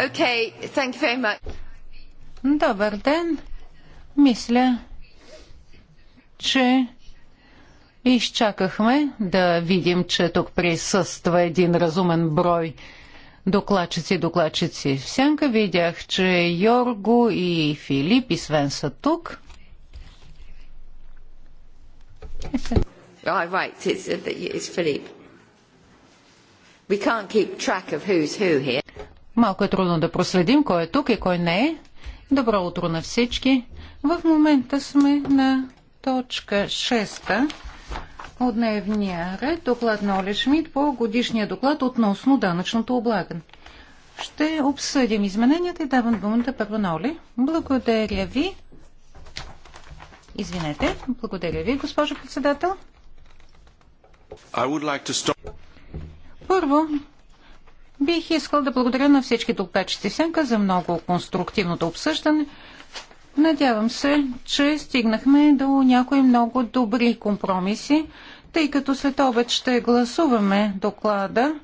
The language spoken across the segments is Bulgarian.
Okay, thank you very much. Добър ден. Мисля, че изчакахме да видим, че тук присъства един разумен брой докладчици, докладчици Всянка Видях, че Йорго и Филип и Свен са тук. Oh, right, it's, it's Philippe. We can't keep track of who's who here. Малко е трудно да проследим кой е тук и кой не е. Добро утро на всички. В момента сме на точка 6 от дневния ред. Доклад на Оле Шмидт по годишния доклад относно данъчното облагане. Ще обсъдим измененията и давам думата първо на Оле. Благодаря ви. Извинете. Благодаря ви, госпожо председател. Like to... Първо, Бих искал да благодаря на всички докладчици Сенка за много конструктивното обсъждане. Надявам се, че стигнахме до някои много добри компромиси, тъй като след обед ще гласуваме доклада.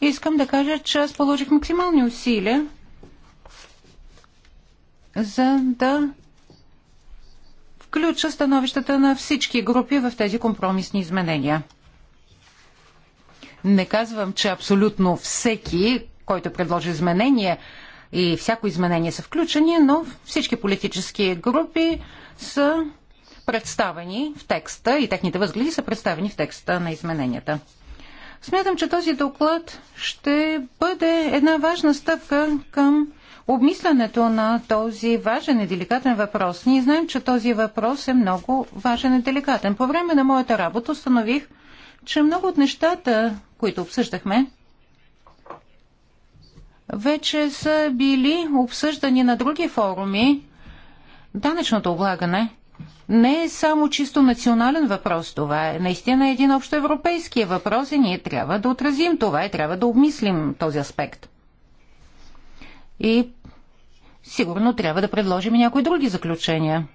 Искам да кажа, че аз положих максимални усилия за да включа становищата на всички групи в тези компромисни изменения. Не казвам, че абсолютно всеки, който предложи изменение и всяко изменение са включени, но всички политически групи са представени в текста и техните възгледи са представени в текста на измененията. Смятам, че този доклад ще бъде една важна стъпка към обмислянето на този важен и деликатен въпрос. Ние знаем, че този въпрос е много важен и деликатен. По време на моята работа установих, че много от нещата, които обсъждахме, вече са били обсъждани на други форуми. Данъчното облагане не е само чисто национален въпрос. Това е наистина един общоевропейски въпрос и ние трябва да отразим това и трябва да обмислим този аспект. И сигурно трябва да предложим някои други заключения.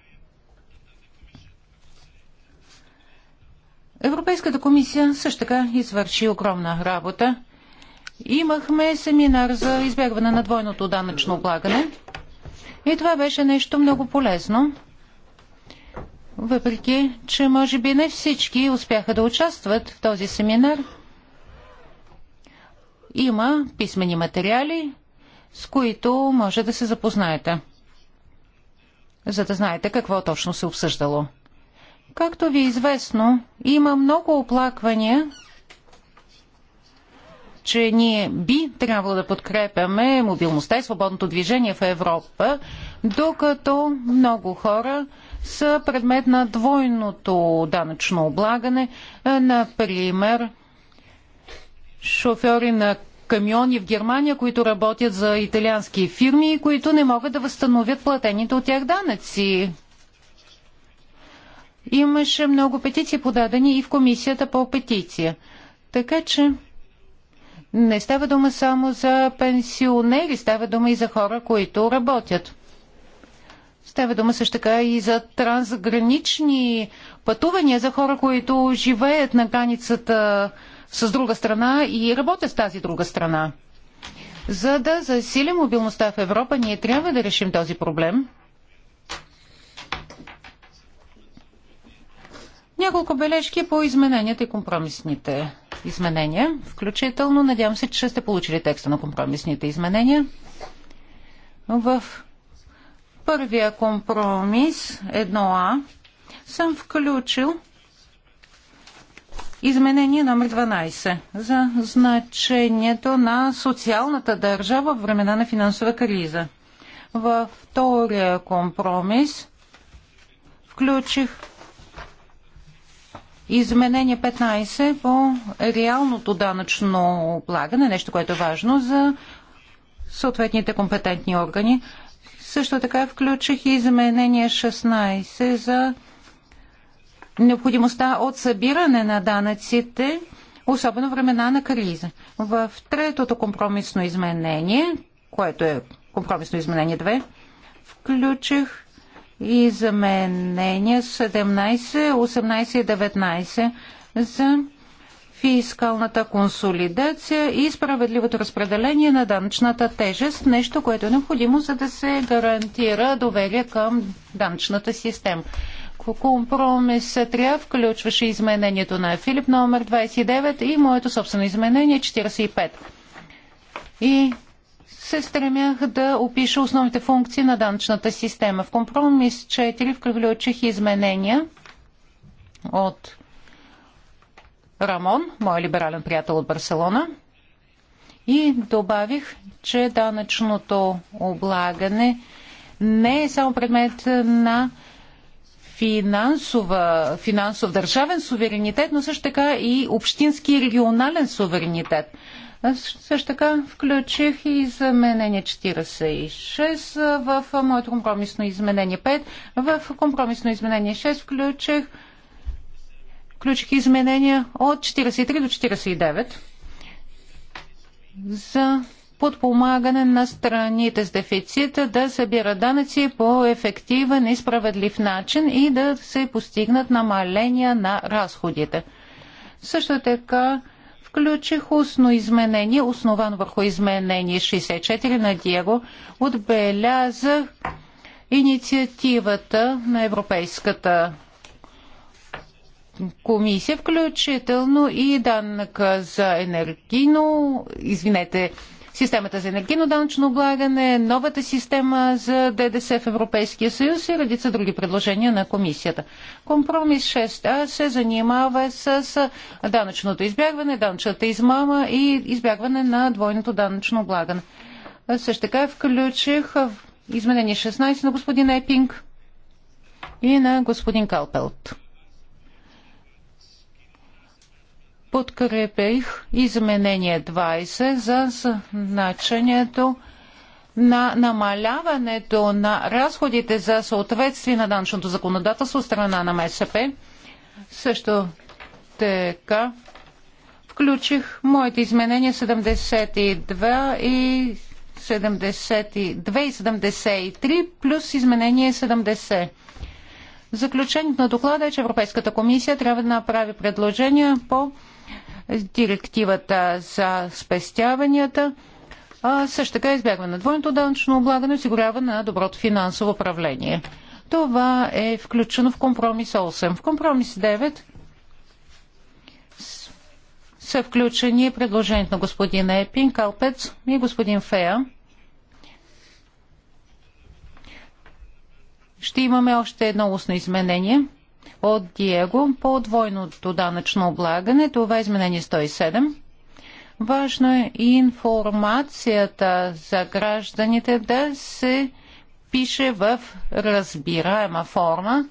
Европейската комисия също така извърши огромна работа. Имахме семинар за избягване на двойното данъчно облагане и това беше нещо много полезно. Въпреки, че може би не всички успяха да участват в този семинар, има писмени материали, с които може да се запознаете, за да знаете какво точно се обсъждало. Както ви е известно, има много оплаквания, че ние би трябвало да подкрепяме мобилността и свободното движение в Европа, докато много хора са предмет на двойното данъчно облагане, например шофьори на камиони в Германия, които работят за италиански фирми и които не могат да възстановят платените от тях данъци. Имаше много петиции подадени и в комисията по петиция. Така че не става дума само за пенсионери, става дума и за хора, които работят. Става дума също така и за трансгранични пътувания за хора, които живеят на границата с друга страна и работят с тази друга страна. За да засилим мобилността в Европа, ние трябва да решим този проблем – Няколко бележки по измененията и компромисните изменения, включително надявам се, че сте получили текста на компромисните изменения. В първия компромис 1А съм включил изменение номер 12 за значението на социалната държава в времена на финансова криза. Във втория компромис включих Изменение 15 по реалното данъчно облагане, нещо, което е важно за съответните компетентни органи. Също така включих и изменение 16 за необходимостта от събиране на данъците, особено времена на криза. В третото компромисно изменение, което е компромисно изменение 2, включих изменения 17, 18 и 19 за фискалната консолидация и справедливото разпределение на данъчната тежест, нещо, което е необходимо, за да се гарантира доверие към данъчната система. Компромис 3 включваше изменението на Филип номер 29 и моето собствено изменение 45. И се стремях да опиша основните функции на данъчната система. В компромис 4 включих изменения от Рамон, мой либерален приятел от Барселона, и добавих, че данъчното облагане не е само предмет на финансова, финансов държавен суверенитет, но също така и общински и регионален суверенитет. Аз също така включих и изменение 46 в моето компромисно изменение 5. В компромисно изменение 6 включих, включих изменения от 43 до 49 за подпомагане на страните с дефицита да събират данъци по ефективен и справедлив начин и да се постигнат намаления на разходите. Също така включих устно изменение, основано върху изменение 64 на Диего. Отбелязах инициативата на Европейската комисия, включително и данъка за енергийно, извинете, системата за енергийно данъчно облагане, новата система за ДДС в Европейския съюз и редица други предложения на комисията. Компромис 6а се занимава с данъчното избягване, данъчната измама и избягване на двойното данъчно облагане. Също така включих изменение 16 на господин Епинг и на господин Калпелт. подкрепих изменение 20 за значението на намаляването на разходите за съответствие на данъчното законодателство от страна на МСП. Също така включих моите изменения 72 и 72 и 73 плюс изменение 70. Заключението на доклада е, че Европейската комисия трябва да направи предложения по директивата за спестяванията, а също така избягва на двойното данъчно облагане, осигурява на доброто финансово управление. Това е включено в компромис 8. В компромис 9 са включени предложението на господин Епин, Калпец и господин Фея. Ще имаме още едно устно изменение – от Диего по двойното данъчно облагане. Това е изменение 107. Важно е информацията за гражданите да се пише в разбираема форма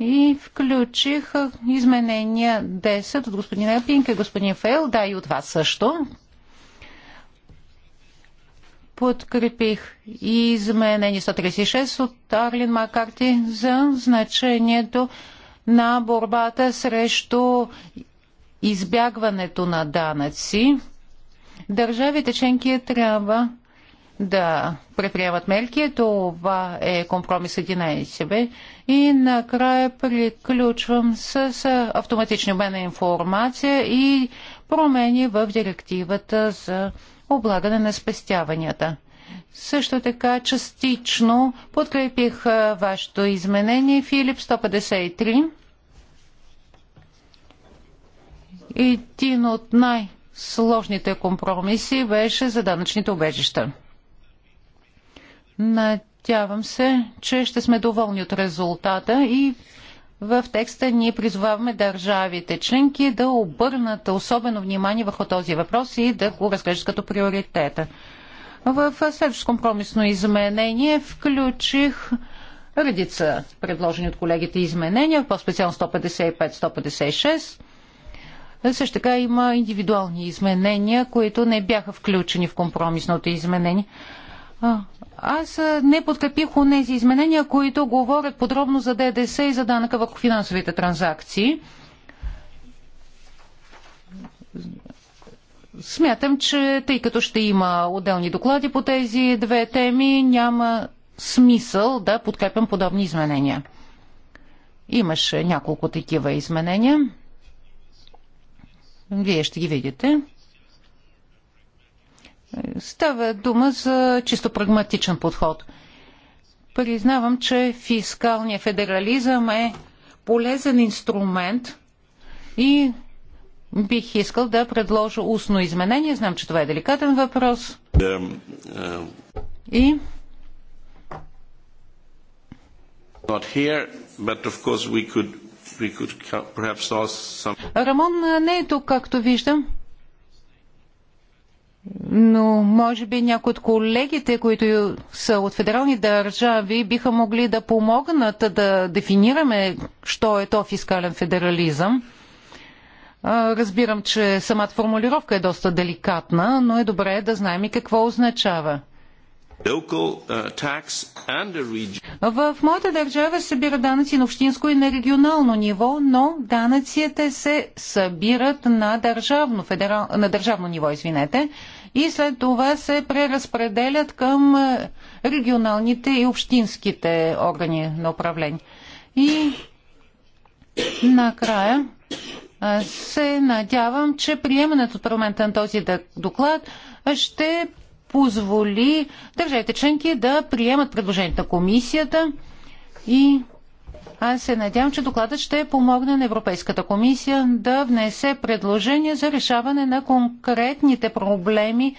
и включих изменения 10 от господин Епинг и господин Фейл, да и от вас също. Подкрепих изменение 136 от Арлин Макарти за значението на борбата срещу избягването на данъци. Държавите членки трябва да предприемат мерки. Това е компромис 11 И накрая приключвам с автоматични обмен на информация и промени в директивата за облагане на спестяванията също така частично подкрепих вашето изменение Филип 153. Един от най-сложните компромиси беше за данъчните обежища. Надявам се, че ще сме доволни от резултата и в текста ние призваваме държавите членки да обърнат особено внимание върху този въпрос и да го разглеждат като приоритета. В следващото компромисно изменение включих редица предложени от колегите изменения, по-специално 155-156. Също така има индивидуални изменения, които не бяха включени в компромисното изменение. Аз не подкрепих онези изменения, които говорят подробно за ДДС и за данъка върху финансовите транзакции. Смятам, че тъй като ще има отделни доклади по тези две теми, няма смисъл да подкрепям подобни изменения. Имаше няколко такива изменения. Вие ще ги видите. Става дума за чисто прагматичен подход. Признавам, че фискалният федерализъм е полезен инструмент и бих искал да предложа устно изменение. Знам, че това е деликатен въпрос. И Рамон не е тук, както виждам. Но може би някои от колегите, които са от федерални държави, биха могли да помогнат да дефинираме, що е то фискален федерализъм. Разбирам, че самата формулировка е доста деликатна, но е добре да знаем и какво означава. Uh, В моята държава се събира данъци на общинско и на регионално ниво, но данъците се събират на държавно, федерал, на държавно ниво, извинете, и след това се преразпределят към е, регионалните и общинските органи на управление. И накрая се надявам, че приемането от парламента на този доклад ще позволи държавите членки да приемат предложението на комисията и аз се надявам, че докладът ще помогне на Европейската комисия да внесе предложение за решаване на конкретните проблеми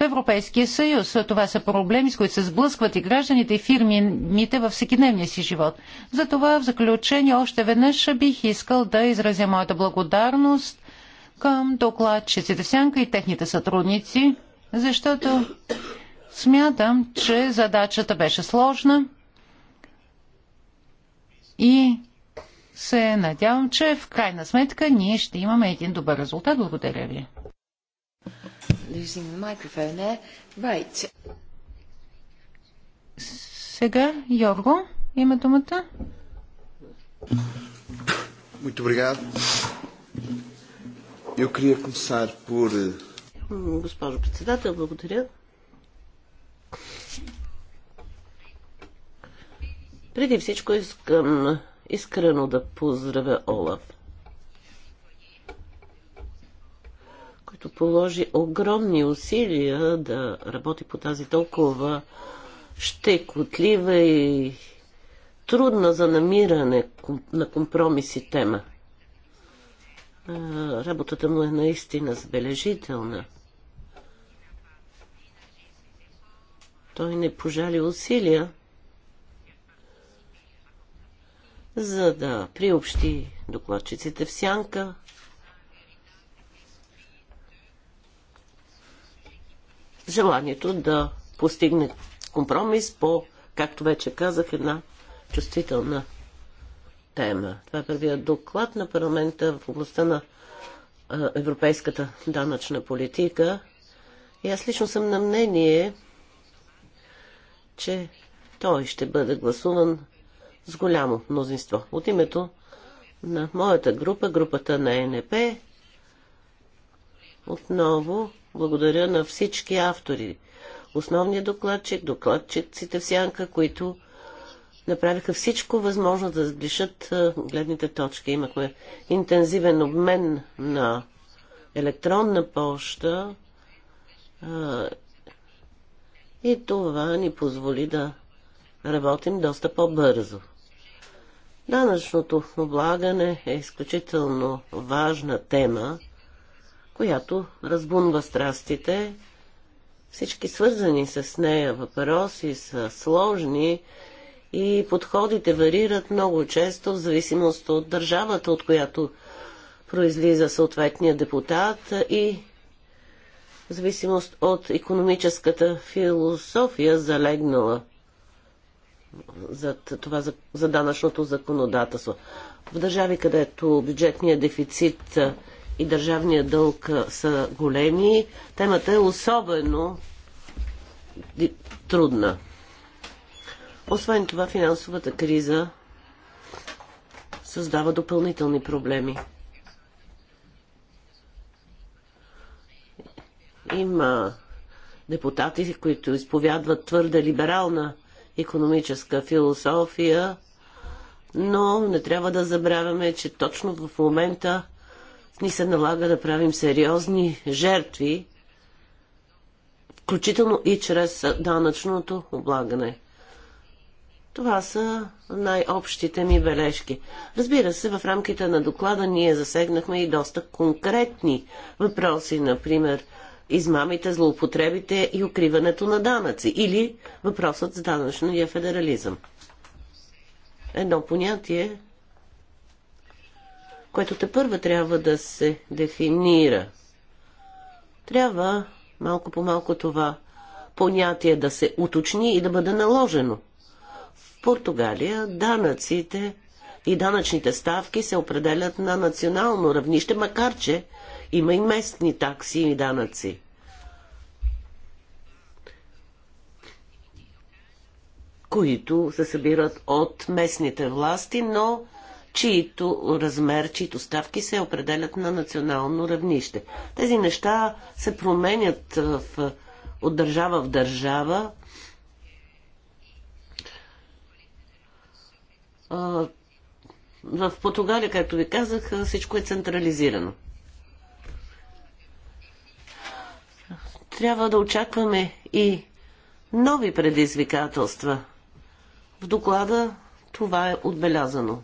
в Европейския съюз. Това са проблеми, с които се сблъскват и гражданите, и фирмите във всекидневния си живот. Затова в заключение още веднъж бих искал да изразя моята благодарност към докладчиците Сянка и техните сътрудници, защото смятам, че задачата беше сложна и се надявам, че в крайна сметка ние ще имаме един добър резултат. Благодаря ви losing the microphone there. Right. Сега Йорго има думата. Muito obrigado. Eu queria começar por. Eh, Госпожо председател, благодаря. Преди всичко искам искрено да поздравя Олаф. като положи огромни усилия да работи по тази толкова щекотлива и трудна за намиране на компромиси тема. Работата му е наистина забележителна. Той не пожали усилия, за да приобщи докладчиците в сянка желанието да постигне компромис по, както вече казах, една чувствителна тема. Това е първият доклад на парламента в областта на европейската данъчна политика. И аз лично съм на мнение, че той ще бъде гласуван с голямо мнозинство. От името на моята група, групата на ЕНП, отново благодаря на всички автори. Основният докладчик, докладчиците в сянка, които направиха всичко възможно да сближат гледните точки. Имахме интензивен обмен на електронна поща и това ни позволи да работим доста по-бързо. Данъчното облагане е изключително важна тема която разбунва страстите. Всички свързани с нея въпроси са сложни и подходите варират много често в зависимост от държавата, от която произлиза съответния депутат и в зависимост от економическата философия, залегнала за това за, за данъчното законодателство. В държави, където бюджетният дефицит и държавния дълг са големи, темата е особено трудна. Освен това, финансовата криза създава допълнителни проблеми. Има депутати, които изповядват твърде либерална економическа философия, но не трябва да забравяме, че точно в момента ни се налага да правим сериозни жертви, включително и чрез данъчното облагане. Това са най-общите ми бележки. Разбира се, в рамките на доклада ние засегнахме и доста конкретни въпроси, например измамите, злоупотребите и укриването на данъци или въпросът с данъчния федерализъм. Едно понятие, което те първа трябва да се дефинира. Трябва малко по малко това понятие да се уточни и да бъде наложено. В Португалия данъците и данъчните ставки се определят на национално равнище, макар че има и местни такси и данъци. които се събират от местните власти, но чието размер, чието ставки се определят на национално равнище. Тези неща се променят в, от държава в държава. В Португалия, както ви казах, всичко е централизирано. Трябва да очакваме и нови предизвикателства. В доклада това е отбелязано.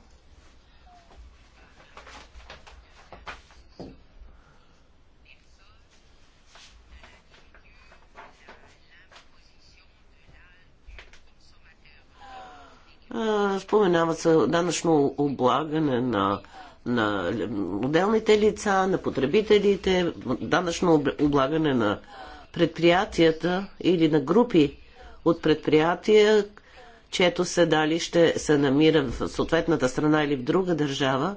Споменава се данъчно облагане на, на отделните лица, на потребителите, данъчно облагане на предприятията или на групи от предприятия, чието седалище се намира в съответната страна или в друга държава.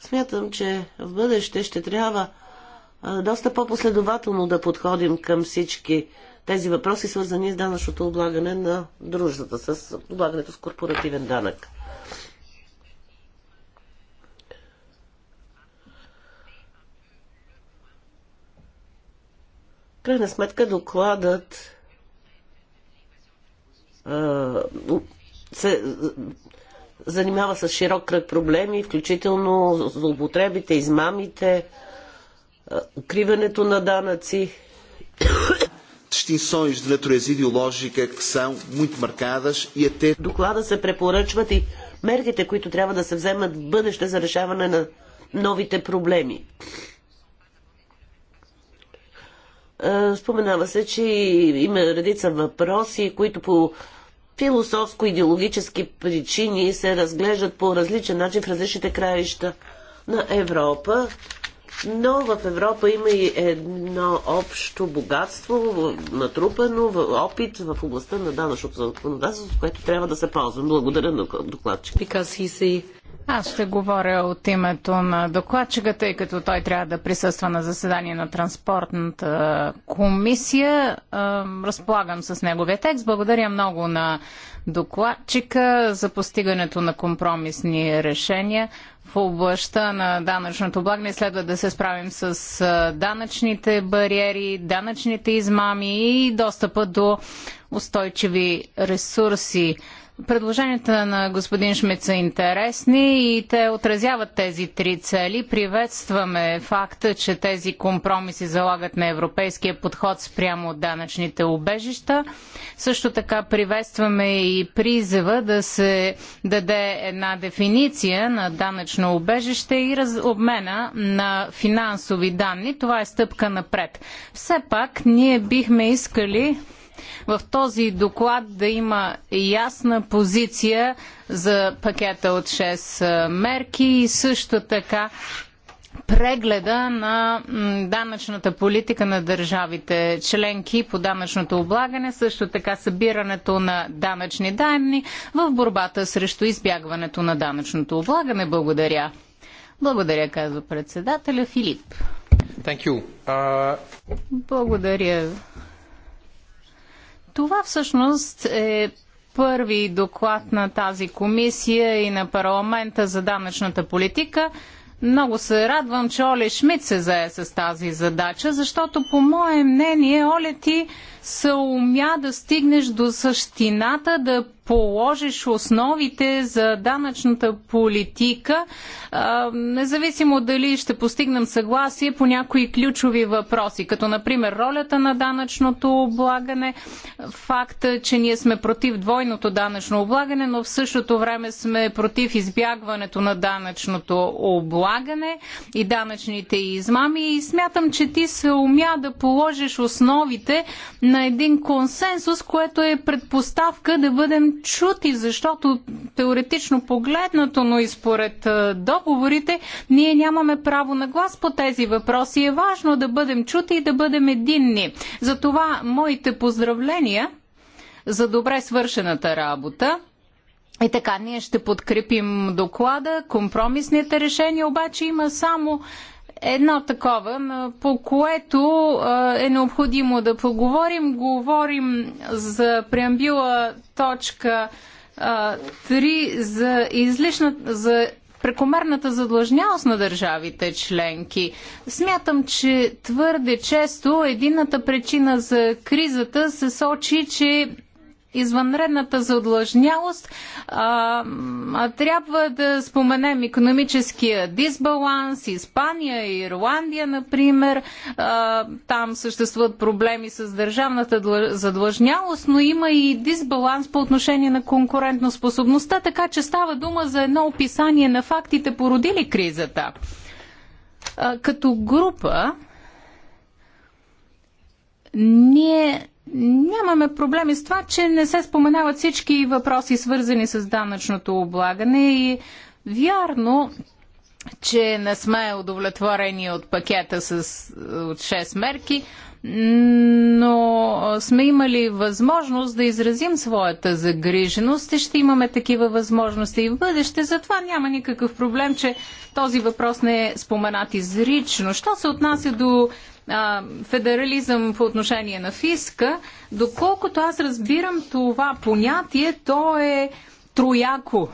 Смятам, че в бъдеще ще трябва доста по-последователно да подходим към всички тези въпроси, свързани с данъчното облагане на дружбата, с облагането с корпоративен данък. крайна сметка докладът се занимава с широк кръг проблеми, включително злоупотребите, измамите, укриването на данъци distinções de natureza ideológica que são muito marcadas и e até... Доклада се препоръчват и мерките, които трябва да се вземат в бъдеще за решаване на новите проблеми. Споменава се, че има редица въпроси, които по философско-идеологически причини се разглеждат по различен начин в различните краища на Европа. Но в Европа има и едно общо богатство, натрупано в опит в областта на данъчното законодателство, което трябва да се ползва. Благодаря на докладчик. Аз ще говоря от името на докладчика, тъй като той трябва да присъства на заседание на транспортната комисия. Разполагам с неговия текст. Благодаря много на докладчика за постигането на компромисни решения. В областта на данъчното облагане следва да се справим с данъчните бариери, данъчните измами и достъпа до устойчиви ресурси. Предложенията на господин Шмидт са интересни и те отразяват тези три цели. Приветстваме факта, че тези компромиси залагат на европейския подход спрямо от данъчните убежища. Също така приветстваме и призева да се даде една дефиниция на данъчно убежище и раз... обмена на финансови данни. Това е стъпка напред. Все пак ние бихме искали в този доклад да има ясна позиция за пакета от 6 мерки и също така прегледа на данъчната политика на държавите членки по данъчното облагане, също така събирането на данъчни данни в борбата срещу избягването на данъчното облагане. Благодаря. Благодаря, казва председателя Филип. Uh... Благодаря, това всъщност е първи доклад на тази комисия и на парламента за данъчната политика. Много се радвам, че Оле Шмидт се зае с тази задача, защото по мое мнение Оле ти се умя да стигнеш до същината, да положиш основите за данъчната политика, независимо дали ще постигнем съгласие по някои ключови въпроси, като например ролята на данъчното облагане, факта, че ние сме против двойното данъчно облагане, но в същото време сме против избягването на данъчното облагане и данъчните измами и смятам, че ти се умя да положиш основите на на един консенсус, което е предпоставка да бъдем чути, защото теоретично погледнато, но и според договорите, ние нямаме право на глас по тези въпроси. Е важно да бъдем чути и да бъдем единни. Затова моите поздравления за добре свършената работа. И така, ние ще подкрепим доклада, компромисните решения, обаче има само едно такова, по което е необходимо да поговорим. Говорим за преамбила точка 3 за излишна, за прекомерната задлъжнялост на държавите членки. Смятам, че твърде често едината причина за кризата се сочи, че извънредната задлъжнялост, а, а, трябва да споменем економическия дисбаланс, Испания, и Ирландия, например. А, там съществуват проблеми с държавната задлъжнялост, но има и дисбаланс по отношение на конкурентноспособността, така че става дума за едно описание на фактите, породили кризата. А, като група, ние Нямаме проблеми с това, че не се споменават всички въпроси, свързани с данъчното облагане и вярно, че не сме удовлетворени от пакета с, от 6 мерки, но сме имали възможност да изразим своята загриженост и ще имаме такива възможности и в бъдеще. Затова няма никакъв проблем, че този въпрос не е споменат изрично. Що се отнася до а, федерализъм по отношение на фиска, доколкото аз разбирам това понятие, то е трояко.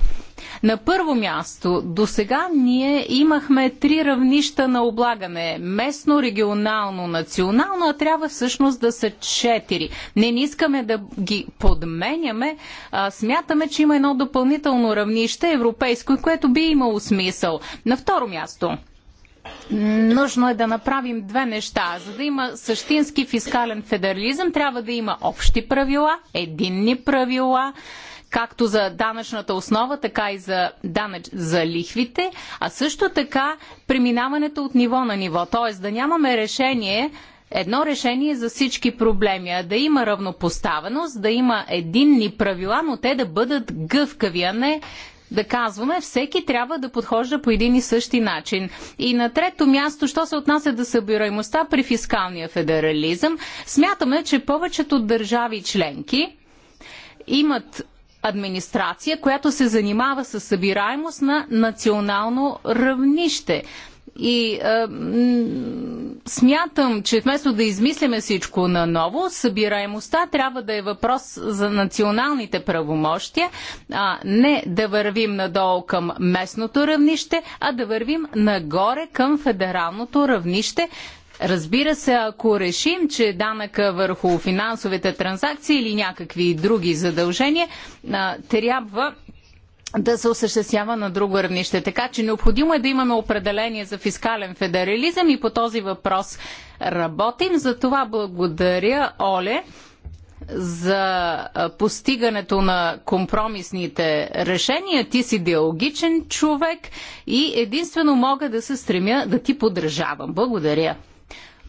На първо място, до сега ние имахме три равнища на облагане местно, регионално, национално, а трябва всъщност да са четири. Не, не искаме да ги подменяме, а смятаме, че има едно допълнително равнище европейско, което би имало смисъл. На второ място, Нужно е да направим две неща. За да има същински фискален федерализъм, трябва да има общи правила, единни правила, както за данъчната основа, така и за, данъч, за лихвите, а също така преминаването от ниво на ниво. Тоест да нямаме решение, едно решение за всички проблеми, а да има равнопоставеност, да има единни правила, но те да бъдат гъвкави, а не да казваме, всеки трябва да подхожда по един и същи начин. И на трето място, що се отнася до да събираемостта при фискалния федерализъм, смятаме, че повечето държави членки имат администрация, която се занимава с събираемост на национално равнище. И а, смятам, че вместо да измисляме всичко наново, събираемостта трябва да е въпрос за националните правомощия, а не да вървим надолу към местното равнище, а да вървим нагоре към федералното равнище, Разбира се, ако решим, че данъка върху финансовите транзакции или някакви други задължения трябва да се осъществява на друго равнище. Така че необходимо е да имаме определение за фискален федерализъм и по този въпрос работим. За това благодаря, Оле за постигането на компромисните решения. Ти си диалогичен човек и единствено мога да се стремя да ти подръжавам. Благодаря.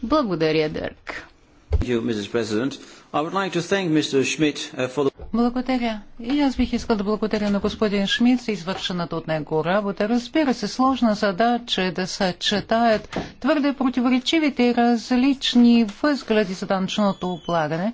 Благодаря, Дърк. Uh, благодаря. И аз бих искал да благодаря на господин Шмидт за извършената от него работа. Разбира се, сложна задача е да съчетаят твърде противоречивите и различни възгледи за данъчното облагане.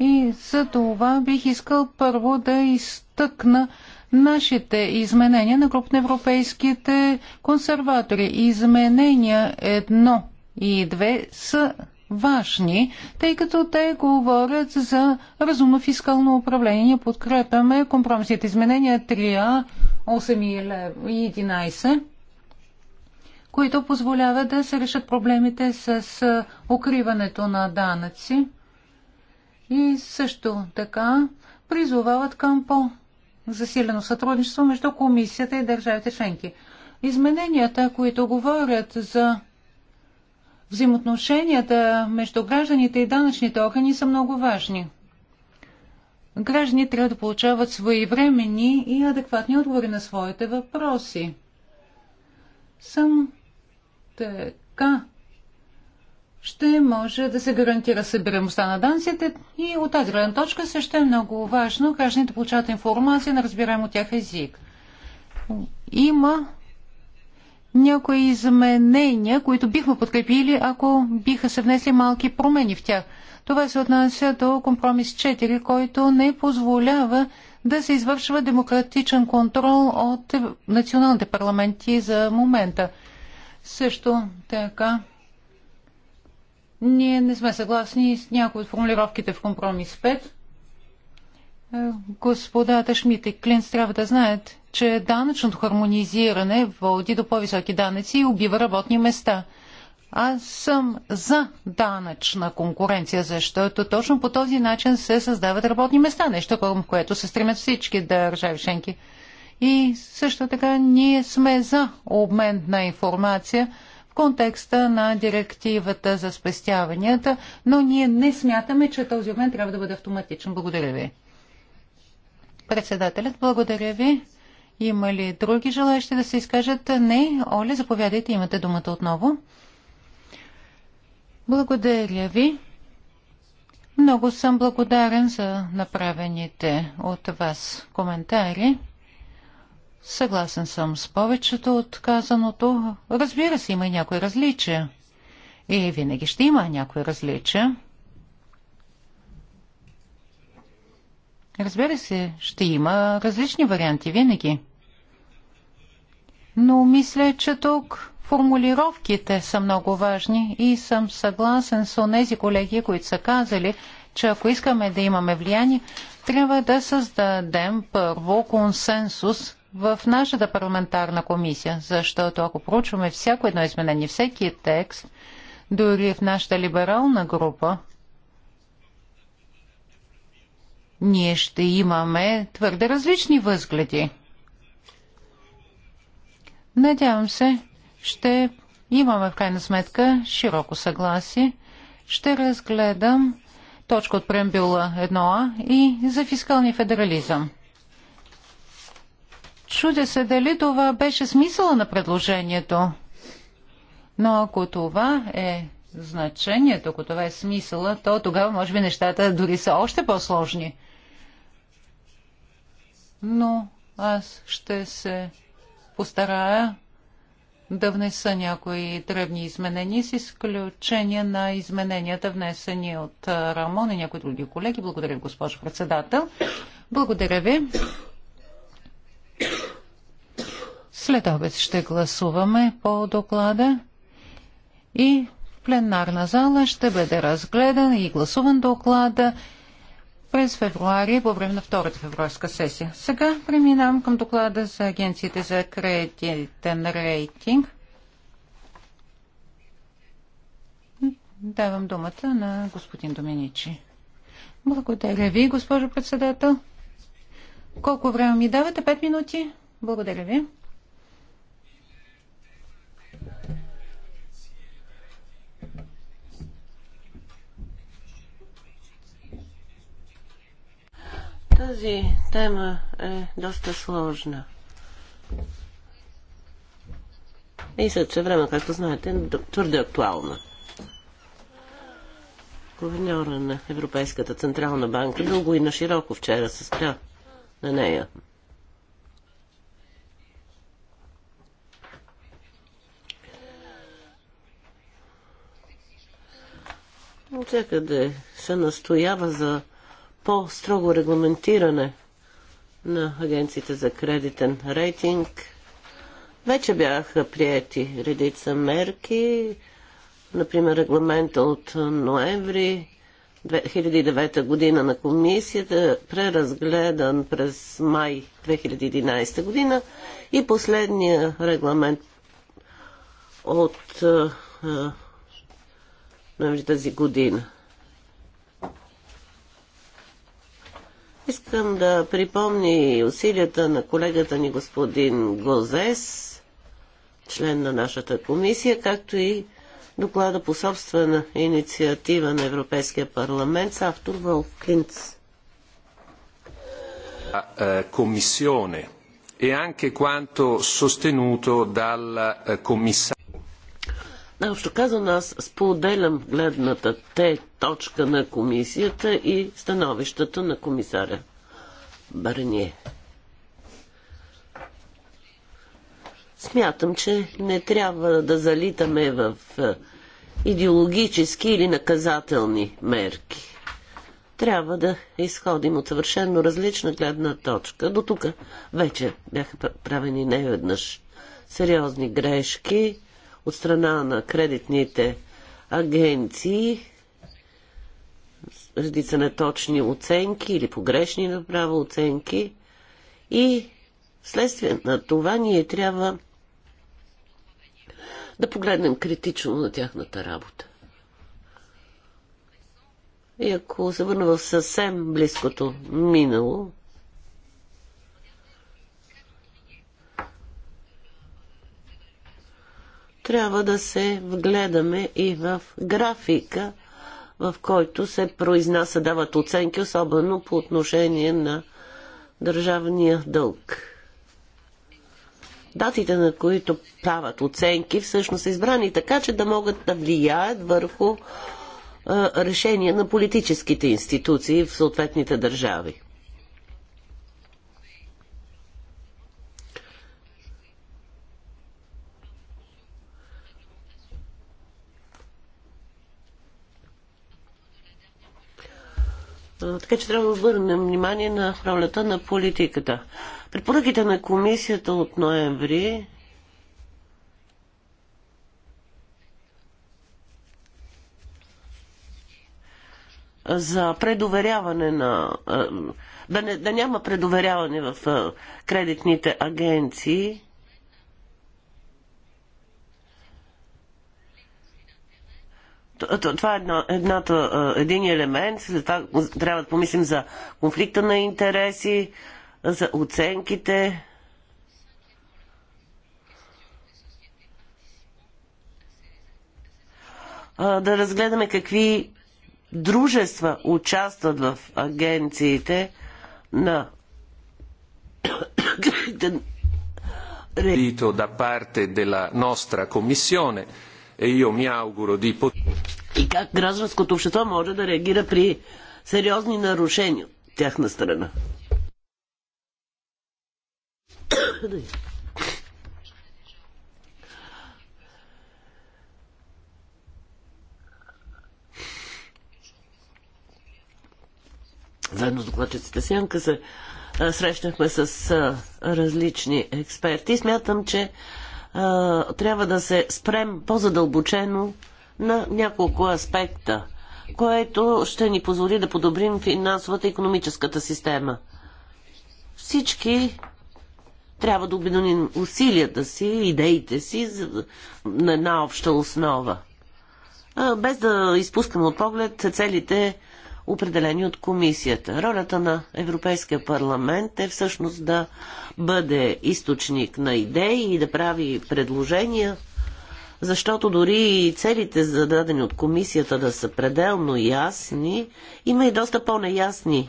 И за това бих искал първо да изтъкна нашите изменения на груп на европейските консерватори. Изменения едно и две са важни, тъй като те говорят за разумно фискално управление. подкрепяме компромисните изменения 3А, 8 и 11 които позволяват да се решат проблемите с укриването на данъци и също така призовават към по-засилено сътрудничество между комисията и държавите членки. Измененията, които говорят за Взаимоотношенията между гражданите и данъчните органи са много важни. Граждани трябва да получават своевременни и адекватни отговори на своите въпроси. Сам така ще може да се гарантира събираемостта на данците и от тази гледна точка също е много важно гражданите получават информация на разбираем от тях език. Има някои изменения, които бихме подкрепили, ако биха се внесли малки промени в тях. Това се отнася до компромис 4, който не позволява да се извършва демократичен контрол от националните парламенти за момента. Също така, ние не сме съгласни с някои от формулировките в компромис 5. Господата Шмидт и Клинц трябва да знаят, че данъчното хармонизиране води до по-високи данъци и убива работни места. Аз съм за данъчна конкуренция, защото точно по този начин се създават работни места, нещо към което се стремят всички държави членки. И също така ние сме за обмен на информация в контекста на директивата за спестяванията, но ние не смятаме, че този обмен трябва да бъде автоматичен. Благодаря ви. Председателят, благодаря ви. Има ли други желаящи да се изкажат? Не. Оле, заповядайте, имате думата отново. Благодаря ви. Много съм благодарен за направените от вас коментари. Съгласен съм с повечето от казаното. Разбира се, има и някои различия. И винаги ще има някои различия. Разбира се, ще има различни варианти винаги. Но мисля, че тук формулировките са много важни и съм съгласен с тези колеги, които са казали, че ако искаме да имаме влияние, трябва да създадем първо консенсус в нашата парламентарна комисия, защото ако проучваме всяко едно изменение, всеки текст, дори в нашата либерална група, ние ще имаме твърде различни възгледи. Надявам се, ще имаме в крайна сметка широко съгласие. Ще разгледам точка от преамбюла 1А и за фискалния федерализъм. Чудя се дали това беше смисъла на предложението. Но ако това е значението, ако това е смисъла, то тогава може би нещата дори са още по-сложни. Но аз ще се постарая да внеса някои древни изменения, с изключение на измененията, внесени от Рамон и някои други колеги. Благодаря ви, госпожо председател. Благодаря ви. След обед ще гласуваме по доклада и пленарна зала ще бъде разгледан и гласуван доклада през февруари по време на втората февруарска сесия. Сега преминавам към доклада за агенциите за кредитен рейтинг. Давам думата на господин Доминичи. Благодаря ви, госпожо председател. Колко време ми давате? Пет минути? Благодаря ви. Тази тема е доста сложна. И че време, както знаете, твърде актуална. Гуверньора на Европейската Централна банка дълго и на широко вчера се спря на нея. От се настоява за по-строго регламентиране на агенциите за кредитен рейтинг. Вече бяха приети редица мерки, например регламента от ноември 2009 година на комисията, преразгледан през май 2011 година и последния регламент от ноември тази година. Искам да припомни усилията на колегата ни господин Гозес, член на нашата комисия, както и доклада по собствена инициатива на Европейския парламент с автор Волф Клинц. Е, комисионе e anche quanto sostenuto dal commissario Общо казано, аз споделям гледната те точка на комисията и становищата на комисаря Барние. Смятам, че не трябва да залитаме в е, идеологически или наказателни мерки. Трябва да изходим от съвършенно различна гледна точка. До тук вече бяха правени неведнъж сериозни грешки от страна на кредитните агенции редица неточни оценки или погрешни направо оценки и следствие на това ние трябва да погледнем критично на тяхната работа. И ако се върна в съвсем близкото минало, трябва да се вгледаме и в графика, в който се произнася, дават оценки, особено по отношение на държавния дълг. Датите, на които правят оценки, всъщност са избрани така, че да могат да влияят върху решения на политическите институции в съответните държави. Така че трябва да обърнем внимание на ролята на политиката. Препоръките на комисията от ноември за предоверяване на. Да, не, да няма предоверяване в кредитните агенции Това е едно, едната, един елемент. За това трябва да помислим за конфликта на интереси, за оценките. Да разгледаме какви дружества участват в агенциите на da parte della nostra commissione е e и mi auguro И как гражданското общество може да реагира при сериозни нарушения от тяхна страна? Заедно с докладчиците Сянка се срещнахме с различни експерти. Смятам, че а, трябва да се спрем по-задълбочено на няколко аспекта, което ще ни позволи да подобрим финансовата и економическата система. Всички трябва да обединим усилията си, идеите си на една обща основа. Без да изпускаме от поглед целите определени от комисията. Ролята на Европейския парламент е всъщност да бъде източник на идеи и да прави предложения, защото дори и целите зададени от комисията да са пределно ясни, има и доста по-неясни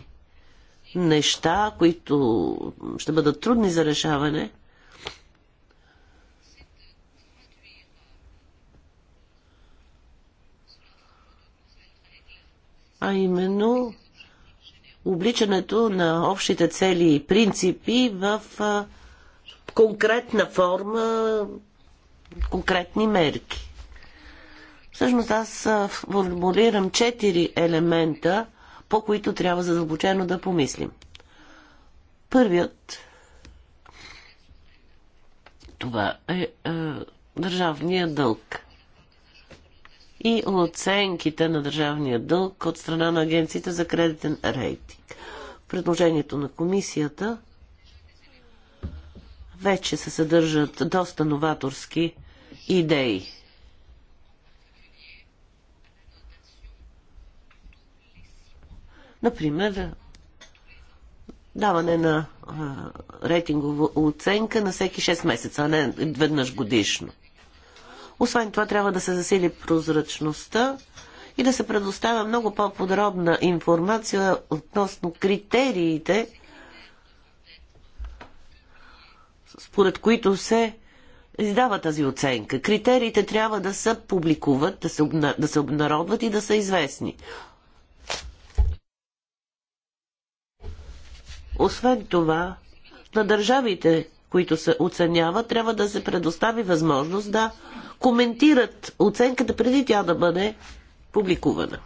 неща, които ще бъдат трудни за решаване – а именно обличането на общите цели и принципи в конкретна форма, конкретни мерки. Всъщност аз формулирам четири елемента, по които трябва задълбочено да помислим. Първият това е, е държавният дълг и оценките на държавния дълг от страна на агенцията за кредитен рейтинг. Предложението на комисията вече се съдържат доста новаторски идеи. Например, даване на а, рейтингова оценка на всеки 6 месеца, а не веднъж годишно. Освен това трябва да се засили прозрачността и да се предоставя много по-подробна информация относно критериите, според които се издава тази оценка. Критериите трябва да се публикуват, да се, обна... да се обнародват и да са известни. Освен това, на държавите които се оценяват, трябва да се предостави възможност да коментират оценката преди тя да бъде публикувана.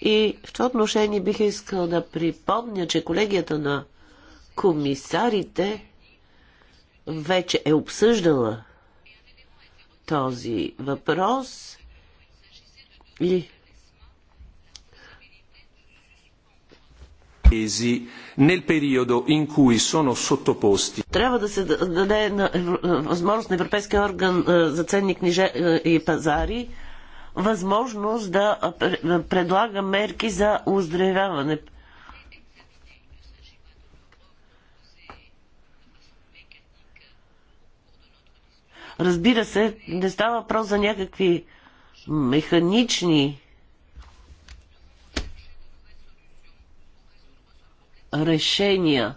И в това отношение бих искал да припомня, че колегията на комисарите вече е обсъждала този въпрос и Трябва да се даде е, възможност на Европейския орган е, за ценни книже и пазари възможност да предлага мерки за оздравяване. Разбира се, не става въпрос за някакви механични решения.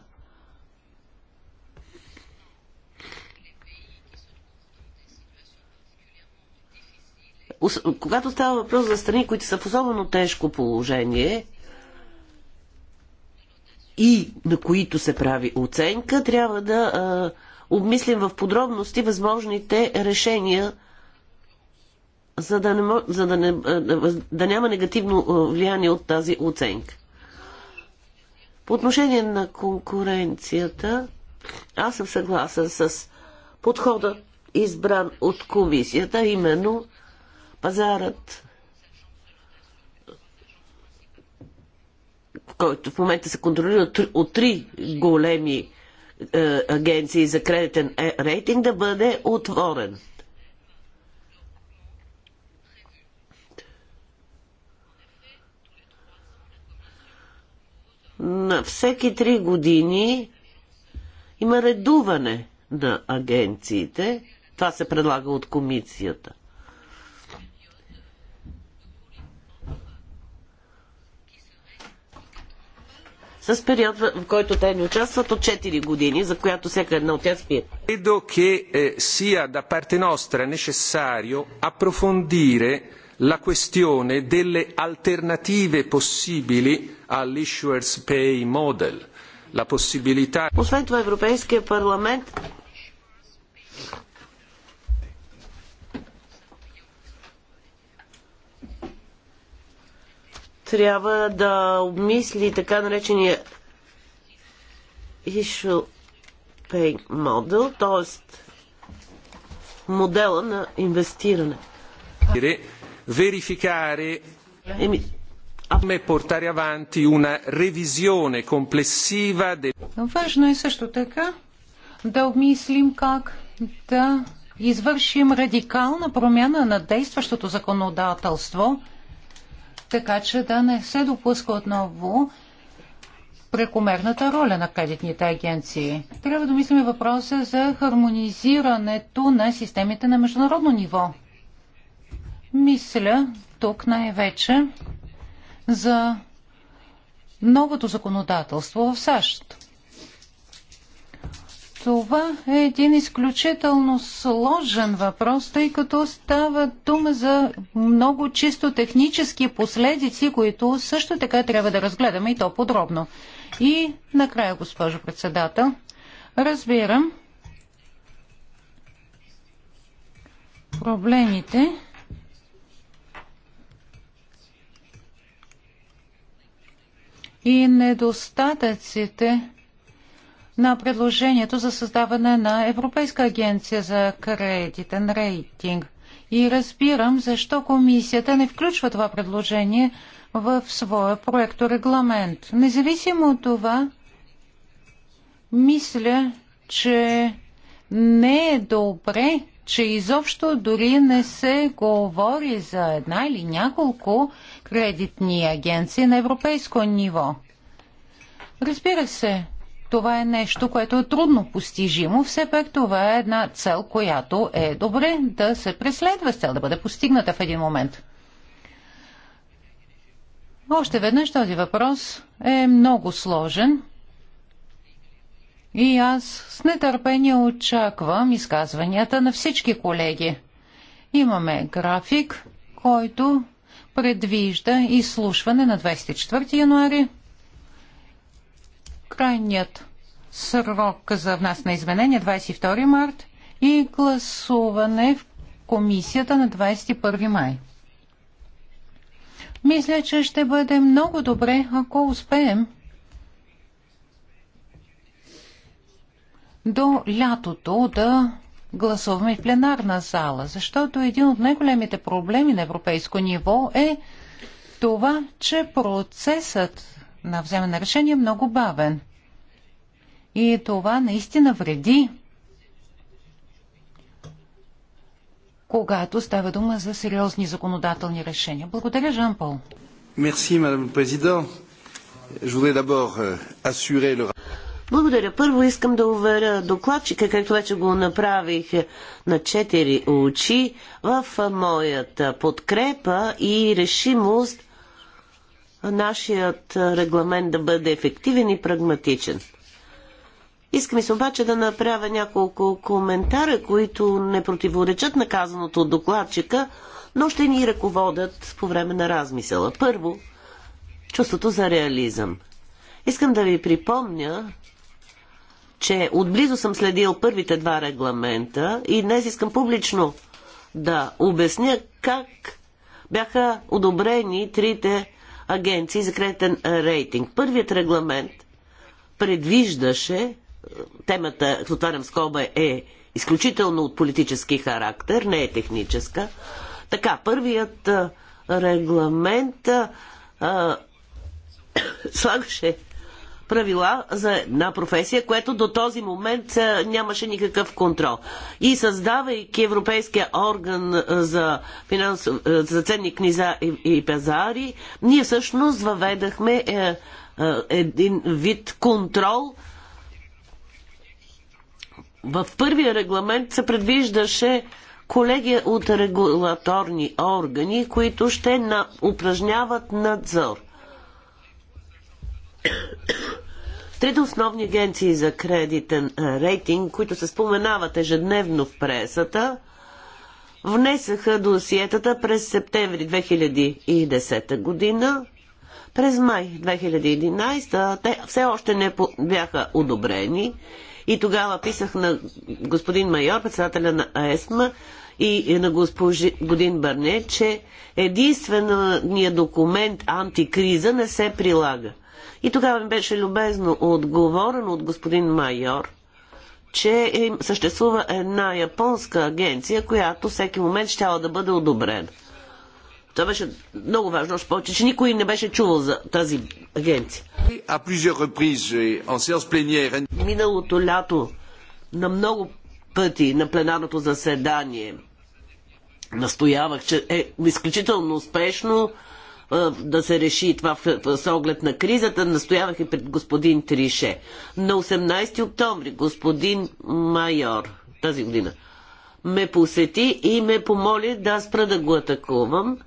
Когато става въпрос за страни, които са в особено тежко положение и на които се прави оценка, трябва да а, обмислим в подробности възможните решения за да, не, за да, не, да няма негативно влияние от тази оценка. По отношение на конкуренцията, аз съм съгласен с подхода, избран от комисията, именно пазарът, който в момента се контролира от три големи е, агенции за кредитен е, рейтинг, да бъде отворен. на всеки три години има редуване на агенциите. Това се предлага от комисията. С период, в който те не участват от 4 години, за която всяка една от тях спие. Credo che eh, sia da parte nostra necessario approfondire la questione delle alternative possibili all'issuers pay model, la possibilità. Освен това Европейския парламент трябва да обмисли така наречения issue pay model, т.е. модела на инвестиране verificare come portare avanti una revisione complessiva del... Важно е също така да обмислим как да извършим радикална промяна на действащото законодателство, така че да не се допуска отново прекомерната роля на кредитните агенции. Трябва да мислим въпроса за хармонизирането на системите на международно ниво. Мисля тук най-вече за новото законодателство в САЩ. Това е един изключително сложен въпрос, тъй като става дума за много чисто технически последици, които също така трябва да разгледаме и то подробно. И накрая, госпожо председател, разбирам проблемите, и недостатъците на предложението за създаване на Европейска агенция за кредитен рейтинг. И разбирам защо комисията не включва това предложение в своя регламент. Независимо от това, мисля, че не е добре, че изобщо дори не се говори за една или няколко кредитни агенции на европейско ниво. Разбира се, това е нещо, което е трудно постижимо. Все пак това е една цел, която е добре да се преследва с цел да бъде постигната в един момент. Още веднъж този въпрос е много сложен и аз с нетърпение очаквам изказванията на всички колеги. Имаме график, който предвижда изслушване на 24 януари. Крайният срок за внас на изменения 22 е март и гласуване в комисията на 21 май. Мисля, че ще бъде много добре, ако успеем до лятото да гласуваме в пленарна зала, защото един от най-големите проблеми на европейско ниво е това, че процесът на вземане на решение е много бавен. И това наистина вреди, когато става дума за сериозни законодателни решения. Благодаря, Жан Пол. Merci, мадам президент. Je voudrais d'abord euh, assurer le благодаря. Първо искам да уверя докладчика, както вече го направих на четири очи, в моята подкрепа и решимост нашият регламент да бъде ефективен и прагматичен. Искам се обаче да направя няколко коментара, които не противоречат на казаното от докладчика, но ще ни ръководят по време на размисъла. Първо, чувството за реализъм. Искам да ви припомня, че отблизо съм следил първите два регламента и днес искам публично да обясня как бяха одобрени трите агенции за кредитен рейтинг. Първият регламент предвиждаше, темата, отварям скоба, е изключително от политически характер, не е техническа. Така, първият регламент а, слагаше правила за една професия, което до този момент нямаше никакъв контрол. И създавайки Европейския орган за, финансов, за ценни книза и, и пазари, ние всъщност въведахме е, е, един вид контрол. В първия регламент се предвиждаше колегия от регулаторни органи, които ще на, упражняват надзор – Трите основни агенции за кредитен рейтинг, които се споменават ежедневно в пресата, внесаха досиетата през септември 2010 година. През май 2011 те все още не бяха одобрени и тогава писах на господин майор, председателя на АЕСМА и на господин Бърне, че единственият документ антикриза не се прилага. И тогава ми беше любезно отговорено от господин Майор, че съществува една японска агенция, която всеки момент ще да бъде одобрена. Това беше много важно, още повече, че никой не беше чувал за тази агенция. Миналото лято на много пъти на пленарното заседание настоявах, че е изключително успешно да се реши това с оглед на кризата, настоявах и пред господин Трише. На 18 октомври господин майор тази година ме посети и ме помоли да спра да го атакувам.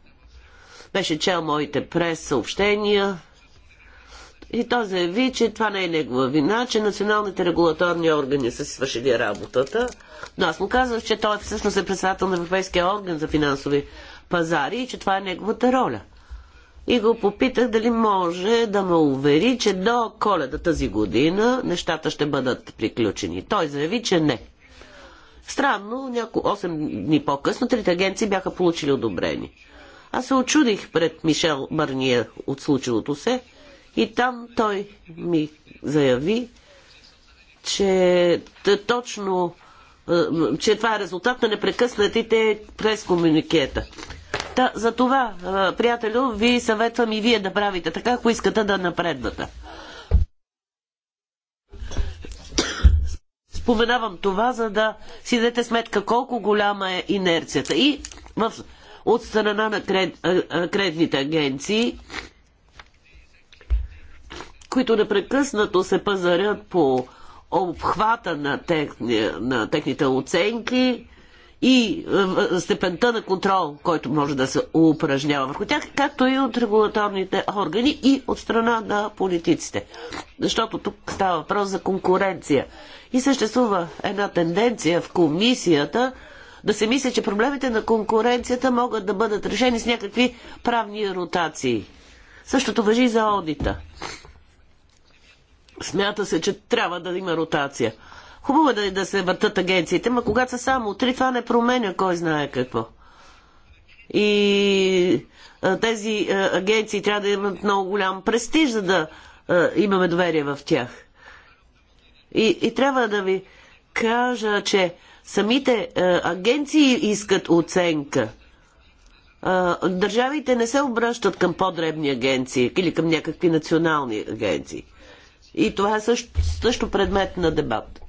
Беше чел моите прес-съобщения и той заяви, че това не е негова вина, че националните регулаторни органи са си свършили работата. Но аз му казах, че той всъщност е председател на Европейския орган за финансови пазари и че това е неговата роля – и го попитах дали може да ме увери, че до коледа тази година нещата ще бъдат приключени. Той заяви, че не. Странно, няко 8 дни по-късно трите агенции бяха получили одобрени. Аз се очудих пред Мишел Марния от случилото се и там той ми заяви, че точно е, че това е резултат на непрекъснатите през комуникета. Та, за това, приятелю, ви съветвам и вие да правите така, ако искате да напредвате. Споменавам това, за да си дадете сметка колко голяма е инерцията. И в, от страна на кред, кредитните агенции, които непрекъснато се пазарят по обхвата на, техни, на техните оценки, и е, степента на контрол, който може да се упражнява върху тях, както и от регулаторните органи и от страна на политиците. Защото тук става въпрос за конкуренция. И съществува една тенденция в комисията да се мисли, че проблемите на конкуренцията могат да бъдат решени с някакви правни ротации. Същото въжи и за одита. Смята се, че трябва да има ротация. Хубаво е да, да се въртат агенциите, но когато са само три, това не променя кой знае какво. И а, тези а, агенции трябва да имат много голям престиж, за да а, имаме доверие в тях. И, и трябва да ви кажа, че самите а, агенции искат оценка. А, държавите не се обръщат към по-дребни агенции или към някакви национални агенции. И това е също, също предмет на дебата.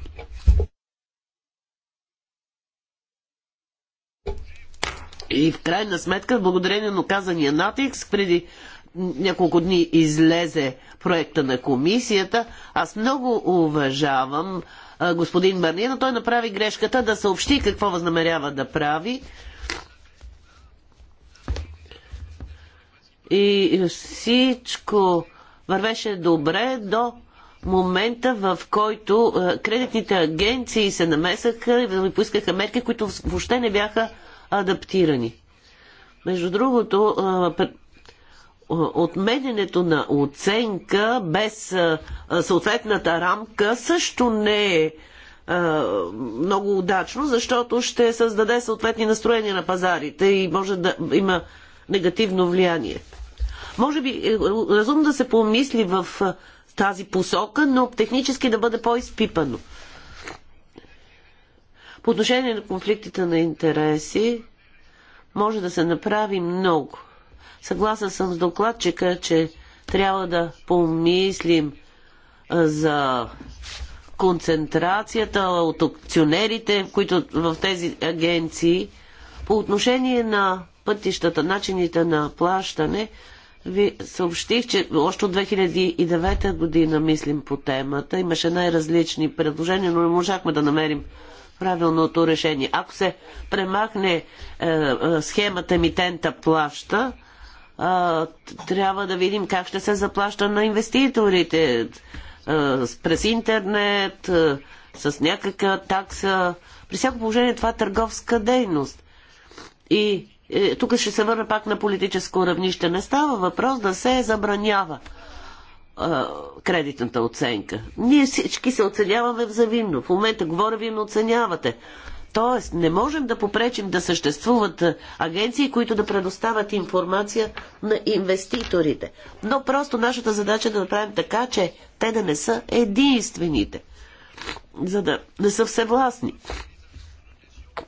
И в крайна сметка, благодарение на оказания натиск, преди няколко дни излезе проекта на комисията. Аз много уважавам а, господин Барния, но той направи грешката да съобщи какво възнамерява да прави. И всичко вървеше добре до момента, в който е, кредитните агенции се намесаха и поискаха мерки, които въобще не бяха адаптирани. Между другото, е, отменянето на оценка без е, съответната рамка също не е много удачно, защото ще създаде съответни настроения на пазарите и може да има негативно влияние. Може би разумно да се помисли в тази посока, но технически да бъде по-изпипано. По отношение на конфликтите на интереси, може да се направи много. Съгласен съм с докладчика, че трябва да помислим за концентрацията от акционерите, които в тези агенции по отношение на пътищата, начините на плащане, ви съобщих, че още от 2009 година мислим по темата. Имаше най-различни предложения, но не можахме да намерим правилното решение. Ако се премахне е, е, схемата емитента плаща, е, трябва да видим как ще се заплаща на инвеститорите е, през интернет, е, с някаква такса. При всяко положение това е търговска дейност. И е, тук ще се върна пак на политическо равнище. Не става въпрос да се забранява е, кредитната оценка. Ние всички се оценяваме взаимно. В момента говоря, вие ме оценявате. Тоест, не можем да попречим да съществуват е, агенции, които да предоставят информация на инвеститорите. Но просто нашата задача е да направим така, че те да не са единствените, за да не са всевластни.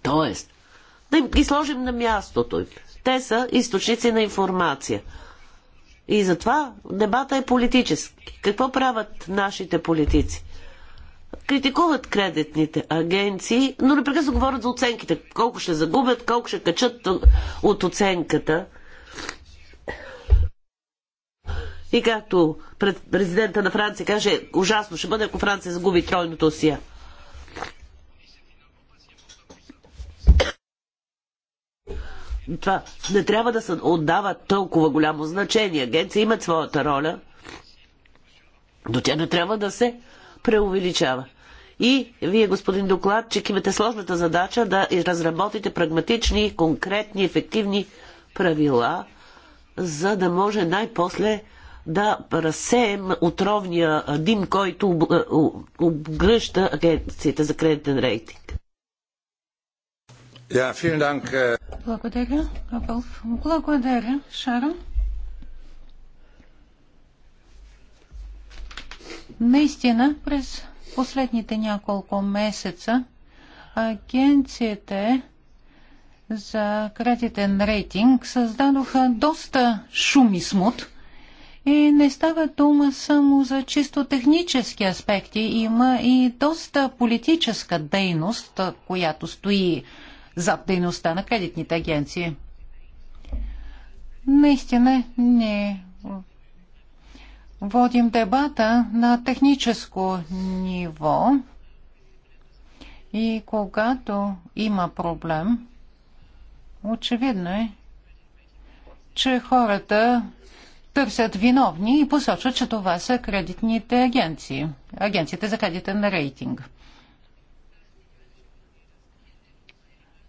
Тоест, да ги сложим на мястото. им. Те са източници на информация. И затова дебата е политически. Какво правят нашите политици? Критикуват кредитните агенции, но непрекъсно говорят за оценките. Колко ще загубят, колко ще качат от оценката. И както пред президента на Франция каже, ужасно ще бъде, ако Франция загуби тройното сия. това не трябва да се отдава толкова голямо значение. Агенция имат своята роля, но тя не трябва да се преувеличава. И вие, господин докладчик, имате сложната задача да разработите прагматични, конкретни, ефективни правила, за да може най-после да разсеем отровния дим, който е, обгръща агенцията за кредитен рейтинг. Äh, Благодаря, Благодаря, Шарон. Наистина, през последните няколко месеца агенциите за кредитен рейтинг създадоха доста шум и смут. И не става дума само за чисто технически аспекти. Има и доста политическа дейност, която стои за дейността на кредитните агенции. Наистина не водим дебата на техническо ниво и когато има проблем, очевидно е, че хората търсят виновни и посочват, че това са кредитните агенции, агенциите за кредитен рейтинг.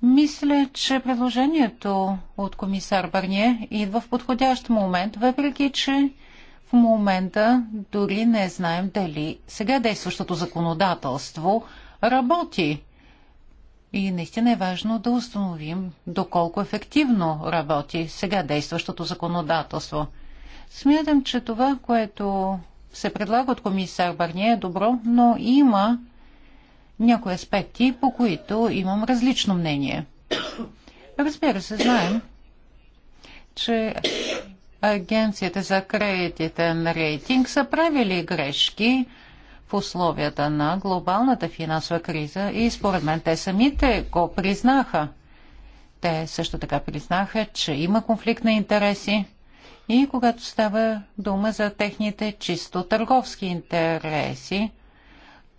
Мисля, че предложението от комисар Барние идва в подходящ момент, въпреки че в момента дори не знаем дали сега действащото законодателство работи. И наистина е важно да установим доколко ефективно работи сега действащото законодателство. Смятам, че това, което се предлага от комисар Барния е добро, но има някои аспекти, по които имам различно мнение. Разбира се, знаем, че агенцията за на рейтинг са правили грешки в условията на глобалната финансова криза и според мен те самите го признаха. Те също така признаха, че има конфликт на интереси и когато става дума за техните чисто търговски интереси,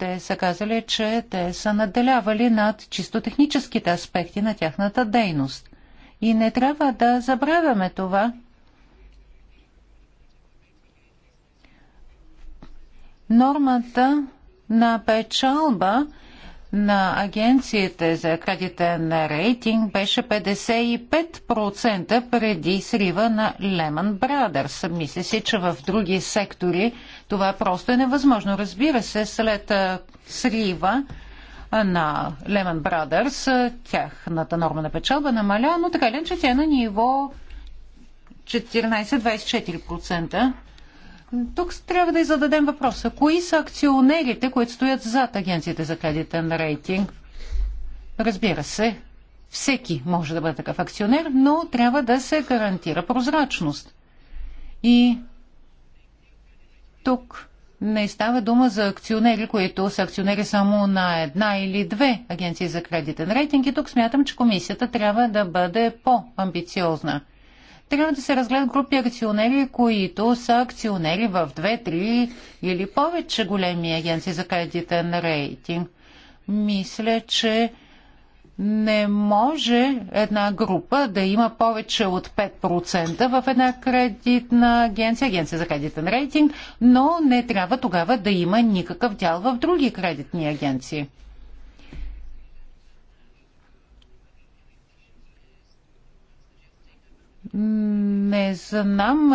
те са казали, че те са наделявали над чисто техническите аспекти на тяхната дейност. И не трябва да забравяме това. Нормата на печалба на агенциите за кредитен рейтинг беше 55% преди срива на Lehman Brothers. Мисля си, че в други сектори това просто е невъзможно. Разбира се, след срива на Lehman Brothers тяхната норма на печалба намаля, но така ли, че тя е на ниво 14-24%. Тук трябва да и зададем въпроса. Кои са акционерите, които стоят зад агенциите за кредитен рейтинг? Разбира се, всеки може да бъде такъв акционер, но трябва да се гарантира прозрачност. И тук не става дума за акционери, които са акционери само на една или две агенции за кредитен рейтинг. И тук смятам, че комисията трябва да бъде по-амбициозна трябва да се разгледат групи акционери, които са акционери в две, три или повече големи агенции за кредитен рейтинг. Мисля, че не може една група да има повече от 5% в една кредитна агенция, агенция за кредитен рейтинг, но не трябва тогава да има никакъв дял в други кредитни агенции. Не знам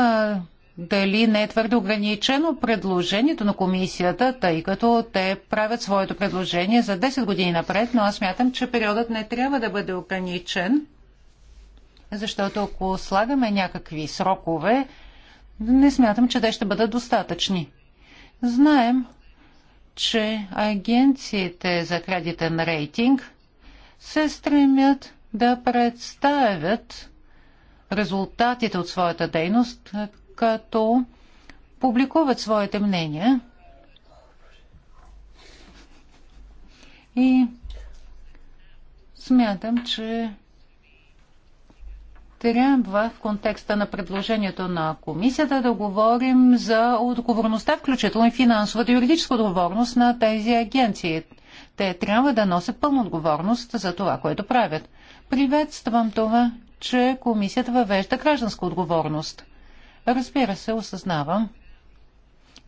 дали не е твърде ограничено предложението на комисията, тъй като те правят своето предложение за 10 години напред, но аз мятам, че периодът не трябва да бъде ограничен, защото ако слагаме някакви срокове, не смятам, че те ще бъдат достатъчни. Знаем, че агенциите за кредитен рейтинг се стремят да представят резултатите от своята дейност, е, като публикуват своите мнения. И смятам, че трябва в контекста на предложението на комисията да говорим за отговорността, включително и финансовата и юридическа отговорност на тези агенции. Те трябва да носят пълна отговорност за това, което правят. Приветствам това, че комисията въвежда гражданска отговорност. Разбира се, осъзнавам,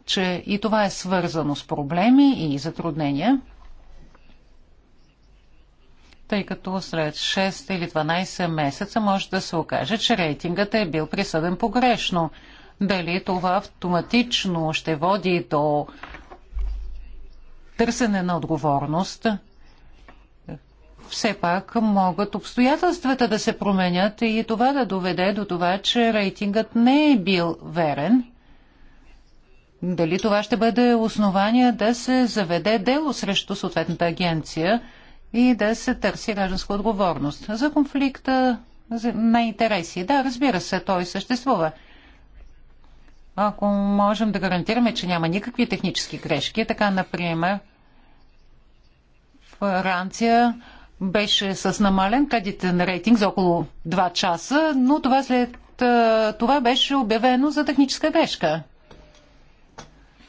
че и това е свързано с проблеми и затруднения, тъй като след 6 или 12 месеца може да се окаже, че рейтингът е бил присъден погрешно. Дали това автоматично ще води до търсене на отговорност – все пак могат обстоятелствата да се променят и това да доведе до това, че рейтингът не е бил верен. Дали това ще бъде основание да се заведе дело срещу съответната агенция и да се търси гражданска отговорност за конфликта на интереси? Да, разбира се, той съществува. Ако можем да гарантираме, че няма никакви технически грешки, така, например, Франция беше с намален кредитен рейтинг за около 2 часа, но това след това беше обявено за техническа грешка.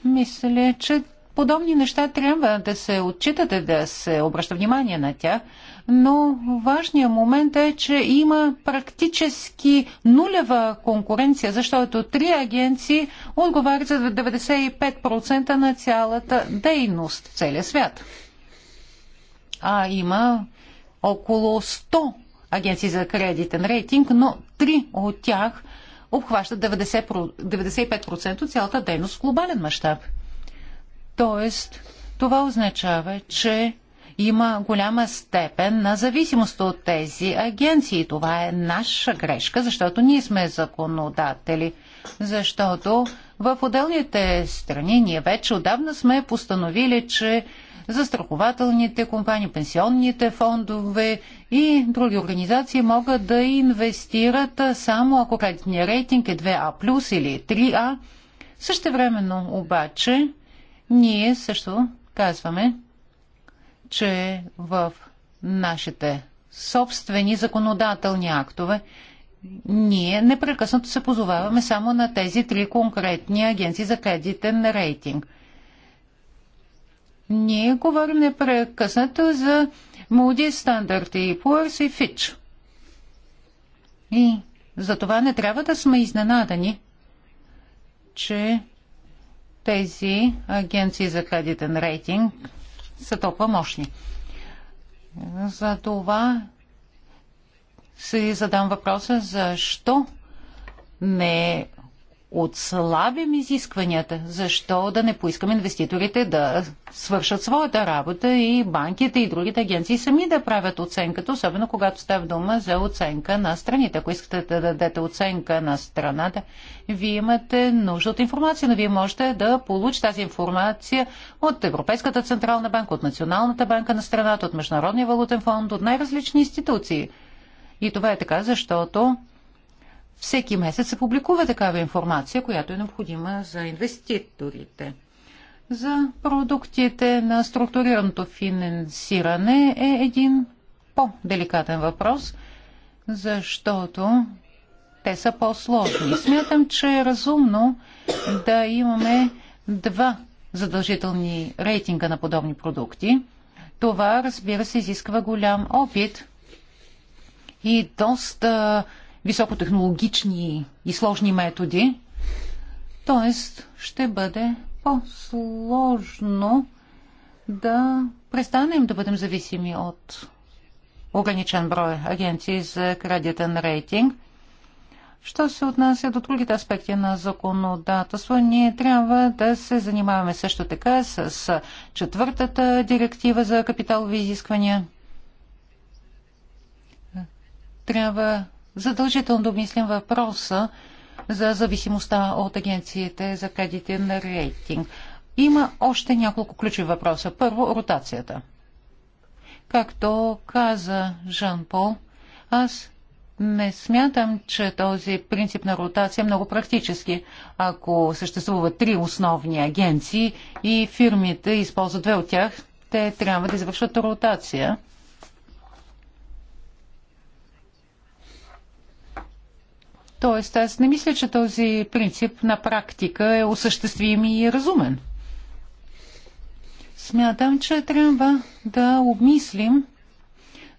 Мисля, че подобни неща трябва да се отчитате, да се обръща внимание на тях, но важният момент е, че има практически нулева конкуренция, защото три агенции отговарят за 95% на цялата дейност в целия свят. А има около 100 агенции за кредитен рейтинг, но три от тях обхващат 90, 95% от цялата дейност в глобален мащаб. Тоест, това означава, че има голяма степен на зависимост от тези агенции. Това е наша грешка, защото ние сме законодатели. Защото в отделните страни ние вече отдавна сме постановили, че застрахователните компании, пенсионните фондове и други организации могат да инвестират само ако кредитният рейтинг е 2А или 3А. Същевременно обаче ние също казваме, че в нашите собствени законодателни актове ние непрекъснато се позоваваме само на тези три конкретни агенции за кредитен рейтинг – ние говорим непрекъснато за Moody's, Standard и Poor's и Fitch. И това не трябва да сме изненадани, че тези агенции за кредитен рейтинг са толкова мощни. За това си задам въпроса, защо не отслабим изискванията, защо да не поискам инвеститорите да свършат своята работа и банките и другите агенции сами да правят оценката, особено когато става дума за оценка на страните. Ако искате да дадете оценка на страната, вие имате нужда от информация, но вие можете да получите тази информация от Европейската Централна банка, от Националната банка на страната, от Международния валутен фонд, от най-различни институции. И това е така, защото всеки месец се публикува такава информация, която е необходима за инвеститорите. За продуктите на структурираното финансиране е един по-деликатен въпрос, защото те са по-сложни. Смятам, че е разумно да имаме два задължителни рейтинга на подобни продукти. Това, разбира се, изисква голям опит и доста високотехнологични и сложни методи. Тоест, ще бъде по-сложно да престанем да бъдем зависими от ограничен брой агенции за кредитен рейтинг. Що се отнася до другите аспекти на законодателство, ние трябва да се занимаваме също така с четвъртата директива за капиталови изисквания. Трябва задължително да мислим въпроса за зависимостта от агенциите за кредитен рейтинг. Има още няколко ключови въпроса. Първо, ротацията. Както каза Жан Пол, аз не смятам, че този принцип на ротация е много практически. Ако съществуват три основни агенции и фирмите използват две от тях, те трябва да извършват ротация Тоест, аз не мисля, че този принцип на практика е осъществим и разумен. Смятам, че трябва да обмислим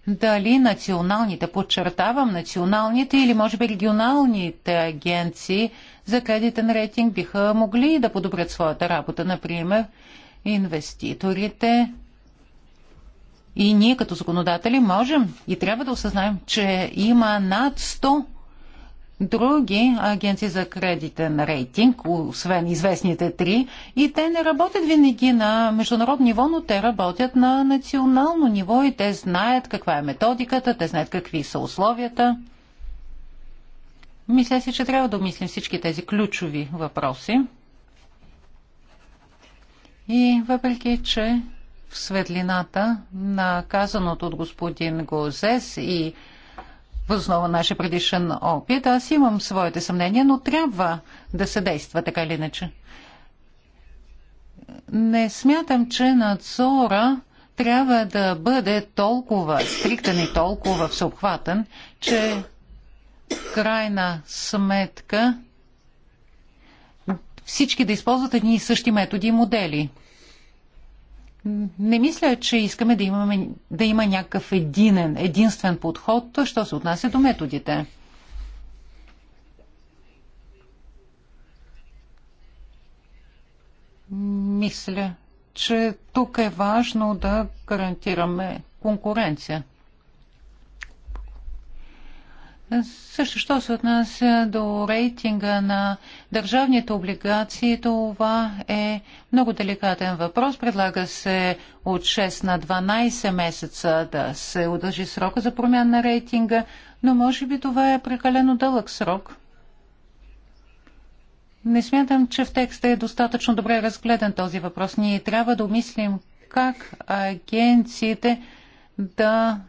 дали националните, подчертавам, националните или може би регионалните агенции за кредитен рейтинг биха могли да подобрят своята работа. Например, инвеститорите и ние като законодатели можем и трябва да осъзнаем, че има над 100 други агенции за кредитен рейтинг, освен известните три, и те не работят винаги на международно ниво, но те работят на национално ниво и те знаят каква е методиката, те знаят какви са условията. Мисля си, че трябва да мислим всички тези ключови въпроси. И въпреки, че в светлината на казаното от господин Гозес и възнова нашия предишен опит. Аз имам своите съмнения, но трябва да се действа така или иначе. Не смятам, че надзора трябва да бъде толкова стриктен и толкова всеобхватен, че в крайна сметка всички да използват едни и същи методи и модели не мисля, че искаме да, имаме, да има някакъв единен, единствен подход, що се отнася до методите. Мисля, че тук е важно да гарантираме конкуренция. Също, що се отнася до рейтинга на държавните облигации, това е много деликатен въпрос. Предлага се от 6 на 12 месеца да се удължи срока за промяна на рейтинга, но може би това е прекалено дълъг срок. Не смятам, че в текста е достатъчно добре разгледан този въпрос. Ние трябва да умислим как агенциите да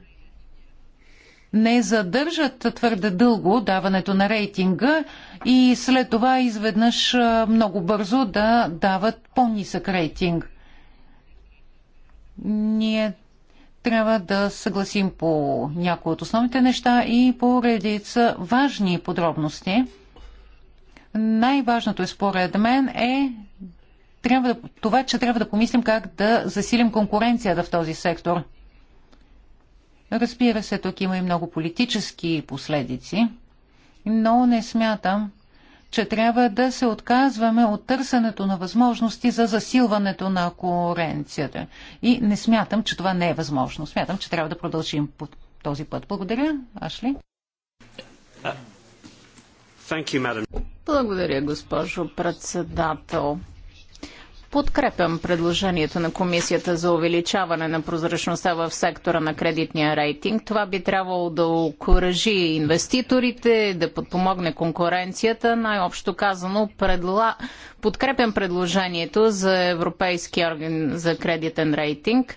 не задържат твърде дълго даването на рейтинга и след това изведнъж много бързо да дават по-нисък рейтинг. Ние трябва да съгласим по някои от основните неща и по редица важни подробности. Най-важното е според мен е трябва да, това, че трябва да помислим как да засилим конкуренцията в този сектор – Разбира се, тук има и много политически последици, но не смятам, че трябва да се отказваме от търсенето на възможности за засилването на конкуренцията. И не смятам, че това не е възможно. Смятам, че трябва да продължим по този път. Благодаря, Ашли. Благодаря, госпожо председател. Подкрепям предложението на комисията за увеличаване на прозрачността в сектора на кредитния рейтинг. Това би трябвало да окоръжи инвеститорите, да подпомогне конкуренцията. Най-общо казано, предла... подкрепям предложението за Европейски орган за кредитен рейтинг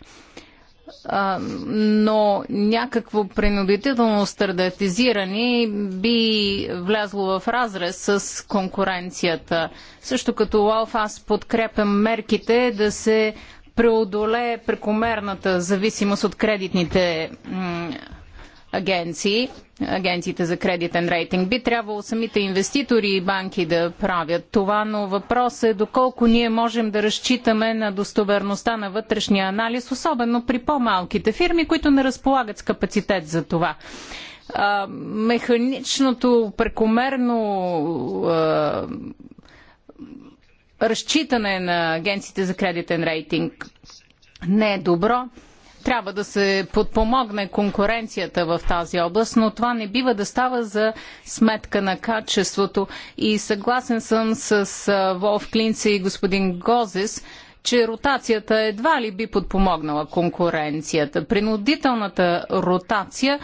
а, но някакво принудително стандартизиране би влязло в разрез с конкуренцията. Също като ЛАЛФ аз подкрепям мерките да се преодолее прекомерната зависимост от кредитните агенции, агенциите за кредитен рейтинг. Би трябвало самите инвеститори и банки да правят това, но въпрос е доколко ние можем да разчитаме на достоверността на вътрешния анализ, особено при по-малките фирми, които не разполагат с капацитет за това механичното, прекомерно а, разчитане на агенциите за кредитен рейтинг не е добро. Трябва да се подпомогне конкуренцията в тази област, но това не бива да става за сметка на качеството. И съгласен съм с Волф Клинце и господин Гозес, че ротацията едва ли би подпомогнала конкуренцията. Принудителната ротация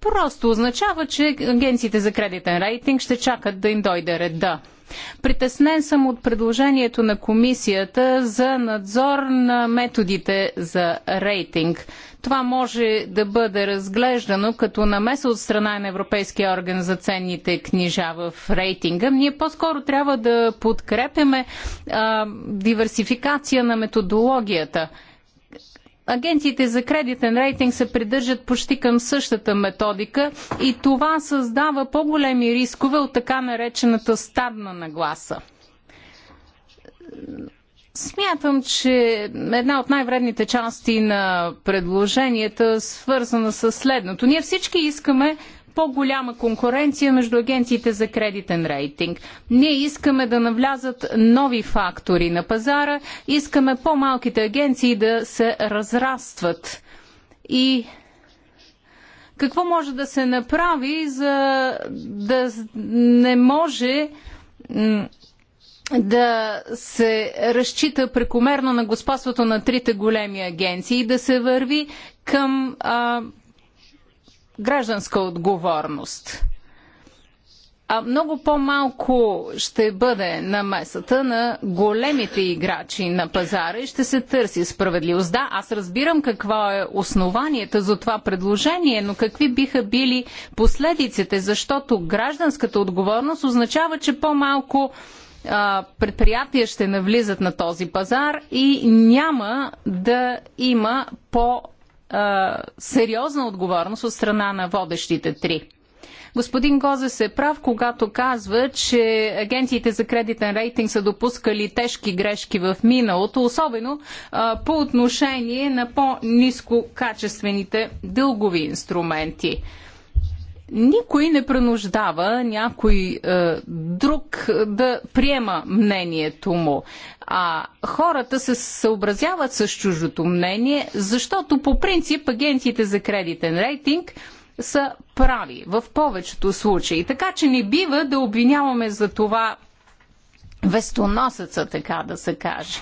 просто означава, че агенциите за кредитен рейтинг ще чакат да им дойде реда. Притеснен съм от предложението на комисията за надзор на методите за рейтинг. Това може да бъде разглеждано като намеса от страна на Европейския орган за ценните книжа в рейтинга. Ние по-скоро трябва да подкрепяме а, диверсификация на методологията – агенциите за кредитен рейтинг се придържат почти към същата методика и това създава по-големи рискове от така наречената стадна нагласа. Смятам, че една от най-вредните части на предложенията е свързана с следното. Ние всички искаме по-голяма конкуренция между агенциите за кредитен рейтинг. Ние искаме да навлязат нови фактори на пазара, искаме по-малките агенции да се разрастват. И какво може да се направи, за да не може да се разчита прекомерно на господството на трите големи агенции и да се върви към а, гражданска отговорност. А много по-малко ще бъде намесата на големите играчи на пазара и ще се търси справедливост. Да, аз разбирам какво е основанието за това предложение, но какви биха били последиците, защото гражданската отговорност означава, че по-малко предприятия ще навлизат на този пазар и няма да има по а, сериозна отговорност от страна на водещите три. Господин Гозес е прав, когато казва, че агенциите за кредитен рейтинг са допускали тежки грешки в миналото, особено а, по отношение на по низкокачествените дългови инструменти. Никой не принуждава някой е, друг да приема мнението му. А хората се съобразяват с чуждото мнение, защото по принцип агенциите за кредитен рейтинг са прави в повечето случаи. Така че не бива да обвиняваме за това вестоносеца, така да се каже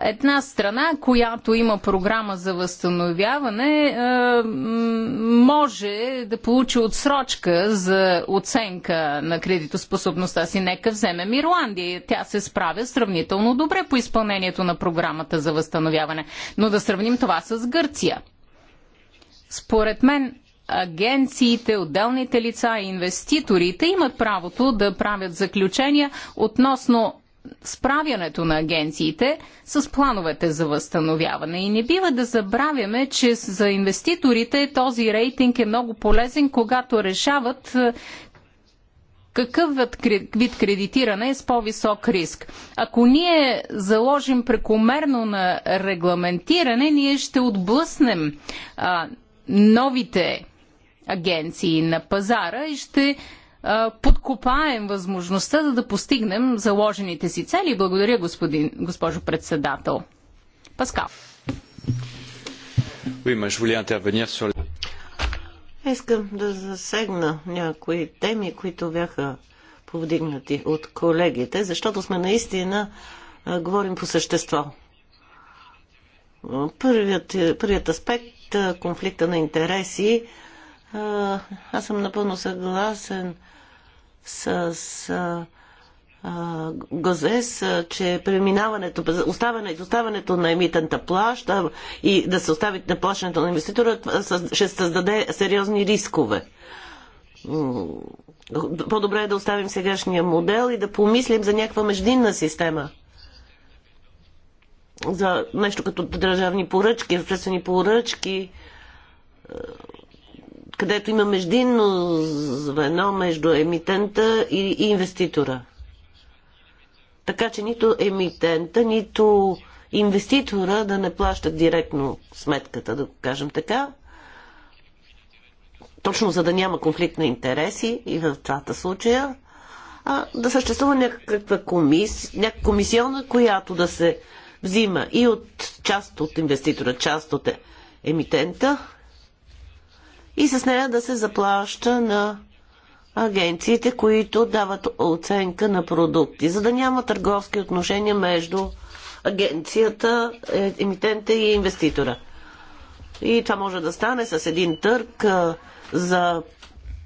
една страна, която има програма за възстановяване, е, може да получи отсрочка за оценка на кредитоспособността си. Нека вземем Ирландия. Тя се справя сравнително добре по изпълнението на програмата за възстановяване. Но да сравним това с Гърция. Според мен, агенциите, отделните лица и инвеститорите имат правото да правят заключения относно справянето на агенциите с плановете за възстановяване. И не бива да забравяме, че за инвеститорите този рейтинг е много полезен, когато решават е, какъв вид кредитиране е с по-висок риск. Ако ние заложим прекомерно на регламентиране, ние ще отблъснем а, новите агенции на пазара и ще подкопаем възможността да, да постигнем заложените си цели. Благодаря, господин, госпожо председател. Паскал. Искам да засегна някои теми, които бяха повдигнати от колегите, защото сме наистина а, говорим по същество. Първият, първият аспект конфликта на интереси аз съм напълно съгласен с ГАЗес, че преминаването, оставането, оставането на емитента плаща и да се остави на плащането на инвеститора ще създаде сериозни рискове. По-добре е да оставим сегашния модел и да помислим за някаква междинна система. За нещо като държавни поръчки, обществени поръчки, където има междинно звено между емитента и инвеститора. Така че нито емитента, нито инвеститора да не плащат директно сметката, да кажем така, точно за да няма конфликт на интереси и в двата случая, а да съществува някаква комис, някаква комисиона, която да се взима и от част от инвеститора, част от емитента и с нея да се заплаща на агенциите, които дават оценка на продукти, за да няма търговски отношения между агенцията, е, емитента и инвеститора. И това може да стане с един търг за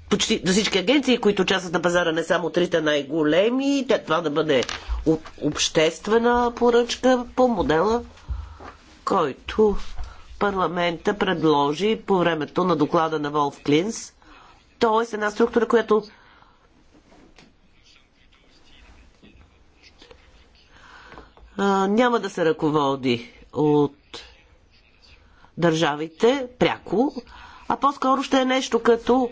почти за всички агенции, които участват на пазара, не само трите най-големи, това да бъде обществена поръчка по модела, който парламента предложи по времето на доклада на Волф Клинс. Тоест една структура, която а, няма да се ръководи от държавите пряко, а по-скоро ще е нещо като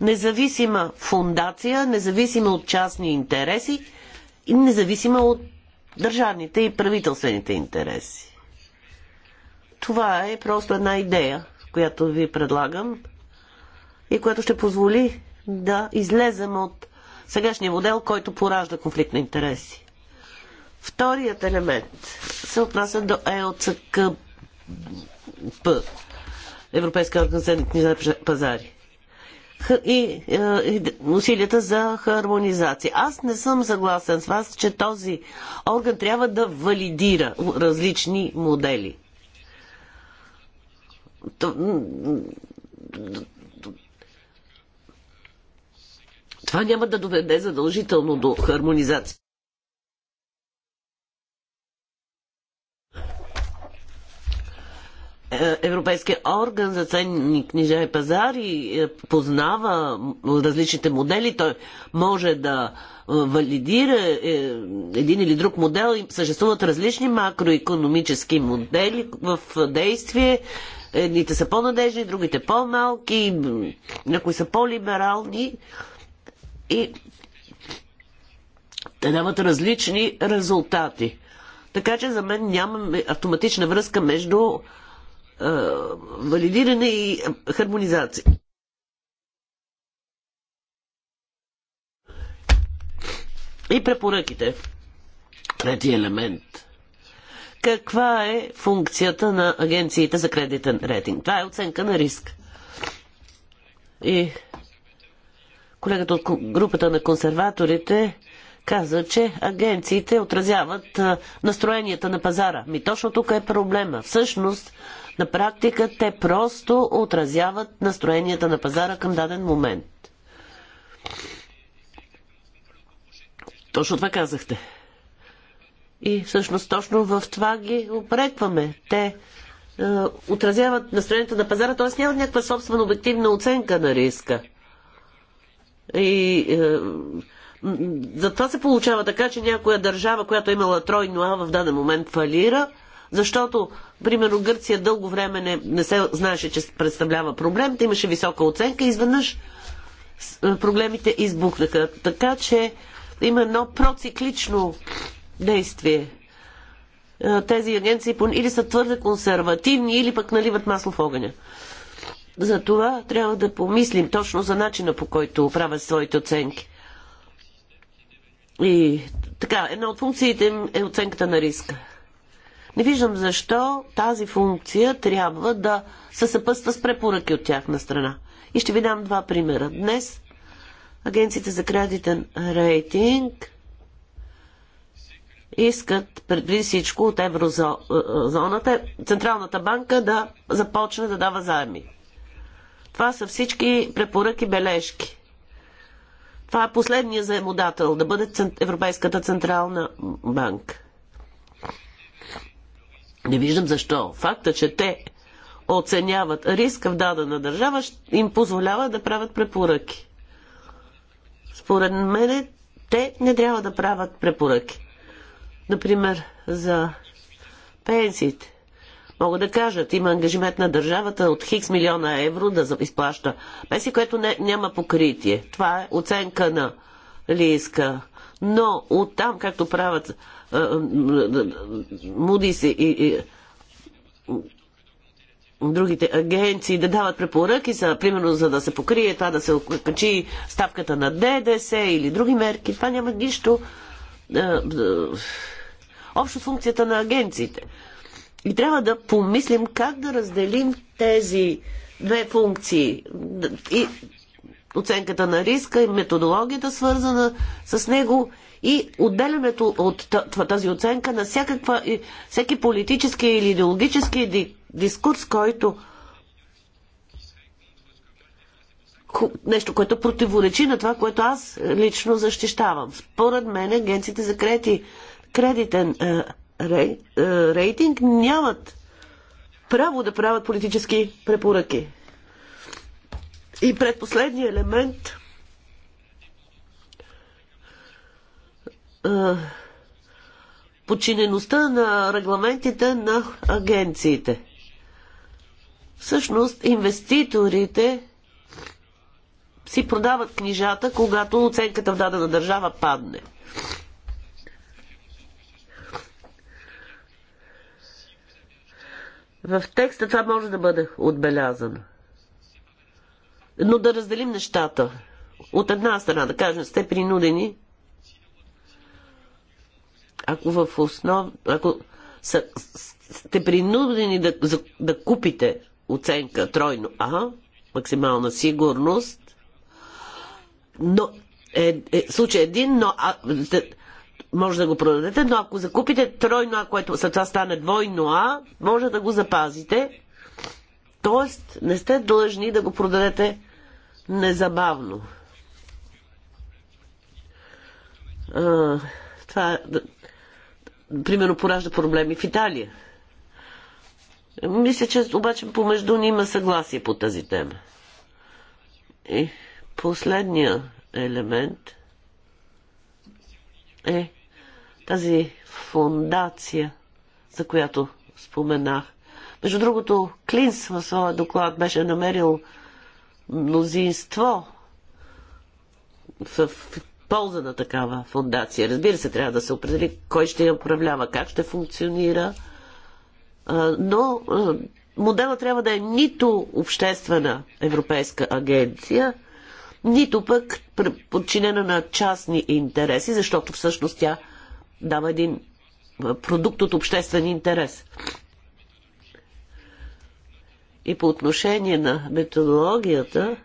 независима фундация, независима от частни интереси и независима от държавните и правителствените интереси. Това е просто една идея, която ви предлагам и която ще позволи да излезем от сегашния модел, който поражда конфликт на интереси. Вторият елемент се отнася до ЕОЦКП, Европейска орган за пазари и, е, и усилията за хармонизация. Аз не съм съгласен с вас, че този орган трябва да валидира различни модели. Това няма да доведе задължително до хармонизация. Е, Европейския орган за ценни книжа и пазари е, познава различните модели. Той може да е, валидира един или друг модел. Съществуват различни макроекономически модели в действие Едните са по-надежни, другите по-малки, някои са по-либерални и те дават различни резултати. Така че за мен няма автоматична връзка между е, валидиране и хармонизация. И препоръките. Трети елемент каква е функцията на агенциите за кредитен рейтинг. Това е оценка на риск. И колегата от групата на консерваторите каза, че агенциите отразяват настроенията на пазара. Ми точно тук е проблема. Всъщност, на практика те просто отразяват настроенията на пазара към даден момент. Точно това казахте. И всъщност точно в това ги опрекваме. Те е, отразяват настроението на пазара, т.е. нямат някаква собствена обективна оценка на риска. И е, затова се получава така, че някоя държава, която е имала тройно А в даден момент фалира, защото, примерно, Гърция дълго време не, не се знаеше, че представлява проблем, да имаше висока оценка и изведнъж е, проблемите избухнаха. Така че има едно проциклично действие. Е, тези агенции или са твърде консервативни, или пък наливат масло в огъня. За това трябва да помислим точно за начина по който правят своите оценки. И така, една от функциите им е оценката на риска. Не виждам защо тази функция трябва да се съпъства с препоръки от тяхна страна. И ще ви дам два примера. Днес агенциите за кредитен рейтинг искат преди всичко от еврозоната е, е, Централната банка да започне да дава заеми. Това са всички препоръки, бележки. Това е последният заемодател да бъде Европейската Централна банка. Не виждам защо. Факта, че те оценяват риска в дадена държава, им позволява да правят препоръки. Според мен те не трябва да правят препоръки. Например, за пенсиите. Мога да кажат, има ангажимент на държавата от хикс милиона евро да изплаща пенсии, което не, няма покритие. Това е оценка на лиска. Но оттам, както правят Мудис и, и, другите агенции да дават препоръки, за, примерно за да се покрие това, да се качи ставката на ДДС или други мерки. Това няма нищо общо функцията на агенциите. И трябва да помислим как да разделим тези две функции. И оценката на риска и методологията свързана с него и отделянето от тази оценка на всякаква, всеки политически или идеологически дискурс, който нещо, което противоречи на това, което аз лично защищавам. Според мен агенциите за крети кредитен е, рей, е, рейтинг, нямат право да правят политически препоръки. И предпоследния елемент е, подчинеността на регламентите на агенциите. Всъщност, инвеститорите си продават книжата, когато оценката в дадена държава падне. В текста това може да бъде отбелязано. Но да разделим нещата. От една страна да кажем, сте принудени, ако в основ... ако са... сте принудени да, за... да купите оценка тройно А, максимална сигурност, но е, е, случай един, но а, може да го продадете, но ако закупите тройно А, което след това стане двойно А, може да го запазите. Тоест, не сте длъжни да го продадете незабавно. А, това, да, примерно, поражда проблеми в Италия. Мисля, че обаче помежду ни има съгласие по тази тема. И последния елемент е тази фундация, за която споменах. Между другото, Клинс в своя доклад беше намерил мнозинство в, полза на такава фундация. Разбира се, трябва да се определи кой ще я управлява, как ще функционира, но модела трябва да е нито обществена европейска агенция, нито пък подчинена на частни интереси, защото всъщност тя дава един продукт от обществен интерес. И по отношение на методологията,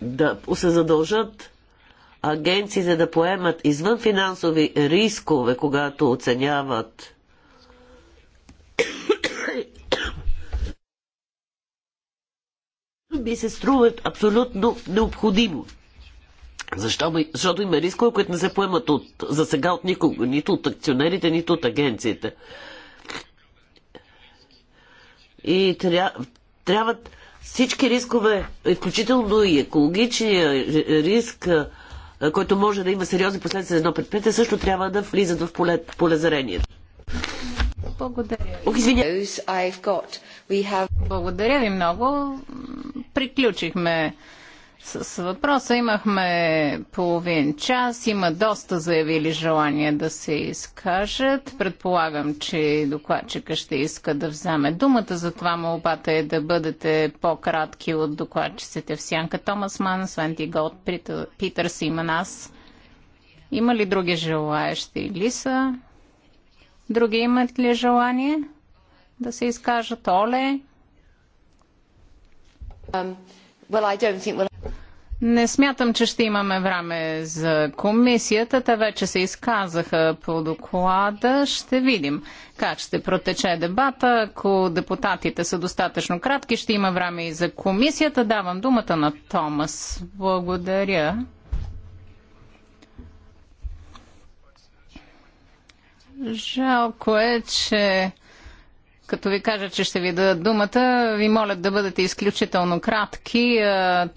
да се задължат агенциите да поемат извън финансови рискове, когато оценяват би се струват абсолютно необходимо. Защо? Защото има рискове, които не се поемат от, за сега от никого, нито от акционерите, нито от агенциите. И тря, трябват всички рискове, включително и екологичния риск, който може да има сериозни последствия за едно предприятие, също трябва да влизат в поле, полезрението. Благодаря. Ох, Благодаря ви много. Приключихме с въпроса имахме половин час. Има доста заявили желание да се изкажат. Предполагам, че докладчика ще иска да вземе думата. Затова молбата е да бъдете по-кратки от докладчиците в сянка. Томас Ман, Свенти Голд, Питър Симан, аз. Има ли други желаящи? Лиса? Други имат ли желание да се изкажат? Оле? Um, well, I don't think we'll не смятам, че ще имаме време за комисията. Те вече се изказаха по доклада. Ще видим как ще протече дебата. Ако депутатите са достатъчно кратки, ще има време и за комисията. Давам думата на Томас. Благодаря. Жалко е, че като ви кажа, че ще ви дадат думата, ви моля да бъдете изключително кратки.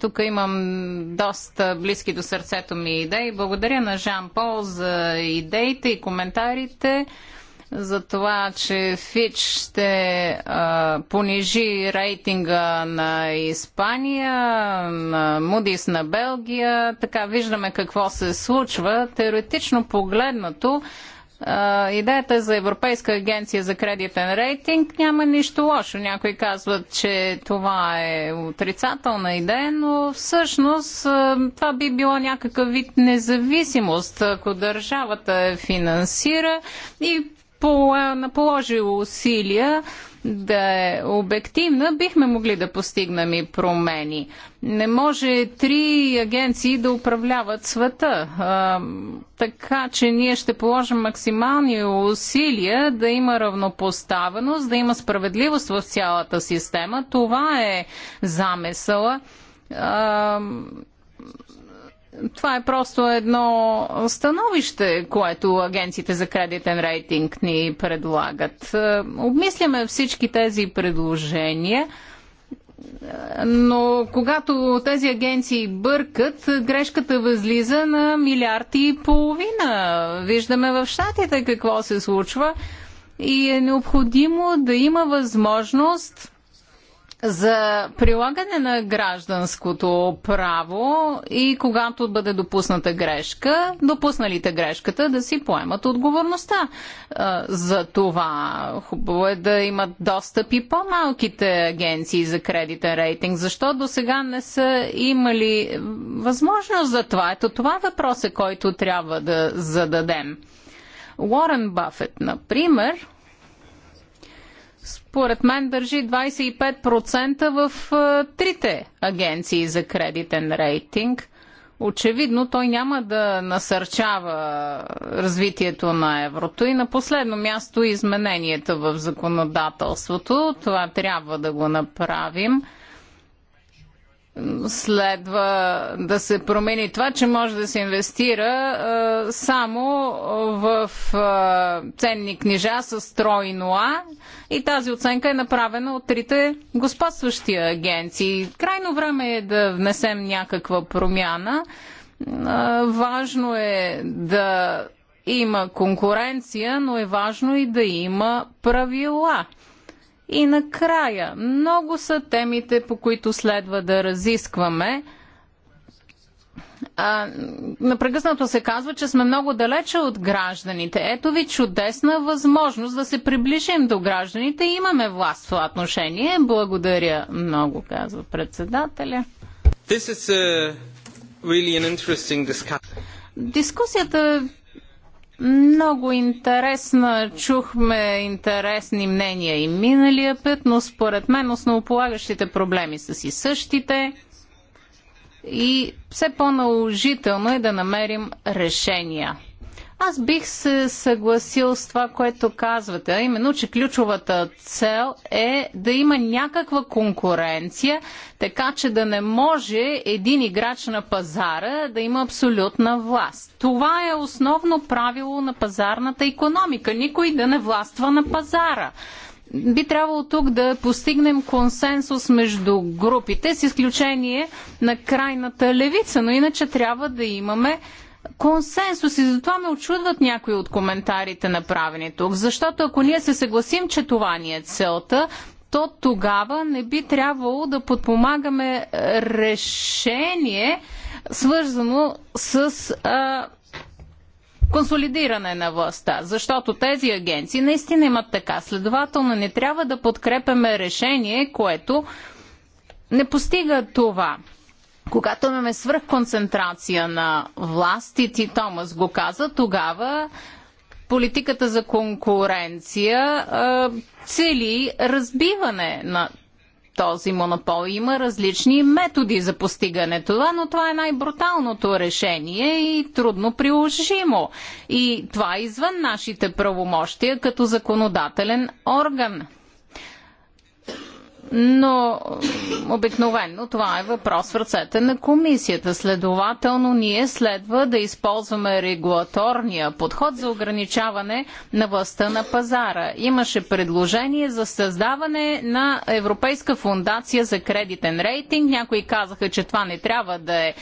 Тук имам доста близки до сърцето ми идеи. Благодаря на Жан Пол за идеите и коментарите за това, че Фич ще а, понижи рейтинга на Испания, на Мудис на Белгия. Така виждаме какво се случва. Теоретично погледнато, идеята за Европейска агенция за кредитен рейтинг няма нищо лошо. Някои казват, че това е отрицателна идея, но всъщност това би било някакъв вид независимост, ако държавата финансира и положило усилия да е обективна, бихме могли да постигнем и промени. Не може три агенции да управляват света. А, така че ние ще положим максимални усилия да има равнопоставеност, да има справедливост в цялата система. Това е замесъла. А, това е просто едно становище, което агенциите за кредитен рейтинг ни предлагат. Е, обмисляме всички тези предложения. Е, но когато тези агенции бъркат, грешката възлиза на милиард и половина. Виждаме в щатите какво се случва и е необходимо да има възможност за прилагане на гражданското право и когато бъде допусната грешка, допусналите грешката да си поемат отговорността. За това хубаво е да имат достъп и по-малките агенции за кредитен рейтинг. Защо до сега не са имали възможност за това? Ето това въпрос е, който трябва да зададем. Уорен Бафет, например, според мен държи 25% в е, трите агенции за кредитен рейтинг. Очевидно той няма да насърчава развитието на еврото и на последно място измененията в законодателството. Това трябва да го направим следва да се промени това, че може да се инвестира само в ценни книжа с тройно А и тази оценка е направена от трите господстващи агенции. Крайно време е да внесем някаква промяна. важно е да има конкуренция, но е важно и да има правила – и накрая, много са темите, по които следва да разискваме. А, напрекъснато се казва, че сме много далече от гражданите. Ето ви чудесна възможност да се приближим до гражданите. Имаме власт в отношение. Благодаря много, казва председателя. This is a really an interesting discussion. Дискусията е много интересна, чухме интересни мнения и миналия път, но според мен основополагащите проблеми са си същите и все по-наложително е да намерим решения. Аз бих се съгласил с това, което казвате, а именно, че ключовата цел е да има някаква конкуренция, така че да не може един играч на пазара да има абсолютна власт. Това е основно правило на пазарната економика. Никой да не властва на пазара би трябвало тук да постигнем консенсус между групите, с изключение на крайната левица, но иначе трябва да имаме консенсус и затова ме очудват някои от коментарите направени тук, защото ако ние се съгласим, че това ни е целта, то тогава не би трябвало да подпомагаме решение, свързано с а, консолидиране на властта, защото тези агенции наистина имат така. Следователно не трябва да подкрепяме решение, което не постига това. Когато имаме свръхконцентрация на власти, ти Томас го каза, тогава политиката за конкуренция цели разбиване на този монопол. Има различни методи за постигане това, но това е най-бруталното решение и трудно приложимо. И това е извън нашите правомощия като законодателен орган но обикновенно това е въпрос в ръцете на комисията. Следователно, ние следва да използваме регулаторния подход за ограничаване на властта на пазара. Имаше предложение за създаване на Европейска фундация за кредитен рейтинг. Някои казаха, че това не трябва да е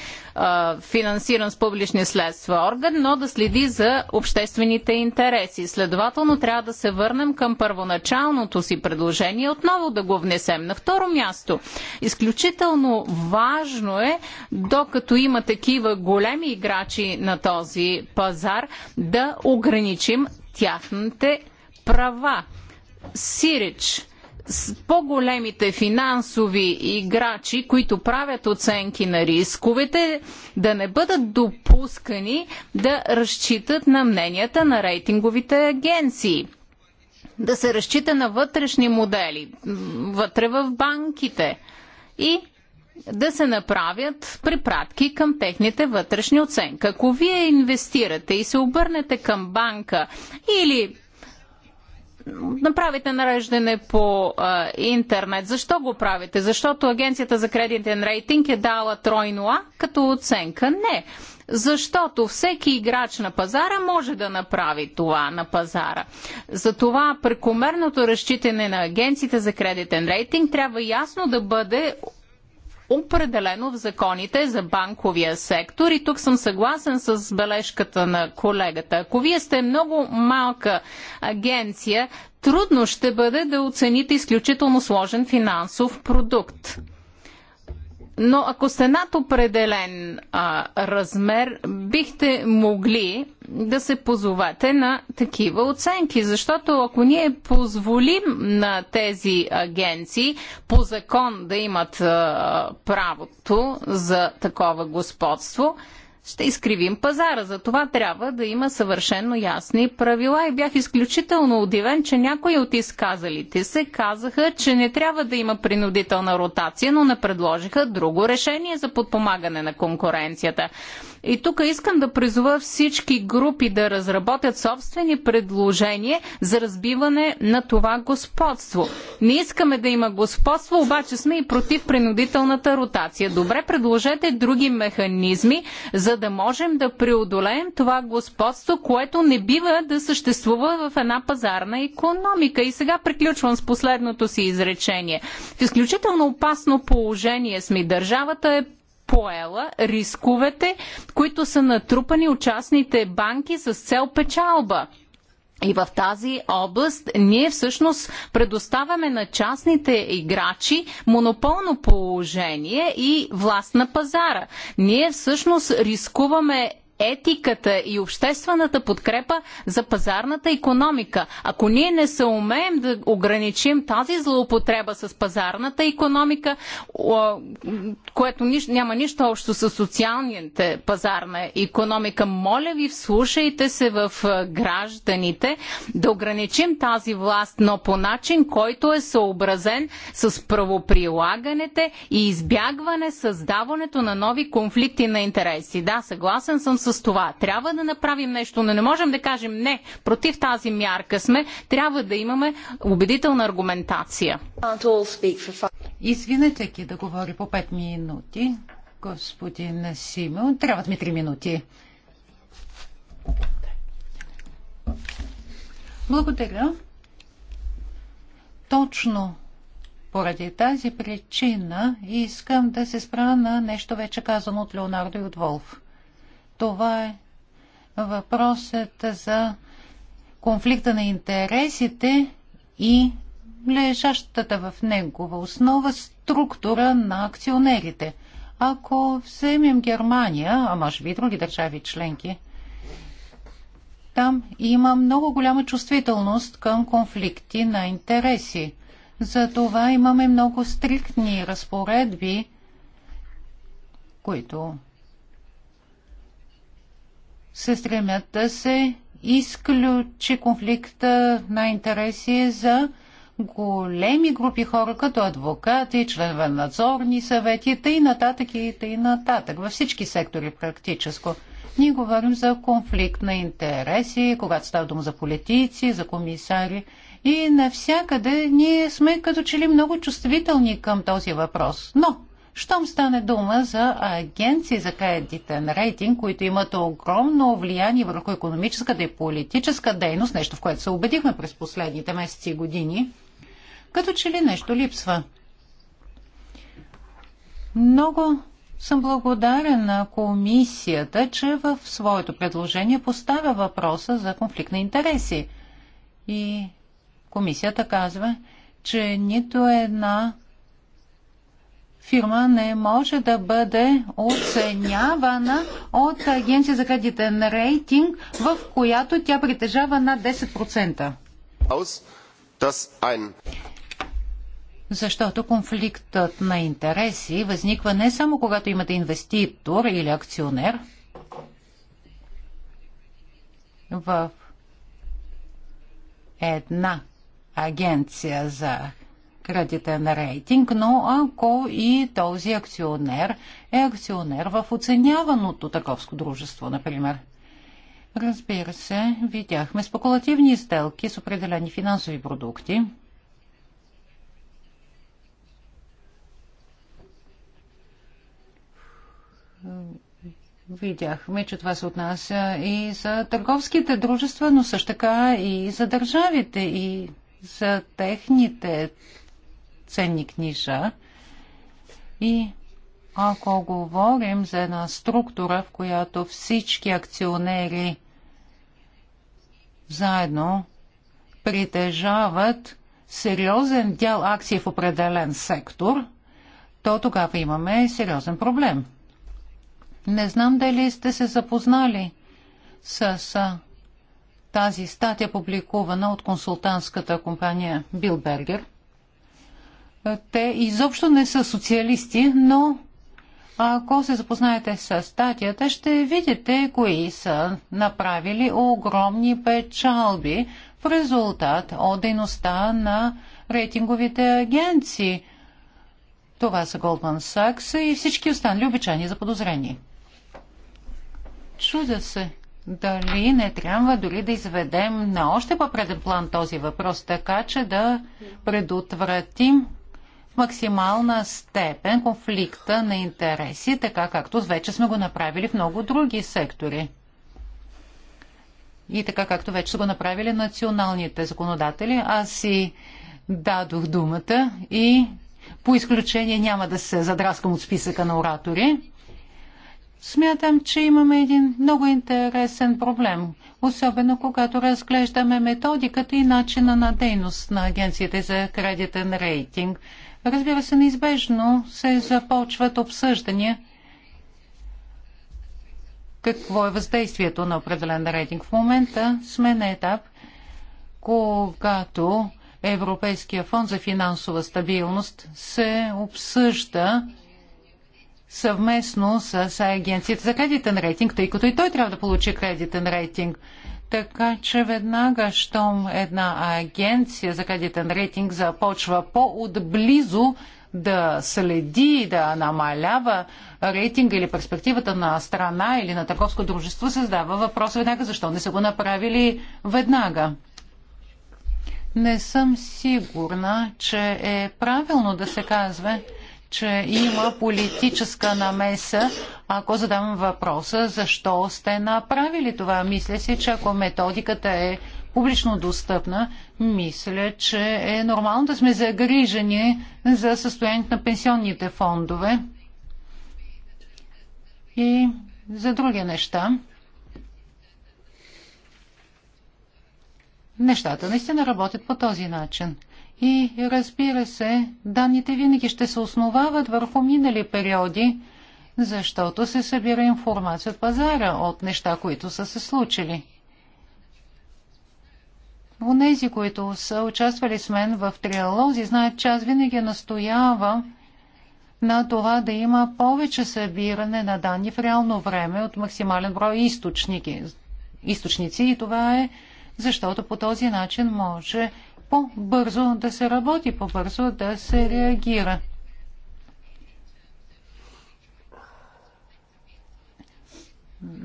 финансиран с публични следства орган, но да следи за обществените интереси. Следователно трябва да се върнем към първоначалното си предложение, отново да го внесем. На второ място, изключително важно е, докато има такива големи играчи на този пазар, да ограничим тяхните права. Сирич по-големите финансови играчи, които правят оценки на рисковете, да не бъдат допускани да разчитат на мненията на рейтинговите агенции да се разчита на вътрешни модели, вътре в банките и да се направят препратки към техните вътрешни оценки. Ако вие инвестирате и се обърнете към банка или направите нареждане по а, интернет. Защо го правите? Защото Агенцията за кредитен рейтинг е дала тройно А като оценка. Не. Защото всеки играч на пазара може да направи това на пазара. Затова прекомерното разчитане на агенциите за кредитен рейтинг трябва ясно да бъде определено в законите за банковия сектор. И тук съм съгласен с бележката на колегата. Ако вие сте много малка агенция, трудно ще бъде да оцените изключително сложен финансов продукт. Но ако сте над определен а, размер, бихте могли да се позовате на такива оценки, защото ако ние позволим на тези агенции по закон да имат а, правото за такова господство, ще изкривим пазара. За това трябва да има съвършенно ясни правила и бях изключително удивен, че някои от изказалите се казаха, че не трябва да има принудителна ротация, но не предложиха друго решение за подпомагане на конкуренцията. И тук искам да призова всички групи да разработят собствени предложения за разбиване на това господство. Не искаме да има господство, обаче сме и против принудителната ротация. Добре, предложете други механизми за да можем да преодолеем това господство, което не бива да съществува в една пазарна економика. И сега приключвам с последното си изречение. В изключително опасно положение сме. Държавата е поела рисковете, които са натрупани от частните банки с цел печалба. И в тази област ние всъщност предоставяме на частните играчи монополно положение и власт на пазара. Ние всъщност рискуваме етиката и обществената подкрепа за пазарната економика. Ако ние не се умеем да ограничим тази злоупотреба с пазарната економика, което няма нищо общо с социалните пазарна економика, моля ви, вслушайте се в гражданите, да ограничим тази власт, но по начин, който е съобразен с правоприлагането и избягване създаването на нови конфликти на интереси. Да, съгласен съм с с това. Трябва да направим нещо, но не можем да кажем не, против тази мярка сме. Трябва да имаме убедителна аргументация. Извинете, ки да говори по 5 минути. Господин Симеон, трябват ми 3 минути. Благодаря. Точно поради тази причина искам да се спра на нещо вече казано от Леонардо и от Волф. Това е въпросът за конфликта на интересите и лежащата в негова основа структура на акционерите. Ако вземем Германия, а може би и други държави членки, там има много голяма чувствителност към конфликти на интереси. Затова имаме много стриктни разпоредби, които се стремят да се изключи конфликта на интереси за големи групи хора, като адвокати, членове на надзорни съвети, и нататък и тъй нататък, във всички сектори практическо. Ние говорим за конфликт на интереси, когато става дума за политици, за комисари и навсякъде ние сме като че ли много чувствителни към този въпрос. Но щом стане дума за агенции за кредитен рейтинг, които имат огромно влияние върху економическата и политическа дейност, нещо в което се убедихме през последните месеци и години, като че ли нещо липсва. Много съм благодарен на комисията, че в своето предложение поставя въпроса за конфликт на интереси. И комисията казва, че нито една фирма не може да бъде оценявана от агенция за кредитен рейтинг, в която тя притежава над 10%. Защото конфликтът на интереси възниква не само когато имате инвеститор или акционер в една агенция за кредитен рейтинг, но ако и този акционер е акционер в оценяваното търговско дружество, например. Разбира се, видяхме спекулативни сделки с определени финансови продукти. Видяхме, че това се отнася и за търговските дружества, но също така и за държавите и за техните ценни книжа. И ако говорим за една структура, в която всички акционери заедно притежават сериозен дял акции в определен сектор, то тогава имаме сериозен проблем. Не знам дали сте се запознали с тази статия, публикувана от консултантската компания Билбергер – е, те изобщо не са социалисти, но ако се запознаете с статията, ще видите кои са направили огромни печалби в резултат от дейността на рейтинговите агенции. Това са Goldman Sachs и всички останали обичайни за подозрение. Чудя се дали не трябва дори да изведем на още по-преден план този въпрос, така че да предотвратим максимална степен конфликта на интереси, така както вече сме го направили в много други сектори. И така както вече са го направили националните законодатели, аз си дадох думата и по изключение няма да се задраскам от списъка на оратори. Смятам, че имаме един много интересен проблем, особено когато разглеждаме методиката и начина на дейност на агенциите за кредитен рейтинг – Разбира се, неизбежно се започват обсъждания какво е въздействието на определен рейтинг. В момента сме на етап, когато Европейския фонд за финансова стабилност се обсъжда съвместно с агенцията за кредитен рейтинг, тъй като и той трябва да получи кредитен рейтинг. Така че веднага, щом една агенция за кредитен рейтинг започва по-отблизо да следи, да намалява рейтинга или перспективата на страна или на търговско дружество, се задава въпрос веднага защо не са го направили веднага. Не съм сигурна, че е правилно да се казва, че има политическа намеса, ако задам въпроса защо сте направили това. Мисля си, че ако методиката е публично достъпна, мисля, че е нормално да сме загрижени за състоянието на пенсионните фондове и за други неща. Нещата наистина работят по този начин. И разбира се, данните винаги ще се основават върху минали периоди, защото се събира информация от пазара, от неща, които са се случили. Онези, които са участвали с мен в триалози, знаят, че аз винаги настоявам на това да има повече събиране на данни в реално време от максимален брой източники, източници. И това е защото по този начин може по-бързо да се работи, по-бързо да се реагира.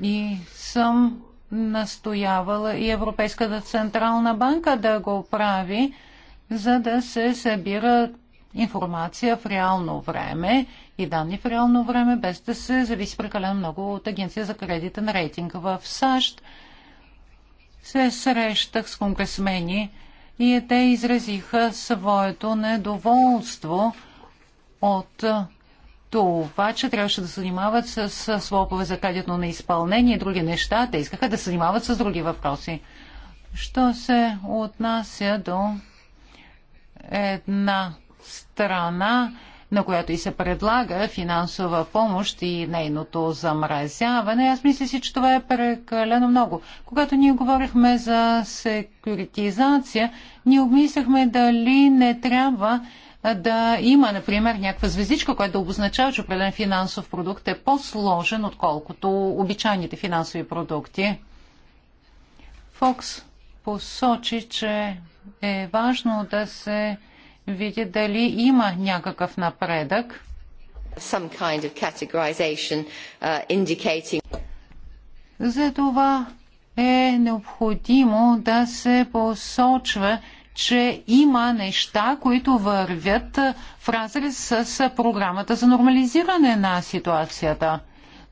И съм настоявала и Европейската централна банка да го прави, за да се събира информация в реално време и данни в реално време, без да се зависи прекалено много от Агенция за кредитен рейтинг. В САЩ се срещах с конгресмени и те изразиха своето недоволство от това, че трябваше да се занимават с слопове за кадетно на изпълнение и други неща. Те искаха да се занимават с други въпроси. Що се отнася до една страна, на която и се предлага финансова помощ и нейното замразяване, аз мисля си, че това е прекалено много. Когато ние говорихме за секюритизация, ние обмисляхме дали не трябва да има, например, някаква звездичка, която да обозначава, че определен финансов продукт е по-сложен, отколкото обичайните финансови продукти. Фокс посочи, че е важно да се видят дали има някакъв напредък. Some kind of categorization, uh, indicating... За това е необходимо да се посочва, че има неща, които вървят в разрез с програмата за нормализиране на ситуацията.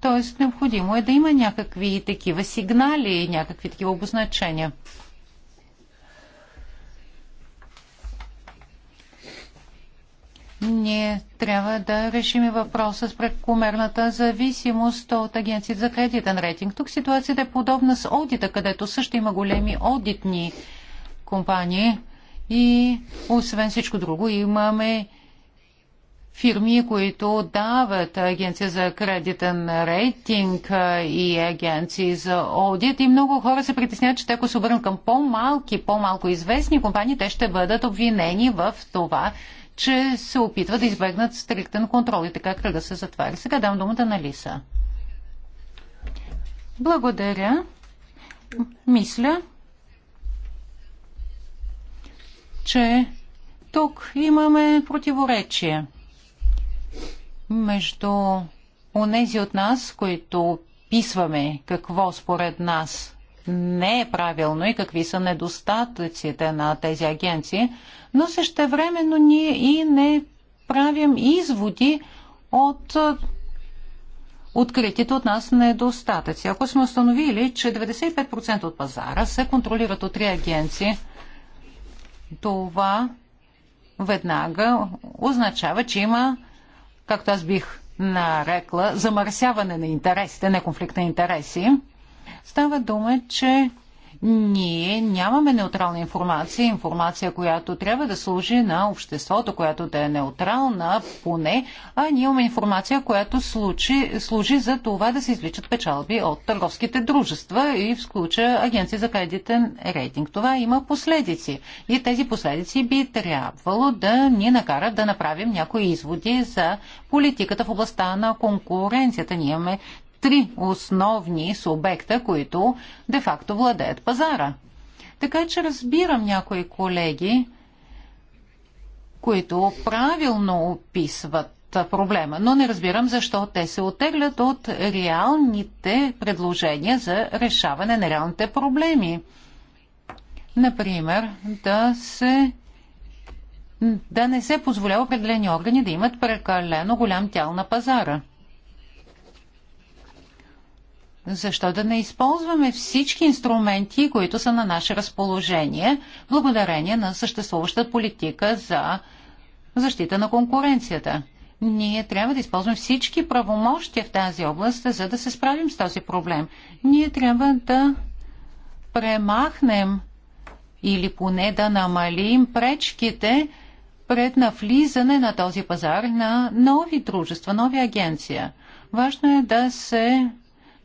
Тоест, необходимо е да има някакви такива сигнали, някакви такива обозначения. ние трябва да решим въпроса с прекомерната зависимост от агенции за кредитен рейтинг. Тук ситуацията е подобна с аудита, където също има големи аудитни компании и освен всичко друго имаме фирми, които дават агенция за кредитен рейтинг и агенции за аудит. И много хора се притесняват, че ако се обърнат към по-малки, по-малко известни компании, те ще бъдат обвинени в това, че се опитват да избегнат стриктен контрол и така кръга се затваря. Сега дам думата на Лиса. Благодаря. Мисля, че тук имаме противоречие между онези от нас, които описваме какво според нас не е правилно и какви са недостатъците на тези агенции, но същевременно ние и не правим изводи от откритите от нас недостатъци. Ако сме установили, че 95% от пазара се контролират от три агенции, това веднага означава, че има, както аз бих нарекла, замърсяване на интересите, не конфликт на интереси. Става дума, че ние нямаме неутрална информация, информация, която трябва да служи на обществото, която да е неутрална поне, а ние имаме информация, която случи, служи за това да се извличат печалби от търговските дружества и в случая Агенция за кредитен рейтинг. Това има последици и тези последици би трябвало да ни накарат да направим някои изводи за политиката в областта на конкуренцията. Ние имаме три основни субекта, които де-факто владеят пазара. Така че разбирам някои колеги, които правилно описват проблема, но не разбирам защо те се отеглят от реалните предложения за решаване на реалните проблеми. Например, да се да не се позволява определени органи да имат прекалено голям тял на пазара. Защо да не използваме всички инструменти, които са на наше разположение, благодарение на съществуваща политика за защита на конкуренцията? Ние трябва да използваме всички правомощия в тази област, за да се справим с този проблем. Ние трябва да премахнем или поне да намалим пречките пред навлизане на този пазар на нови дружества, нови агенция. Важно е да се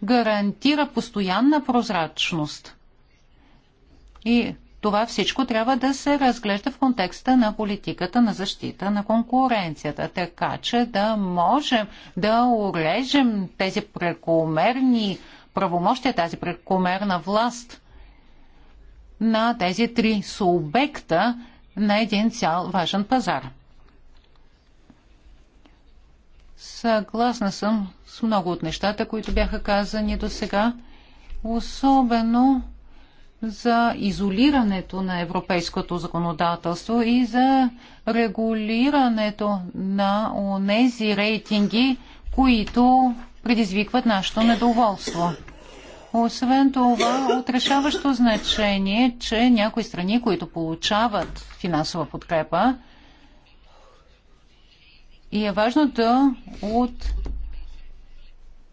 гарантира постоянна прозрачност. И това всичко трябва да се разглежда в контекста на политиката на защита на конкуренцията, така че да можем да урежем тези прекомерни правомощия, тази прекомерна власт на тези три субекта на един цял важен пазар. Съгласна съм с много от нещата, които бяха казани до сега, особено за изолирането на европейското законодателство и за регулирането на онези рейтинги, които предизвикват нашето недоволство. Освен това, отрешаващо значение, че някои страни, които получават финансова подкрепа, и е важно да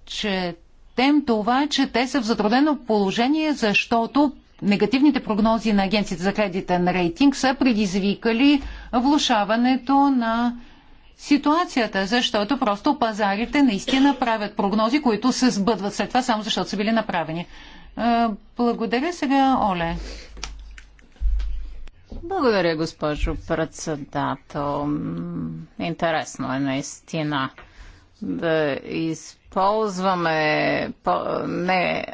отчетем това, че те са в затруднено положение, защото негативните прогнози на агенцията за кредитен рейтинг са предизвикали влушаването на ситуацията, защото просто пазарите наистина правят прогнози, които се сбъдват след това, само защото са били направени. Е, благодаря сега, Оле. Благодаря, госпожо председател. Интересно е наистина да използваме по, не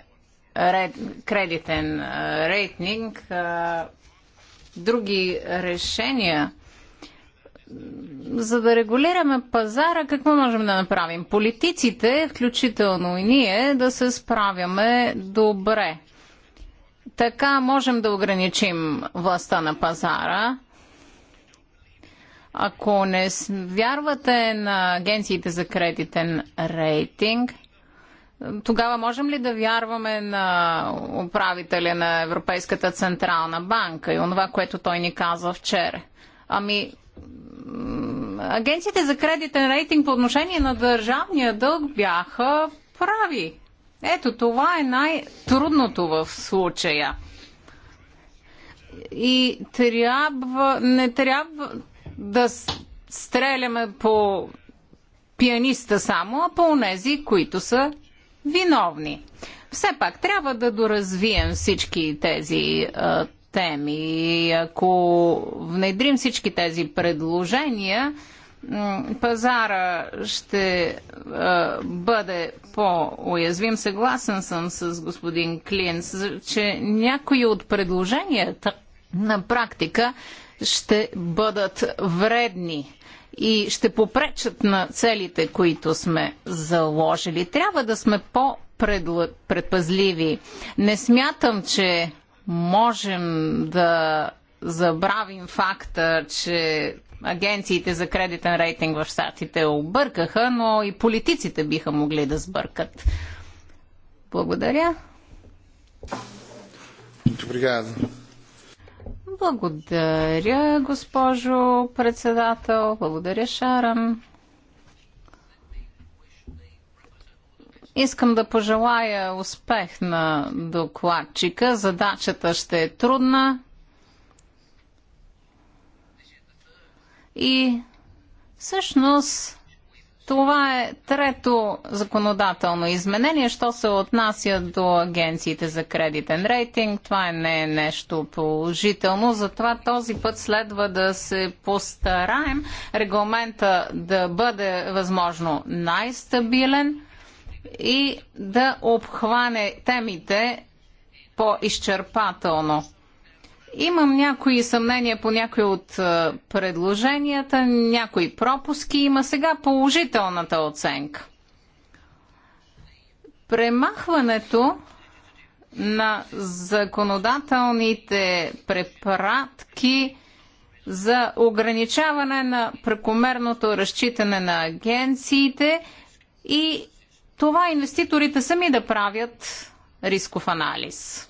ред, кредитен рейтинг, а други решения. За да регулираме пазара, какво можем да направим? Политиците, включително и ние, да се справяме добре така можем да ограничим властта на пазара. Ако не вярвате на агенциите за кредитен рейтинг, тогава можем ли да вярваме на управителя на Европейската централна банка и онова, което той ни каза вчера? Ами, агенциите за кредитен рейтинг по отношение на държавния дълг бяха прави. Ето това е най-трудното в случая. И трябва, не трябва да стреляме по пианиста само, а по онези, които са виновни. Все пак трябва да доразвием всички тези а, теми. И ако внедрим всички тези предложения, пазара ще бъде по-уязвим. Съгласен съм с господин Клинс, че някои от предложенията на практика ще бъдат вредни и ще попречат на целите, които сме заложили. Трябва да сме по-предпазливи. Не смятам, че можем да забравим факта, че агенциите за кредитен рейтинг в Штатите объркаха, но и политиците биха могли да сбъркат. Благодаря. Благодаря, госпожо председател. Благодаря, Шаран. Искам да пожелая успех на докладчика. Задачата ще е трудна. И всъщност това е трето законодателно изменение, що се отнася до агенциите за кредитен рейтинг. Това не е нещо положително, затова този път следва да се постараем регламента да бъде възможно най-стабилен и да обхване темите по-изчерпателно. Имам някои съмнения по някои от е, предложенията, някои пропуски. Има сега положителната оценка. Премахването на законодателните препаратки за ограничаване на прекомерното разчитане на агенциите и това инвеститорите сами да правят рисков анализ.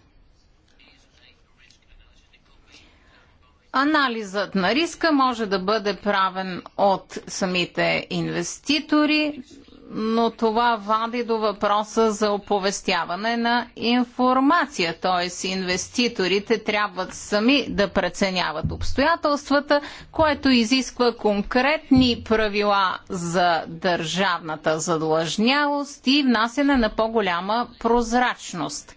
Анализът на риска може да бъде правен от самите инвеститори, но това вади до въпроса за оповестяване на информация, т.е. инвеститорите трябва сами да преценяват обстоятелствата, което изисква конкретни правила за държавната задлъжнялост и внасяне на по-голяма прозрачност.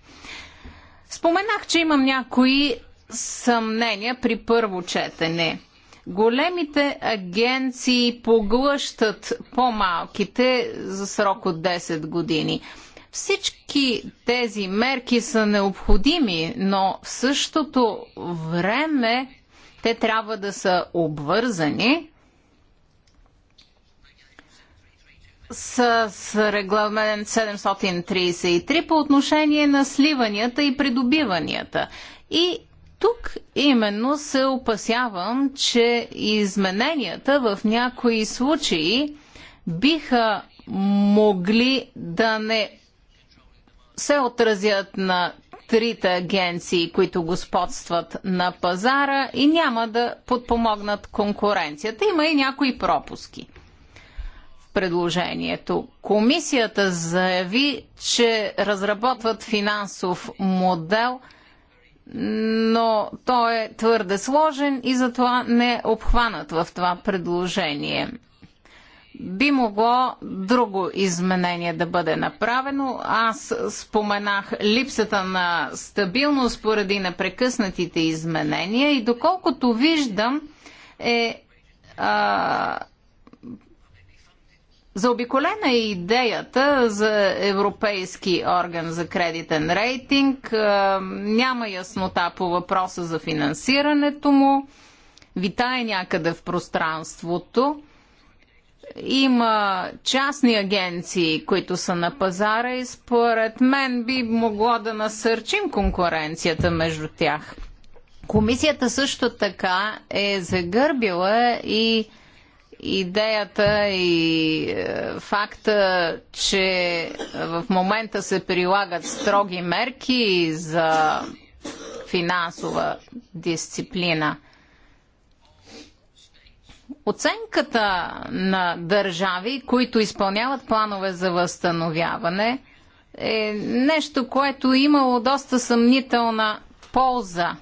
Споменах, че имам някои съмнения при първо четене. Големите агенции поглъщат по-малките за срок от 10 години. Всички тези мерки са необходими, но в същото време те трябва да са обвързани с, с регламент 733 по отношение на сливанията и придобиванията. И тук именно се опасявам, че измененията в някои случаи биха могли да не се отразят на трите агенции, които господстват на пазара и няма да подпомогнат конкуренцията. Има и някои пропуски в предложението. Комисията заяви, че разработват финансов модел – но той е твърде сложен и затова не е обхванат в това предложение. Би могло друго изменение да бъде направено. Аз споменах липсата на стабилност поради непрекъснатите изменения и доколкото виждам е а, Заобиколена е идеята за европейски орган за кредитен рейтинг. Е, няма яснота по въпроса за финансирането му. Витае някъде в пространството. Има частни агенции, които са на пазара и според мен би могло да насърчим конкуренцията между тях. Комисията също така е загърбила и идеята и е, факта, че в момента се прилагат строги мерки за финансова дисциплина. Оценката на държави, които изпълняват планове за възстановяване, е нещо, което имало доста съмнителна полза.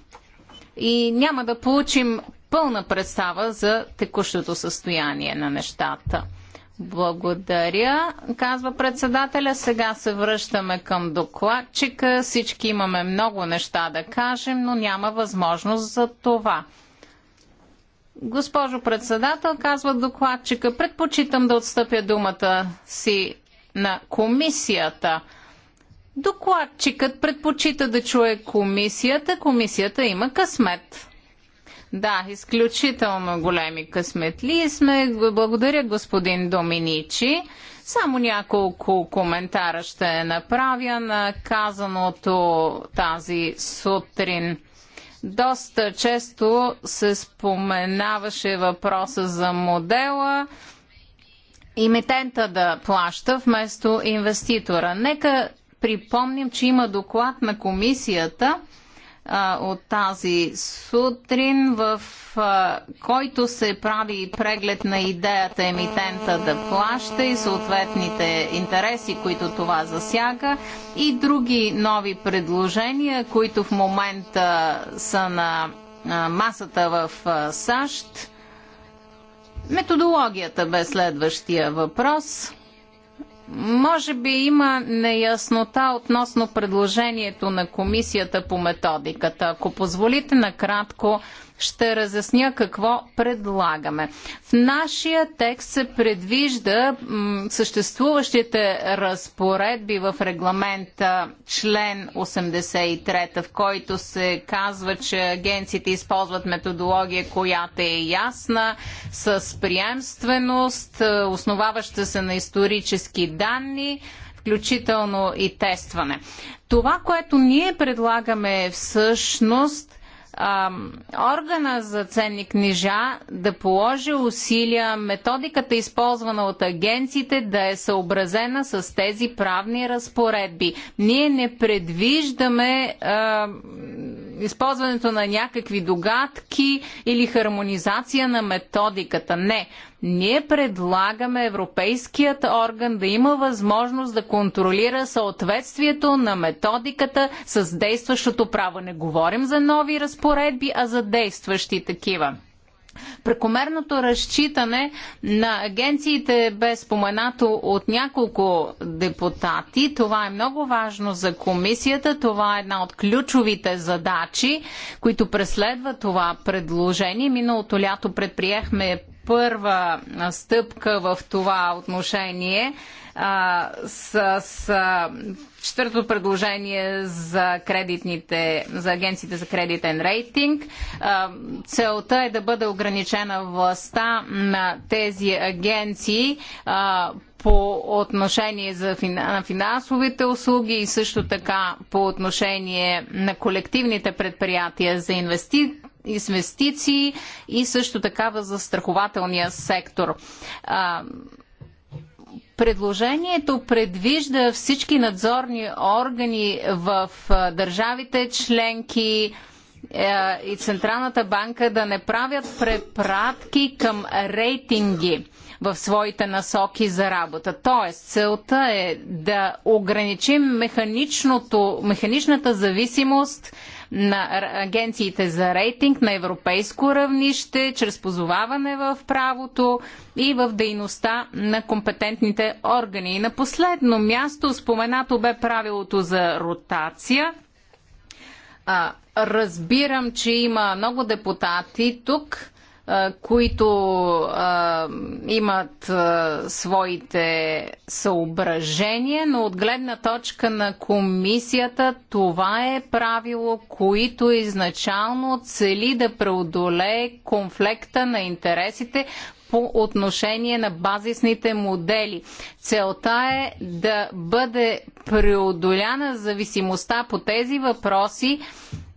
И няма да получим пълна представа за текущото състояние на нещата. Благодаря, казва председателя. Сега се връщаме към докладчика. Всички имаме много неща да кажем, но няма възможност за това. Госпожо председател, казва докладчика, предпочитам да отстъпя думата си на комисията. Докладчикът предпочита да чуе комисията. Комисията има късмет. Да, изключително големи късметли сме. Благодаря, господин Доминичи. Само няколко коментара ще направя на казаното тази сутрин. Доста често се споменаваше въпроса за модела имитента да плаща вместо инвеститора. Нека припомним, че има доклад на комисията – а, от тази сутрин, в а, който се прави преглед на идеята емитента да плаща и съответните интереси, които това засяга и други нови предложения, които в момента са на а, масата в а, САЩ. Методологията бе следващия въпрос. Може би има неяснота относно предложението на комисията по методиката. Ако позволите накратко ще разясня какво предлагаме. В нашия текст се предвижда съществуващите разпоредби в регламента член 83, в който се казва, че агенциите използват методология, която е ясна, с приемственост, е, основаваща се на исторически данни, включително и тестване. Това, което ние предлагаме е всъщност органа за ценни книжа да положи усилия методиката, използвана от агенциите, да е съобразена с тези правни разпоредби. Ние не предвиждаме а, използването на някакви догадки или хармонизация на методиката. Не. Ние предлагаме Европейският орган да има възможност да контролира съответствието на методиката с действащото право. Не говорим за нови разпоредби, а за действащи такива. Прекомерното разчитане на агенциите бе споменато от няколко депутати. Това е много важно за комисията. Това е една от ключовите задачи, които преследва това предложение. Миналото лято предприехме първа стъпка в това отношение а, с, четвъртото предложение за кредитните, за агенциите за кредитен рейтинг. А, целта е да бъде ограничена властта на тези агенции а, по отношение за, на финансовите услуги и също така по отношение на колективните предприятия за инвестиции инвестиции и също така в застрахователния сектор. А, Предложението предвижда всички надзорни органи в държавите членки и Централната банка да не правят препратки към рейтинги в своите насоки за работа. Тоест, целта е да ограничим механичната зависимост на агенциите за рейтинг на европейско равнище, чрез позоваване в правото и в дейността на компетентните органи. И на последно място споменато бе правилото за ротация. А, разбирам, че има много депутати тук, които а, имат а, своите съображения, но от гледна точка на комисията това е правило, което изначално цели да преодолее конфликта на интересите по отношение на базисните модели. Целта е да бъде преодоляна зависимостта по тези въпроси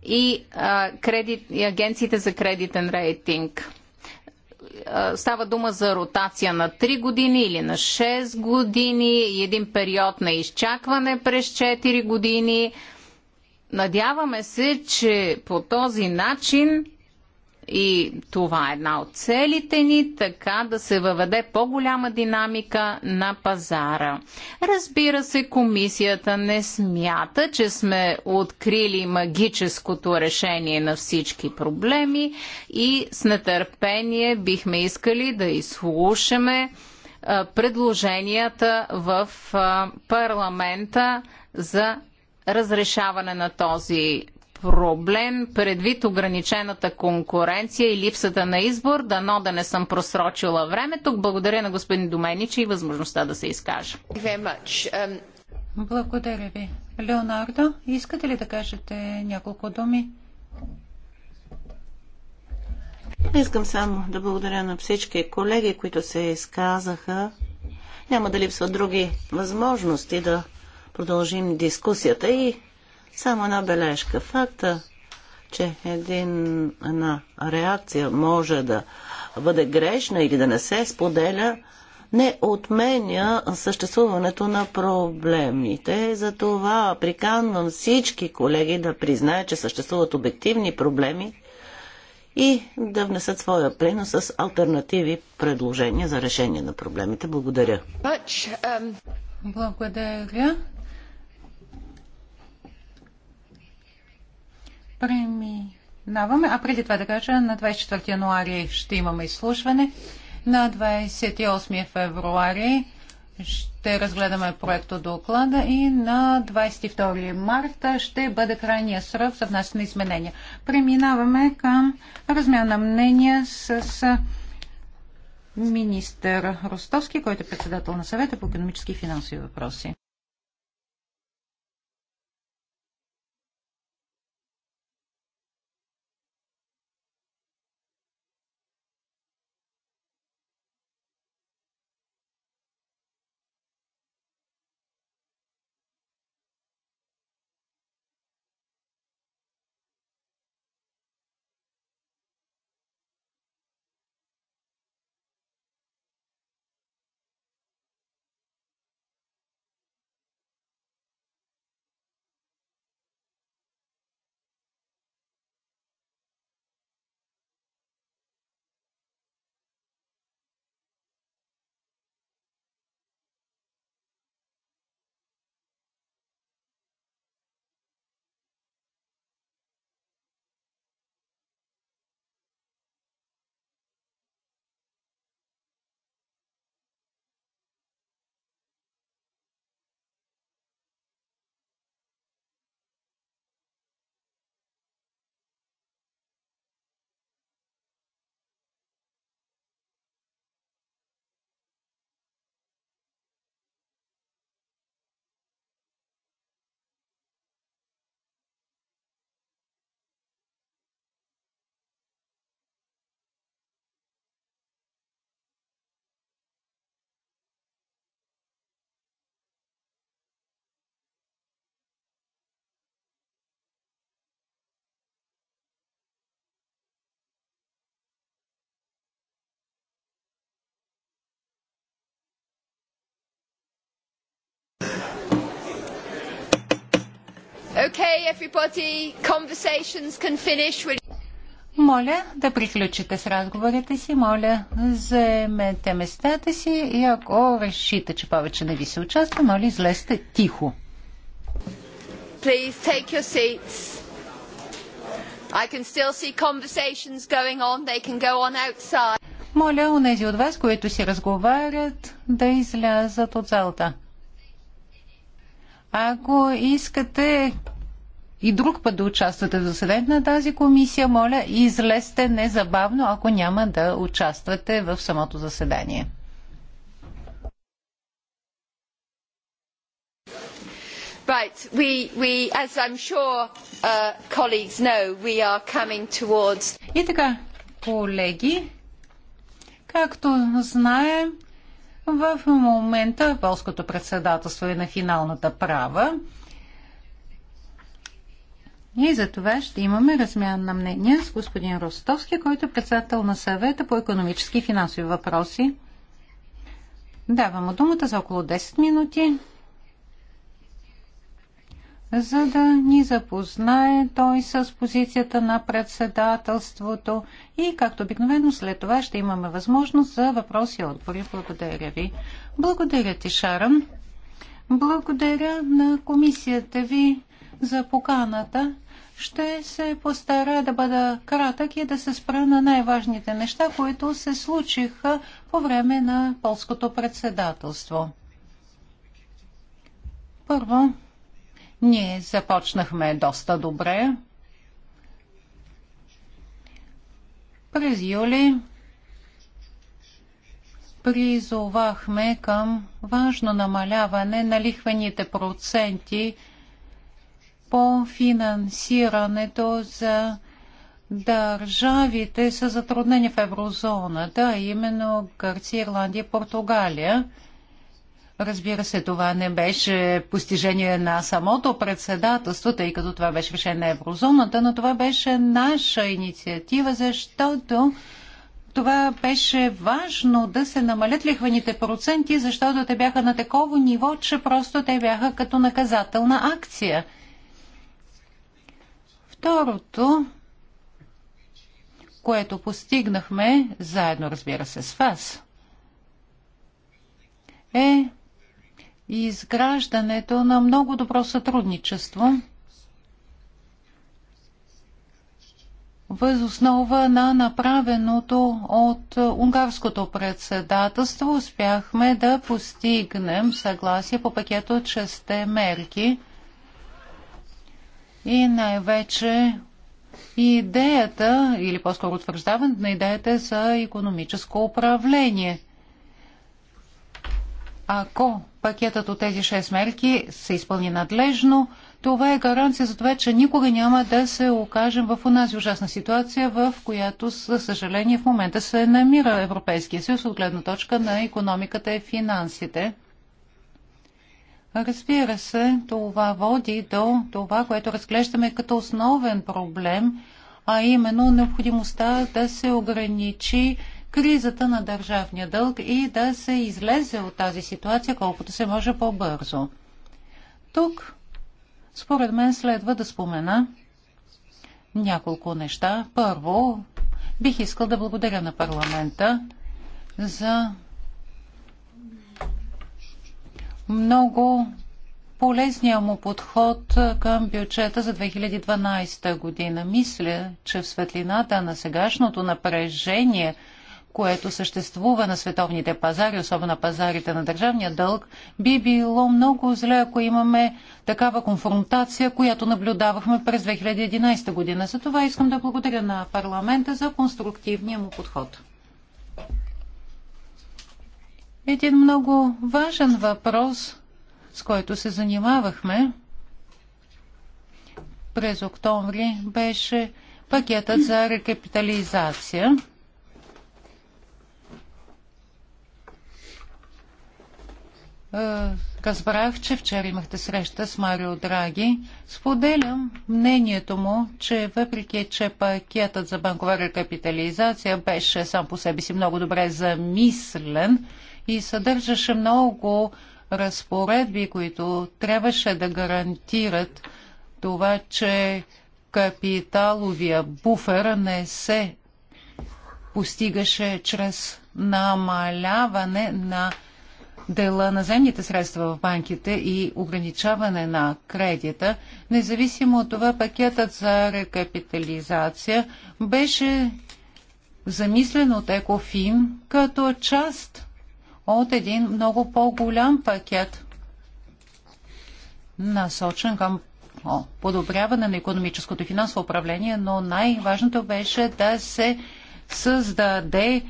и а, кредит, и агенциите за кредитен рейтинг. става дума за ротация на 3 години или на 6 години и един период на изчакване през 4 години. Надяваме се, че по този начин и това е една от целите ни, така да се въведе по-голяма динамика на пазара. Разбира се, комисията не смята, че сме открили магическото решение на всички проблеми и с нетърпение бихме искали да изслушаме предложенията в парламента за разрешаване на този проблем предвид ограничената конкуренция и липсата на избор. Дано да не съм просрочила време. Тук благодаря на господин Доменич и възможността да се изкажа. Um, благодаря ви. Леонардо, искате ли да кажете няколко думи? Искам само да благодаря на всички колеги, които се изказаха. Няма да липсват други възможности да продължим дискусията и само една бележка. Факта, че един, една реакция може да бъде грешна или да не се споделя, не отменя съществуването на проблемите. Затова приканвам всички колеги да признаят, че съществуват обективни проблеми и да внесат своя принос с альтернативи предложения за решение на проблемите. Благодаря. Благодаря. преминаваме. А преди това да кажа, на 24 януари ще имаме изслушване. На 28 февруари ще разгледаме проекто доклада и на 22 марта ще бъде крайния срок за внасяне изменения. Преминаваме към размяна на мнения с министър Ростовски, който е председател на съвета по економически и финансови въпроси. Okay, everybody, conversations can finish Моля да приключите с разговорите си, моля заемете местата си и ако решите, че повече не ви се участва, моля излезте тихо. Please take your seats. I can still see conversations going on. They can go on outside. Моля от вас, които си разговарят, да излязат от залата. Ако искате и друг път да участвате в заседанието на тази комисия, моля, излезте незабавно, ако няма да участвате в самото заседание. Right, we, we, as I'm sure uh, colleagues know, we are coming towards... И така, колеги, както знаем, в момента полското председателство е на финалната права. И за това ще имаме размяна на мнения с господин Ростовски, който е председател на съвета по економически и финансови въпроси. Давам му думата за около 10 минути, за да ни запознае той с позицията на председателството и, както обикновено, след това ще имаме възможност за въпроси и отговори. Благодаря ви. Благодаря ти, Шарам. Благодаря на комисията ви за поканата ще се постара да бъда кратък и да се спра на най-важните неща, които се случиха по време на полското председателство. Първо, ние започнахме доста добре. През юли призовахме към важно намаляване на лихвените проценти – по финансирането за държавите са затруднени в еврозоната, а именно Гърция, Ирландия и Португалия. Разбира се, това не беше постижение на самото председателство, тъй като това беше решение на еврозоната, но това беше наша инициатива, защото това беше важно да се намалят лихвените проценти, защото те бяха на такова ниво, че просто те бяха като наказателна акция – Второто, което постигнахме, заедно разбира се с вас, е изграждането на много добро сътрудничество въз основа на направеното от унгарското председателство успяхме да постигнем съгласие по пакет от шесте мерки – и най-вече идеята, или по-скоро утвърждаването на идеята е за економическо управление. Ако пакетът от тези 6 мерки се изпълни надлежно, това е гаранция за това, че никога няма да се окажем в онази ужасна ситуация, в която, за съжаление, в момента се намира Европейския съюз от гледна точка на економиката и финансите. Разбира се, това води до това, което разглеждаме като основен проблем, а именно необходимостта да се ограничи кризата на държавния дълг и да се излезе от тази ситуация колкото се може по-бързо. Тук, според мен, следва да спомена няколко неща. Първо, бих искал да благодаря на парламента за много полезния му подход към бюджета за 2012 година. Мисля, че в светлината на сегашното напрежение, което съществува на световните пазари, особено пазарите на държавния дълг, би било много зле, ако имаме такава конфронтация, която наблюдавахме през 2011 година. За това искам да благодаря на парламента за конструктивния му подход един много важен въпрос, с който се занимавахме през октомври, беше пакетът за рекапитализация. Е, разбрах, че вчера имахте среща с Марио Драги. Споделям мнението му, че въпреки, че пакетът за банкова рекапитализация беше сам по себе си много добре замислен, и съдържаше много разпоредби, които трябваше да гарантират това, че капиталовия буфер не се постигаше чрез намаляване на дела на земните средства в банките и ограничаване на кредита. Независимо от това, пакетът за рекапитализация беше замислен от Екофин като част от един много по-голям пакет, насочен към подобряване на економическото и финансово управление, но най-важното беше да се създаде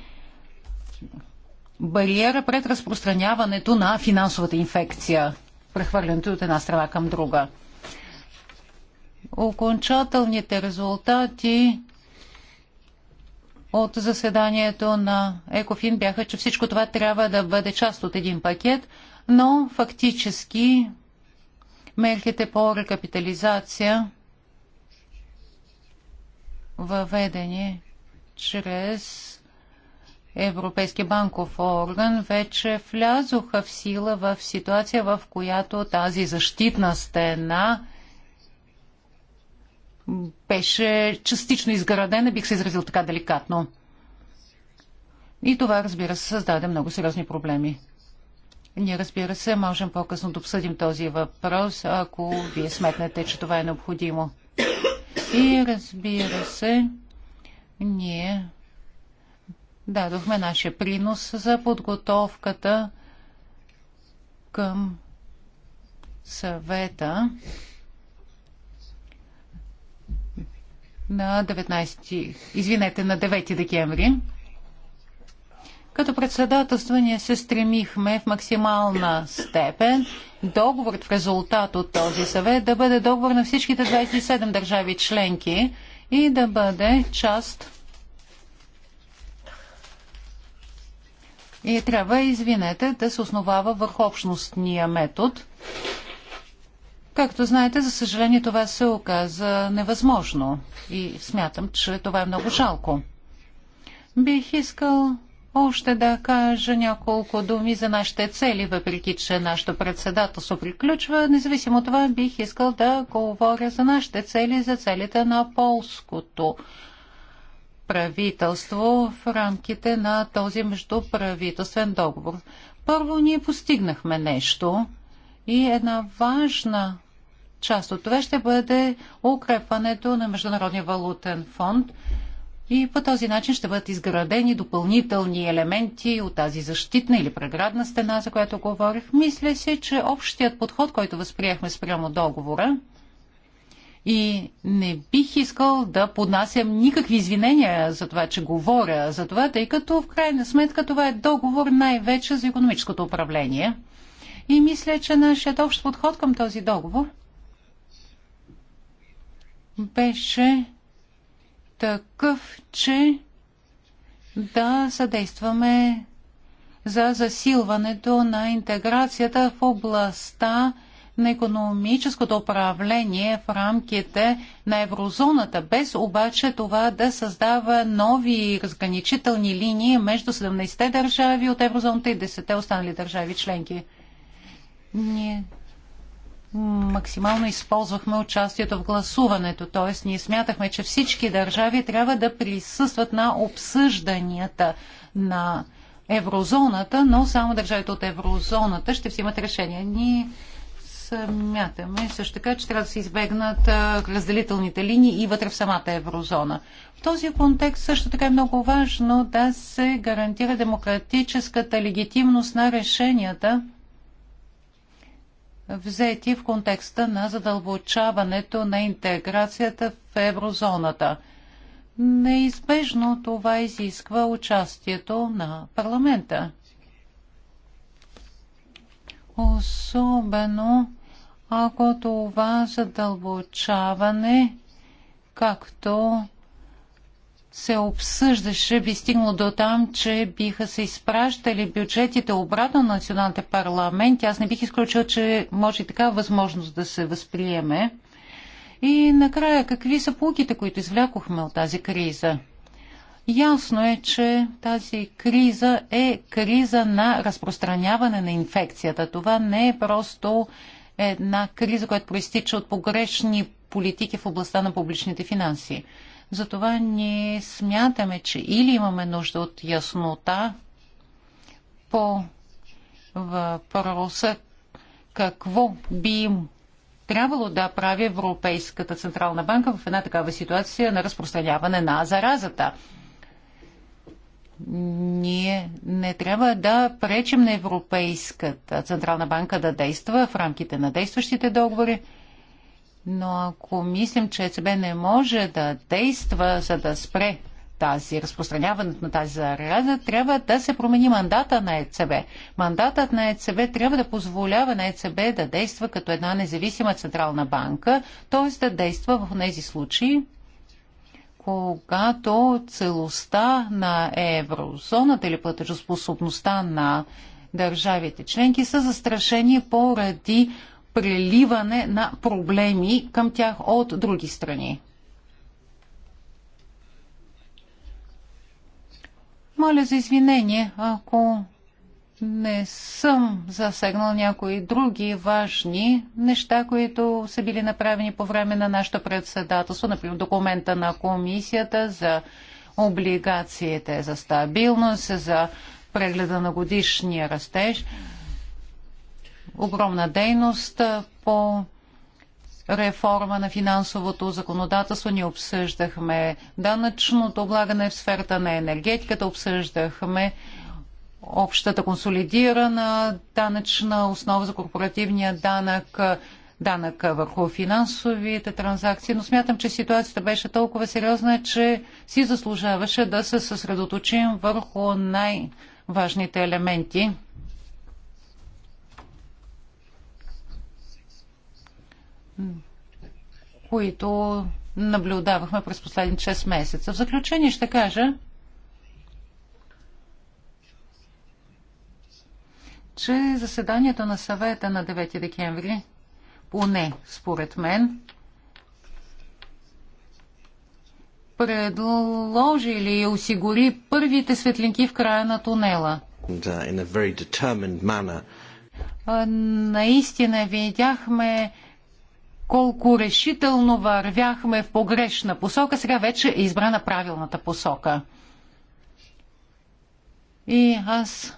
бариера пред разпространяването на финансовата инфекция, прехвърлянето от една страна към друга. Окончателните резултати от заседанието на Екофин бяха, че всичко това трябва да бъде част от един пакет, но фактически мерките по рекапитализация въведени чрез Европейски банков орган вече влязоха в сила в ситуация, в която тази защитна стена беше частично изградена, бих се изразил така деликатно. И това, разбира се, създаде много сериозни проблеми. Ние, разбира се, можем по-късно да обсъдим този въпрос, ако вие сметнете, че това е необходимо. И, разбира се, ние дадохме нашия принос за подготовката към съвета на 19, извинете, на 9 декември. Като председателство ние се стремихме в максимална степен договорът в резултат от този съвет да бъде договор на всичките 27 държави членки и да бъде част и трябва, извинете, да се основава върху общностния метод – Както знаете, за съжаление това се оказа невъзможно и смятам, че това е много жалко. Бих искал още да кажа няколко думи за нашите цели, въпреки че нашето председателство приключва. Независимо от това, бих искал да говоря за нашите цели, за целите на полското правителство в рамките на този междуправителствен договор. Първо, ние постигнахме нещо и една важна част от това ще бъде укрепването на Международния валутен фонд и по този начин ще бъдат изградени допълнителни елементи от тази защитна или преградна стена, за която говорих. Мисля си, че общият подход, който възприехме спрямо договора, и не бих искал да поднасям никакви извинения за това, че говоря за това, тъй като в крайна сметка това е договор най-вече за економическото управление. И мисля, че нашият общ подход към този договор – беше такъв, че да съдействаме за засилването на интеграцията в областта на економическото управление в рамките на еврозоната, без обаче това да създава нови разграничителни линии между 17-те държави от еврозоната и 10-те останали държави членки. Ние максимално използвахме участието в гласуването. Т.е. ние смятахме, че всички държави трябва да присъстват на обсъжданията на еврозоната, но само държавите от еврозоната ще взимат решение. Ние смятаме също така, че трябва да се избегнат разделителните линии и вътре в самата еврозона. В този контекст също така е много важно да се гарантира демократическата легитимност на решенията, взети в контекста на задълбочаването на интеграцията в еврозоната. Неизбежно това изисква участието на парламента. Особено ако това задълбочаване, както се обсъждаше, би стигнало до там, че биха се изпращали бюджетите обратно на националните парламенти. Аз не бих изключил, че може и такава възможност да се възприеме. И накрая, какви са полуките, които извлякохме от тази криза? Ясно е, че тази криза е криза на разпространяване на инфекцията. Това не е просто една криза, която проистича от погрешни политики в областта на публичните финанси. Затова ние смятаме, че или имаме нужда от яснота по въпроса какво би им трябвало да прави Европейската Централна банка в една такава ситуация на разпространяване на заразата. Ние не трябва да пречим на Европейската Централна банка да действа в рамките на действащите договори, но ако мислим, че ЕЦБ не може да действа, за да спре тази, разпространяването на тази зараза, трябва да се промени мандата на ЕЦБ. Мандатът на ЕЦБ трябва да позволява на ЕЦБ да действа като една независима централна банка, т.е. да действа в тези случаи, когато целостта на еврозоната или платежоспособността на държавите членки са застрашени поради преливане на проблеми към тях от други страни. Моля за извинение, ако не съм засегнал някои други важни неща, които са били направени по време на нашето председателство, например документа на комисията за облигациите за стабилност, за прегледа на годишния растеж огромна дейност по реформа на финансовото законодателство. Ние обсъждахме данъчното облагане в сферата на енергетиката, обсъждахме общата консолидирана данъчна основа за корпоративния данък, данък върху финансовите транзакции, но смятам, че ситуацията беше толкова сериозна, че си заслужаваше да се съсредоточим върху най-важните елементи – които наблюдавахме през последните 6 месеца. В заключение ще кажа, че заседанието на съвета на 9 декември, поне според мен, предложи или осигури първите светлинки в края на тунела. Uh, наистина видяхме колко решително вървяхме в погрешна посока, сега вече е избрана правилната посока. И аз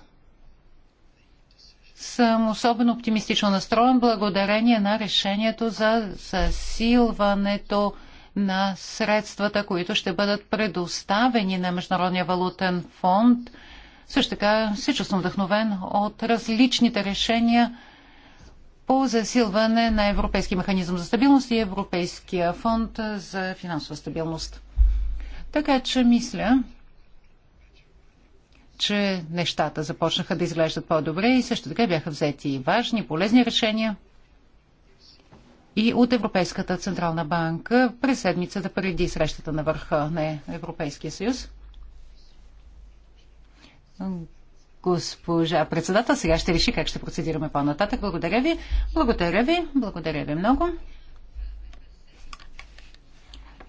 съм особено оптимистично настроен благодарение на решението за засилването на средствата, които ще бъдат предоставени на Международния валутен фонд. Също така се чувствам вдъхновен от различните решения, по засилване на Европейския механизъм за стабилност и Европейския фонд за финансова стабилност. Така че мисля, че нещата започнаха да изглеждат по-добре и също така бяха взети важни, полезни решения и от Европейската Централна банка през седмицата преди срещата на върха на Европейския съюз госпожа председател. Сега ще реши как ще процедираме по-нататък. Благодаря ви. Благодаря ви. Благодаря ви много.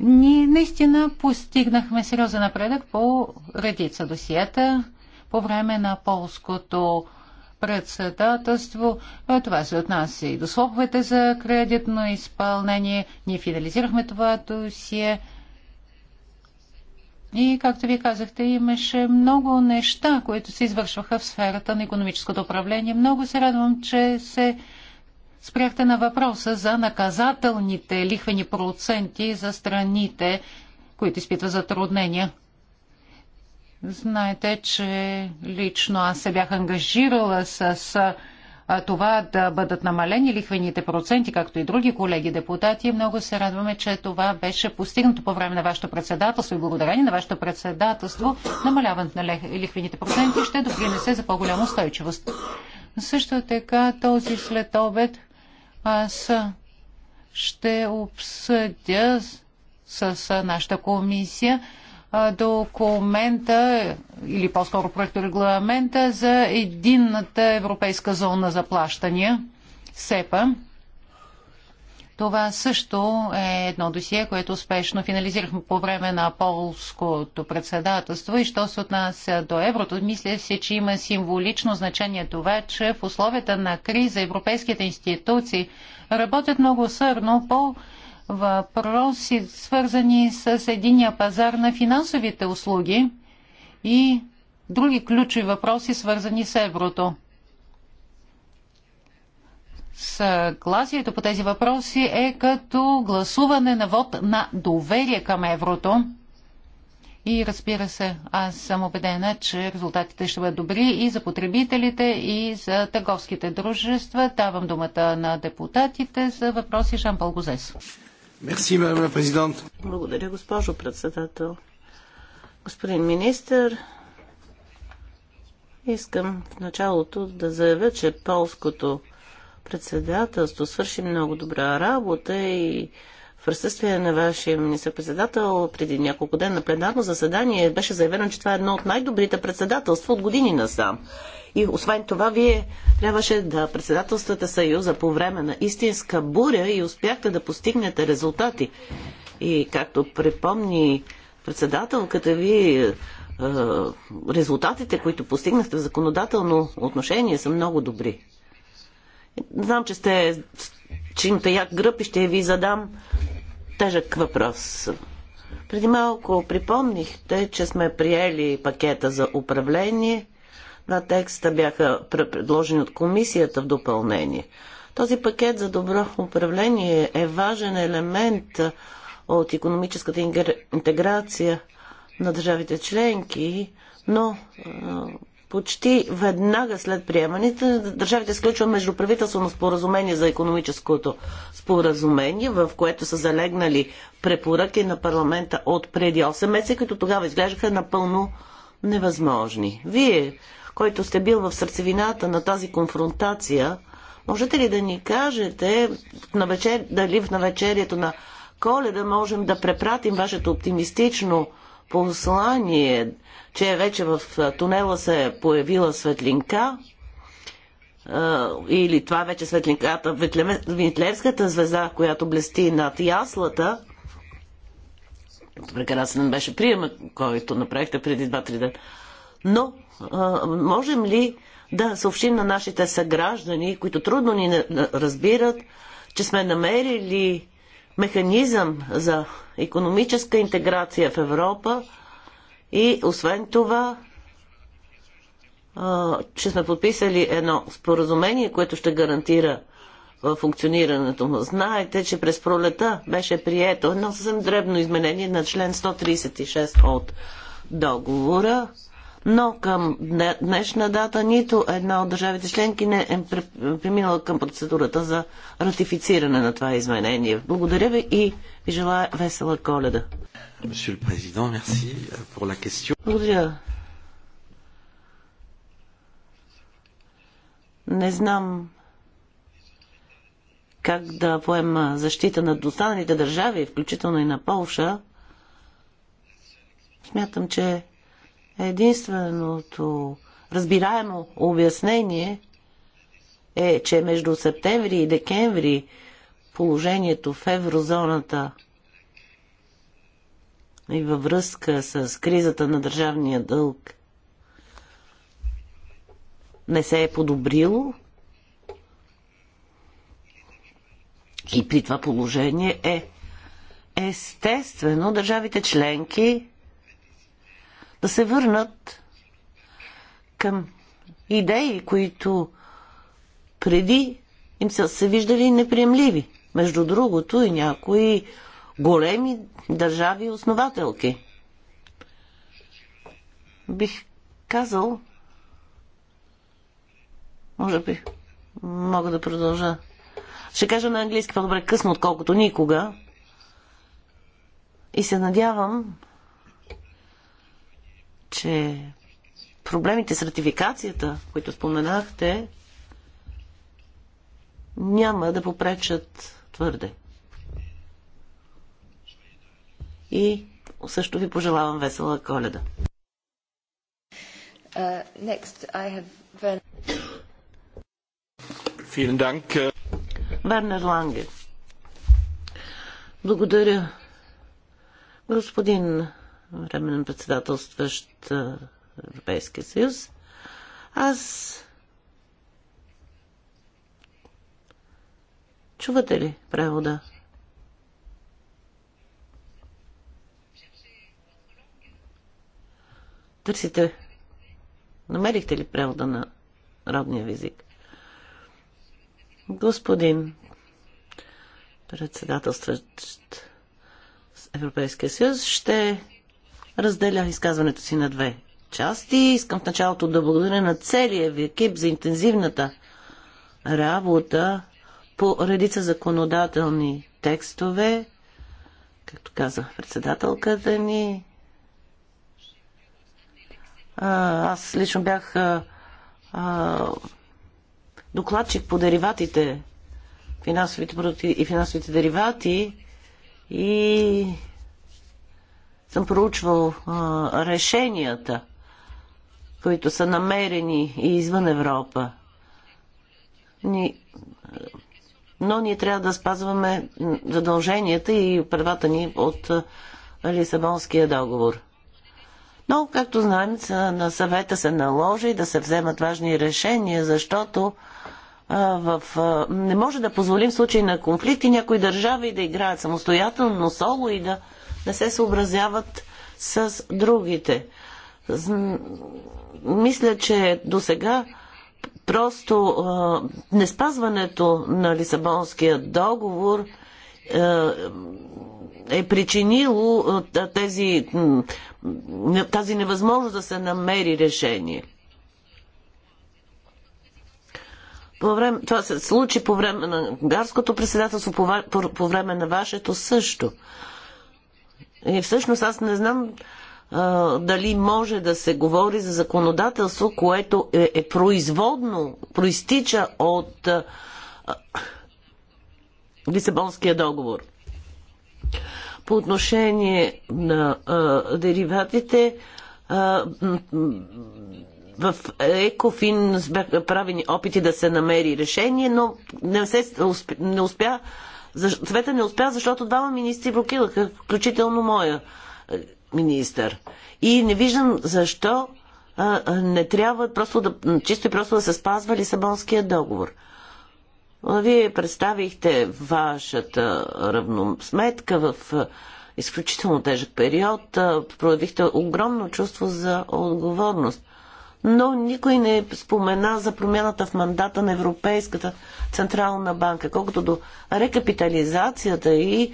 Ние наистина постигнахме сериозен напредък по редица досиета по време на полското председателство. Това се отнася и до слоповете за кредитно изпълнение. Ние финализирахме това досие. И, както вие казахте, имаше много неща, които се извършваха в сферата на економическото управление. Много се радвам, че се спряхте на въпроса за наказателните лихвени проценти за страните, които изпитват затруднения. Знаете, че лично аз се бях ангажирала с това да бъдат намалени лихвените проценти, както и други колеги депутати. Много се радваме, че това беше постигнато по време на вашето председателство и благодарение на вашето председателство намаляването на лихвените проценти ще допринесе за по-голяма устойчивост. Също така този след обед аз ще обсъдя с нашата комисия документа или по-скоро проекто регламента за единната европейска зона за плащания, СЕПА. Това също е едно досие, което успешно финализирахме по време на полското председателство. И що се отнася до еврото, мисля се, че има символично значение това, че в условията на криза европейските институции работят много сърно по въпроси, свързани с единия пазар на финансовите услуги и други ключови въпроси, свързани с еврото. Съгласието по тези въпроси е като гласуване на вод на доверие към еврото. И разбира се, аз съм убедена, че резултатите ще бъдат добри и за потребителите, и за търговските дружества. Давам думата на депутатите за въпроси Жан Гозес. Мерси, президент. Благодаря, госпожо председател. Господин министр, искам в началото да заявя, че полското председателство свърши много добра работа и в присъствие на вашия министър-председател преди няколко ден на пленарно заседание беше заявено, че това е едно от най-добрите председателства от години насам. И освен това, вие трябваше да председателствате Съюза по време на истинска буря и успяхте да постигнете резултати. И както припомни председателката ви, е, резултатите, които постигнахте в законодателно отношение, са много добри. Знам, че сте чинта як гръб и ще ви задам тежък въпрос. Преди малко припомнихте, че сме приели пакета за управление – на текста бяха предложени от комисията в допълнение. Този пакет за добро управление е важен елемент от економическата интеграция на държавите членки, но почти веднага след приемането държавите сключва междуправителствено споразумение за економическото споразумение, в което са залегнали препоръки на парламента от преди 8 месеца, които тогава изглеждаха напълно невъзможни. Вие който сте бил в сърцевината на тази конфронтация, можете ли да ни кажете вечер, дали в навечерието на коледа можем да препратим вашето оптимистично послание, че вече в тунела се е появила светлинка, или това вече е светлинката, Витлерската звезда, която блести над яслата. Прекрасен беше приемът, който направихте преди 2-3 дни. Но можем ли да съобщим на нашите съграждани, които трудно ни разбират, че сме намерили механизъм за економическа интеграция в Европа и освен това, че сме подписали едно споразумение, което ще гарантира функционирането му. Знаете, че през пролета беше прието едно съвсем дребно изменение на член 136 от договора но към днешна дата нито една от държавите членки не е преминала към процедурата за ратифициране на това изменение. Благодаря ви и ви желая весела коледа. Благодаря. Не знам как да поема защита на останалите държави, включително и на Полша. Смятам, че Единственото разбираемо обяснение е, че между септември и декември положението в еврозоната и във връзка с кризата на държавния дълг не се е подобрило и при това положение е естествено държавите членки да се върнат към идеи, които преди им са се виждали неприемливи. Между другото и някои големи държави основателки. Бих казал, може би, мога да продължа. Ще кажа на английски по-добре късно, отколкото никога. И се надявам че проблемите с ратификацията, които споменахте, няма да попречат твърде. И също ви пожелавам весела коледа. Вернер uh, Ланге. Благодаря. Господин временен председателстващ Европейския съюз. Аз. Чувате ли превода? Търсите. Намерихте ли превода на родния език? Господин председателстващ Европейския съюз ще разделя изказването си на две части. Искам в началото да благодаря на целия ви екип за интензивната работа по редица законодателни текстове, както каза председателката ни. Аз лично бях а, а, докладчик по дериватите, финансовите продукти и финансовите деривати и съм проучвал а, решенията, които са намерени и извън Европа. Ни, но ние трябва да спазваме задълженията и правата ни от Лисабонския договор. Но, както знаем, на съвета се наложи да се вземат важни решения, защото а, в, а, не може да позволим случай на конфликти някои държави да играят самостоятелно, соло и да не се съобразяват с другите. Мисля, че до сега просто а, неспазването на Лисабонския договор е, е причинило тези, тази невъзможност да се намери решение. По време, това се случи по време на гарското председателство, по, по време на вашето също. И е, всъщност аз не знам а, дали може да се говори за законодателство, което е, е производно, проистича от а, а, Лисабонския договор. По отношение на а, дериватите, в Екофин бяха правени опити да се намери решение, но не, се, не успя Цвета не успя, защото двама министри блокираха, включително моя е, министър. И не виждам защо не трябва просто да, чисто и просто да се спазва Лисабонския договор. Вие представихте вашата равносметка в изключително тежък период. Проявихте огромно чувство за отговорност но никой не спомена за промяната в мандата на Европейската Централна банка. Колкото до рекапитализацията и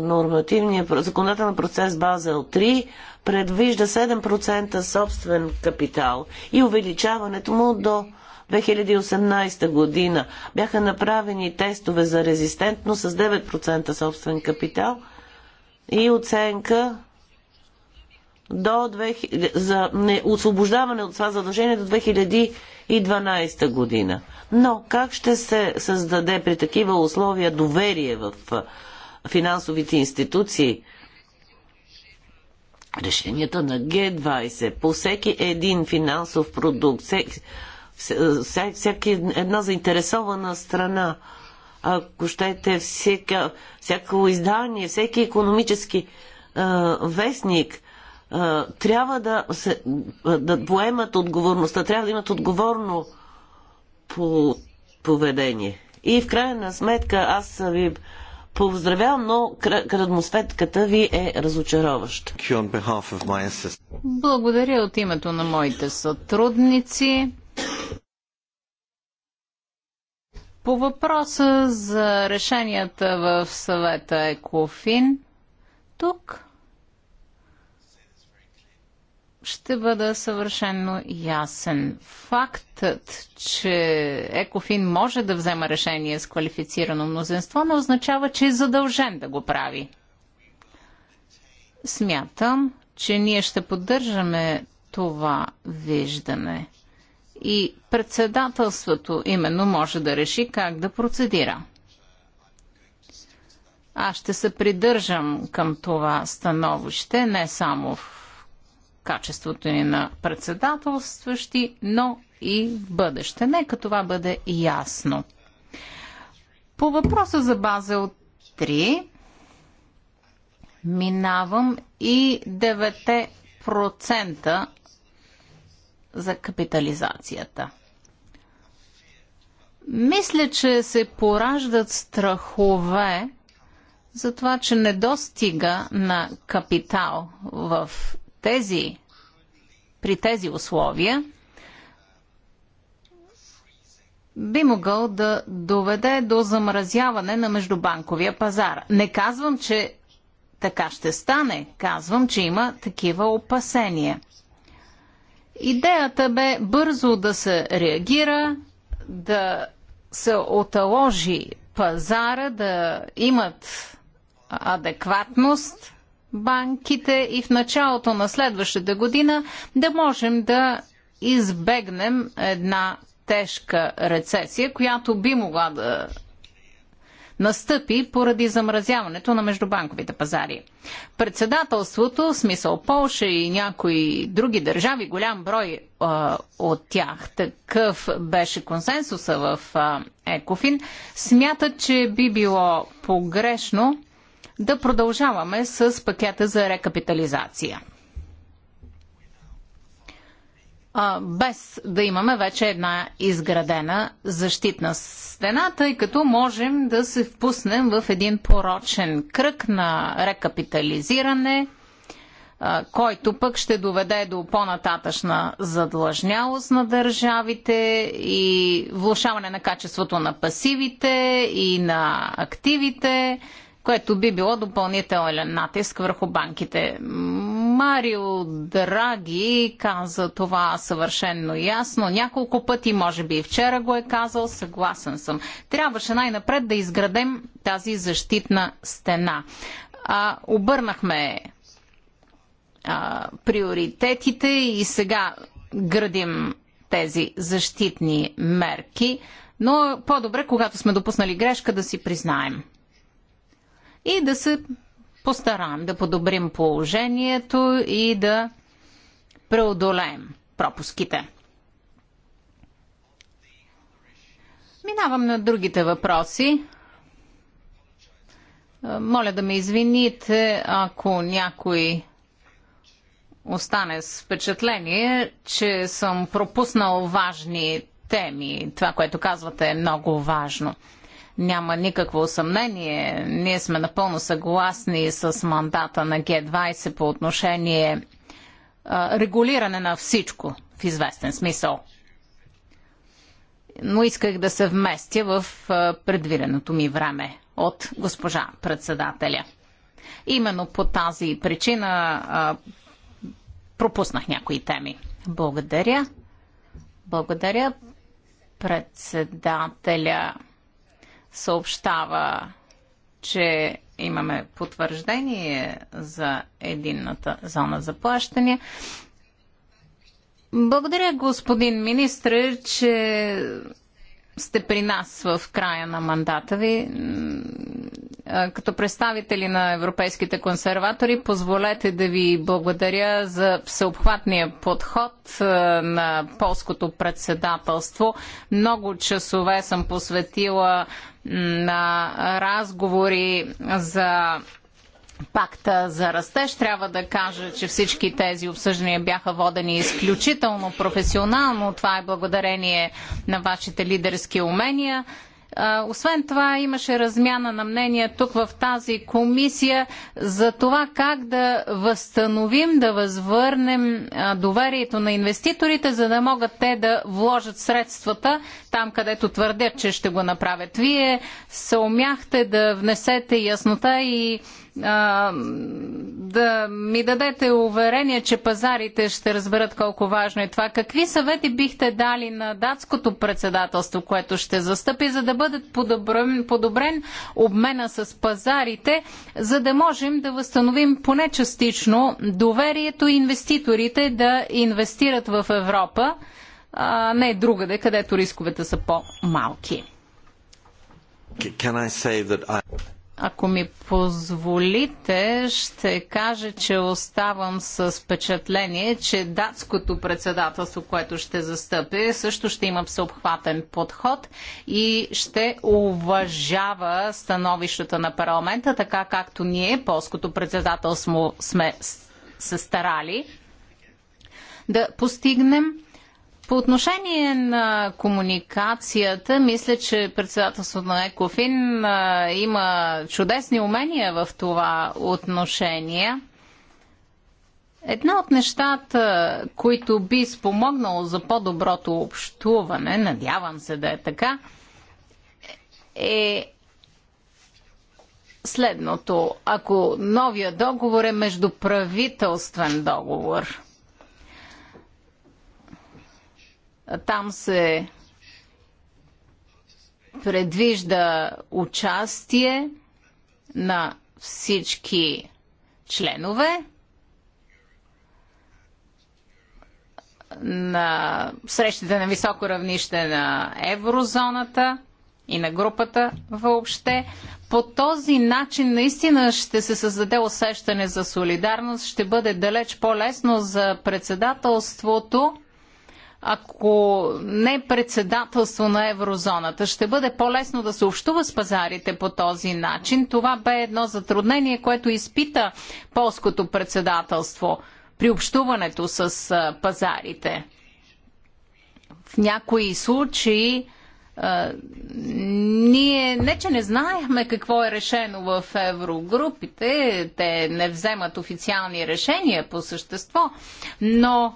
нормативния законодателен процес Базел 3 предвижда 7% собствен капитал и увеличаването му до 2018 година. Бяха направени тестове за резистентност с 9% собствен капитал и оценка до 2000 за не, освобождаване от това задължение до 2012 година. Но как ще се създаде при такива условия доверие в финансовите институции? Решенията на Г20 по всеки един финансов продукт, всеки, една заинтересована страна, ако щете всяко издание, всеки економически а, вестник – трябва да, се, да поемат отговорността, трябва да имат отговорно по поведение. И в крайна сметка аз ви поздравявам, но крадмосветката ви е разочароваща. Благодаря от името на моите сътрудници. По въпроса за решенията в съвета Екофин, тук ще бъда съвършенно ясен. Фактът, че Екофин може да взема решение с квалифицирано мнозинство, не означава, че е задължен да го прави. Смятам, че ние ще поддържаме това виждане. И председателството именно може да реши как да процедира. Аз ще се придържам към това становище не само в качеството ни на председателстващи, но и в бъдеще. Нека това бъде ясно. По въпроса за Базел 3 минавам и 9% за капитализацията. Мисля, че се пораждат страхове за това, че недостига на капитал в тези, при тези условия би могъл да доведе до замразяване на междубанковия пазар. Не казвам, че така ще стане, казвам, че има такива опасения. Идеята бе бързо да се реагира, да се оталожи пазара, да имат адекватност банките и в началото на следващата година да можем да избегнем една тежка рецесия, която би могла да настъпи поради замразяването на междубанковите пазари. Председателството, в смисъл Полша и някои други държави, голям брой а, от тях, такъв беше консенсуса в а, Екофин, смятат, че би било погрешно да продължаваме с пакета за рекапитализация. без да имаме вече една изградена защитна стена, тъй като можем да се впуснем в един порочен кръг на рекапитализиране, който пък ще доведе до по-нататъчна задлъжнялост на държавите и влушаване на качеството на пасивите и на активите, което би било допълнителен натиск върху банките. Марио Драги каза това съвършенно ясно. Няколко пъти, може би и вчера го е казал, съгласен съм. Трябваше най-напред да изградем тази защитна стена. А, обърнахме а, приоритетите и сега градим тези защитни мерки, но по-добре, когато сме допуснали грешка, да си признаем и да се постараем да подобрим положението и да преодолеем пропуските. Минавам на другите въпроси. Моля да ме извините, ако някой остане с впечатление, че съм пропуснал важни теми. Това, което казвате, е много важно. Няма никакво съмнение. Ние сме напълно съгласни с мандата на Г20 по отношение а, регулиране на всичко в известен смисъл. Но исках да се вместя в предвиденото ми време от госпожа председателя. Именно по тази причина а, пропуснах някои теми. Благодаря. Благодаря председателя съобщава, че имаме потвърждение за единната зона за плащане. Благодаря, господин министр, че сте при нас в края на мандата ви като представители на европейските консерватори, позволете да ви благодаря за всеобхватния подход на полското председателство. Много часове съм посветила на разговори за пакта за растеж. Трябва да кажа, че всички тези обсъждания бяха водени изключително професионално. Това е благодарение на вашите лидерски умения. Освен това, имаше размяна на мнения тук в тази комисия за това как да възстановим, да възвърнем доверието на инвеститорите, за да могат те да вложат средствата там, където твърдят, че ще го направят. Вие се умяхте да внесете яснота и а, да ми дадете уверение, че пазарите ще разберат колко важно е това. Какви съвети бихте дали на датското председателство, което ще застъпи, за да бъде подобрен, подобрен обмена с пазарите, за да можем да възстановим поне частично доверието и инвеститорите да инвестират в Европа, а не другаде, където рисковете са по-малки? I... Ако ми позволите, ще кажа, че оставам с впечатление, че датското председателство, което ще застъпи, също ще има всеобхватен подход и ще уважава становищата на парламента, така както ние, полското председателство, сме се старали да постигнем по отношение на комуникацията, мисля, че председателството на Екофин има чудесни умения в това отношение. Една от нещата, които би спомогнало за по-доброто общуване, надявам се да е така, е следното. Ако новия договор е междуправителствен договор, Там се предвижда участие на всички членове на срещите на високо равнище на еврозоната и на групата въобще. По този начин наистина ще се създаде усещане за солидарност, ще бъде далеч по-лесно за председателството ако не председателство на еврозоната. Ще бъде по-лесно да се общува с пазарите по този начин. Това бе едно затруднение, което изпита полското председателство при общуването с пазарите. В някои случаи а, ние не, че не знаехме какво е решено в еврогрупите, те не вземат официални решения по същество, но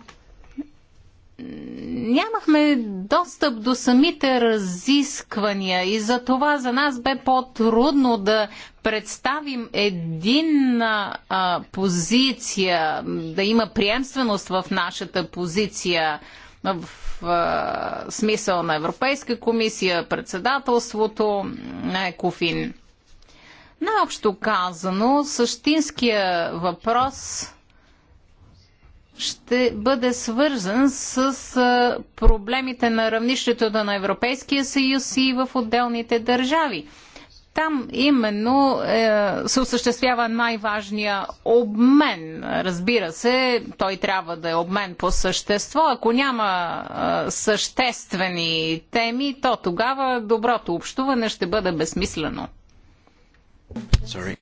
нямахме достъп до самите разисквания и за това за нас бе по-трудно да представим единна а, позиция, да има приемственост в нашата позиция в а, смисъл на Европейска комисия, председателството на Екофин. Най-общо казано, същинския въпрос ще бъде свързан с проблемите на равнището на Европейския съюз и в отделните държави. Там именно е, се осъществява най-важния обмен. Разбира се, той трябва да е обмен по същество. Ако няма е, съществени теми, то тогава доброто общуване ще бъде безсмислено. Sorry.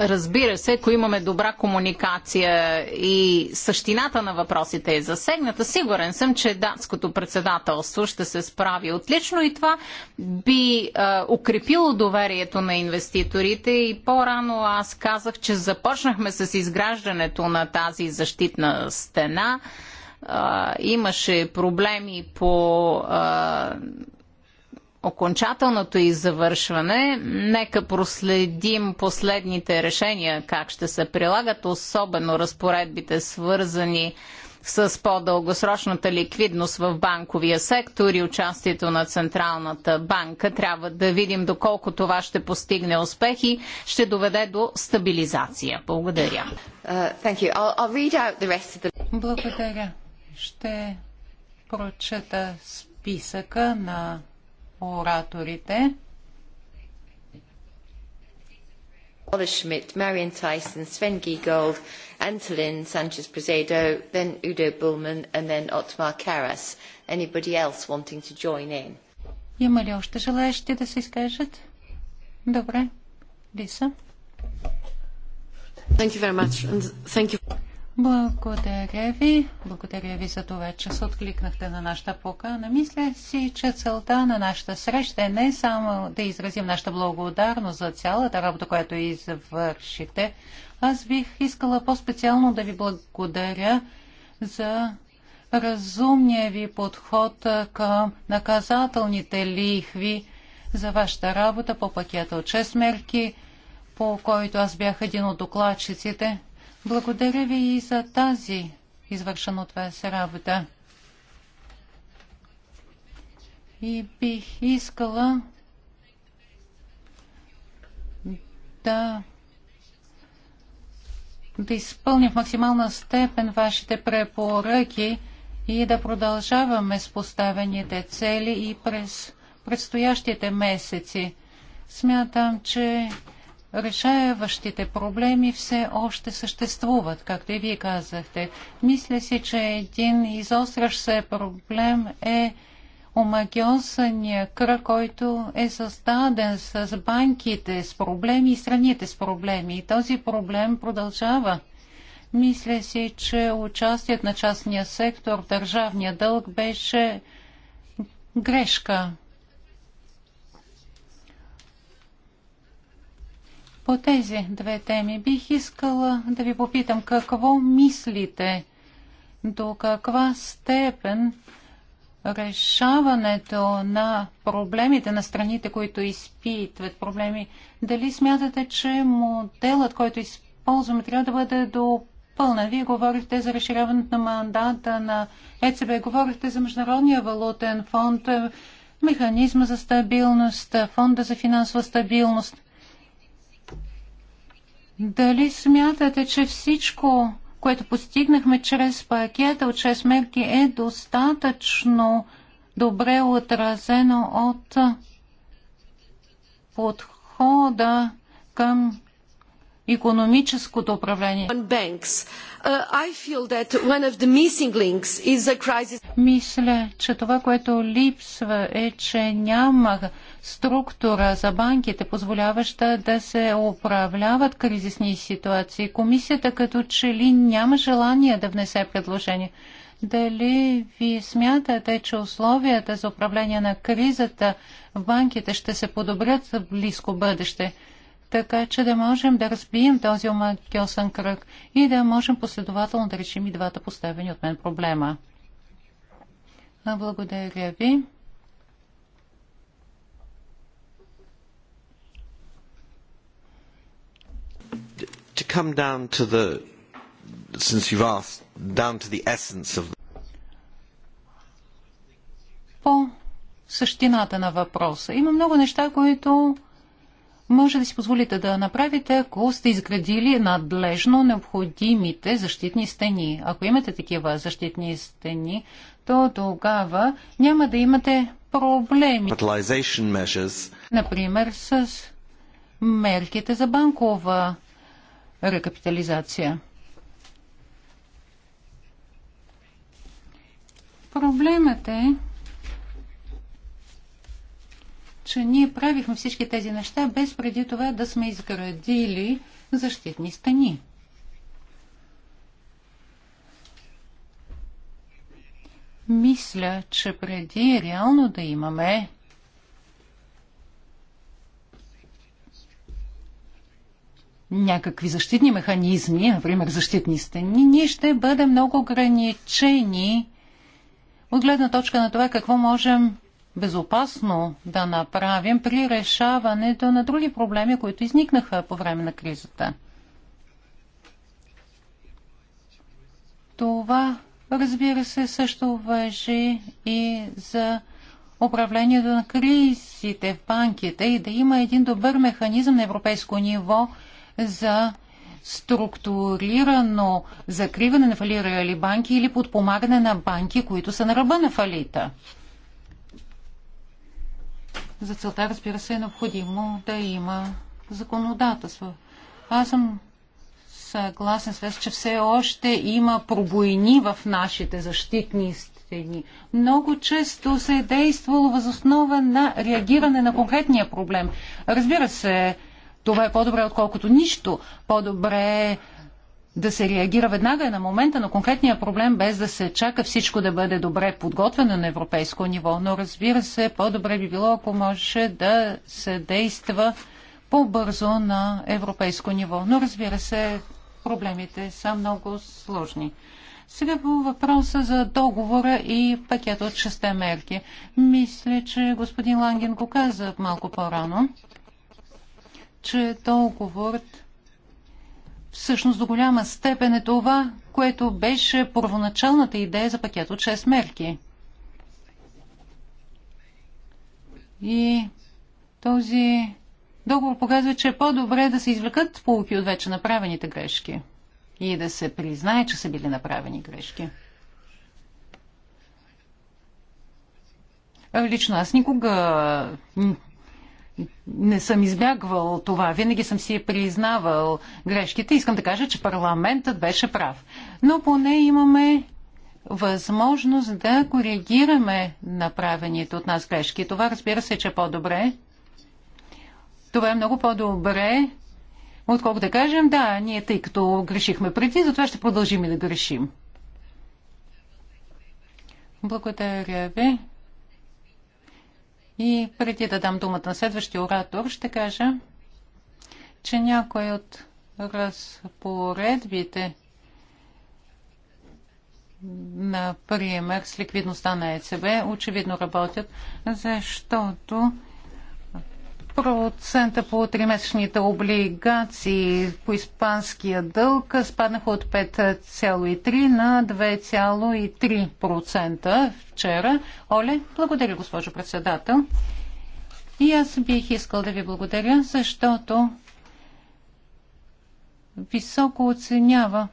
Разбира се, ако имаме добра комуникация и същината на въпросите е засегната, сигурен съм, че датското председателство ще се справи отлично и това би а, укрепило доверието на инвеститорите и по-рано аз казах, че започнахме с изграждането на тази защитна стена. А, имаше проблеми по а, окончателното и завършване, нека проследим последните решения как ще се прилагат, особено разпоредбите свързани с по-дългосрочната ликвидност в банковия сектор и участието на Централната банка. Трябва да видим доколко това ще постигне успехи, ще доведе до стабилизация. Благодаря. Uh, Благодаря. Ще прочета списъка на ораторите. Ola Schmidt, Marion Tyson, Sven Giegold, Antolin Sanchez Prezedo, then Udo Bullman, and then Otmar Karas. Anybody else wanting to join in? Има ли още желаящи да се изкажат? Добре. Лиса. Thank you very much and thank you. Благодаря ви. Благодаря ви за това, че се откликнахте на нашата покана. Мисля си, че целта на нашата среща е не само да изразим нашата благодарност за цялата работа, която извършите. Аз бих искала по-специално да ви благодаря за разумния ви подход към наказателните лихви за вашата работа по пакета от 6 мерки, по който аз бях един от докладчиците – благодаря ви и за тази извършена от вас работа. И бих искала да да изпълним в максимална степен вашите препоръки и да продължаваме с поставените цели и през предстоящите месеци. Смятам, че решаващите проблеми все още съществуват, както и вие казахте. Мисля си, че един изострящ се проблем е омагиосания кръг, който е създаден с банките с проблеми и страните с проблеми. И този проблем продължава. Мисля си, че участието на частния сектор в държавния дълг беше грешка. По тези две теми бих искала да ви попитам какво мислите, до каква степен решаването на проблемите на страните, които изпитват проблеми, дали смятате, че моделът, който използваме, трябва да бъде допълнен? Вие говорихте за разширяването на мандата на ЕЦБ, говорихте за Международния валутен фонд, механизма за стабилност, фонда за финансова стабилност. Дали смятате, че всичко, което постигнахме чрез пакета от 6 мерки е достатъчно добре отразено от подхода към економическото управление. Uh, Мисля, че това, което липсва е, че няма структура за банките, позволяваща да се управляват кризисни ситуации. Комисията като че ли няма желание да внесе предложение. Дали ви смятате, че условията за управление на кризата в банките ще се подобрят в близко бъдеще? така че да можем да разбием този омагиосен кръг и да можем последователно да решим и двата поставени от мен проблема. Благодаря ви. To come down to the, since you've asked, down to the essence of the... По същината на въпроса. Има много неща, които може да си позволите да направите, ако сте изградили надлежно необходимите защитни стени. Ако имате такива защитни стени, то тогава няма да имате проблеми. Например, с мерките за банкова рекапитализация. Проблемът е, че ние правихме всички тези неща без преди това да сме изградили защитни стени. Мисля, че преди реално да имаме някакви защитни механизми, например защитни стени, ние ще бъдем много ограничени от гледна точка на това какво можем безопасно да направим при решаването на други проблеми, които изникнаха по време на кризата. Това, разбира се, също въжи и за управлението на кризите в банките и да има един добър механизъм на европейско ниво за структурирано закриване на фалирали банки или подпомагане на банки, които са на ръба на фалита. За целта, разбира се, е необходимо да има законодателство. Аз съм съгласен с вас, че все още има пробоини в нашите защитни стени. Много често се е действало възоснова на реагиране на конкретния проблем. Разбира се, това е по-добре, отколкото нищо. По-добре е да се реагира веднага на момента на конкретния проблем, без да се чака всичко да бъде добре подготвено на европейско ниво. Но разбира се, по-добре би било, ако можеше да се действа по-бързо на европейско ниво. Но разбира се, проблемите са много сложни. Сега по въпроса за договора и пакет от шесте мерки. Мисля, че господин Ланген го каза малко по-рано, че договорът всъщност до голяма степен е това, което беше първоначалната идея за пакет от 6 мерки. И този договор показва, че е по-добре да се извлекат полуки от вече направените грешки и да се признае, че са били направени грешки. Лично аз никога не съм избягвал това. Винаги съм си признавал грешките. Искам да кажа, че парламентът беше прав. Но поне имаме възможност да коригираме направените от нас грешки. Това разбира се, че е по-добре. Това е много по-добре, отколко да кажем, да, ние тъй като грешихме преди, затова ще продължим и да грешим. Благодаря ви. И преди да дам думата на следващия оратор, ще кажа, че някои от разпоредбите, например, с ликвидността на ЕЦБ, очевидно работят, защото процента по тримесечните облигации по испанския дълг спаднаха от 5,3 на 2,3% вчера. Оле, благодаря, госпожо председател. И аз бих искал да ви благодаря, защото високо оценява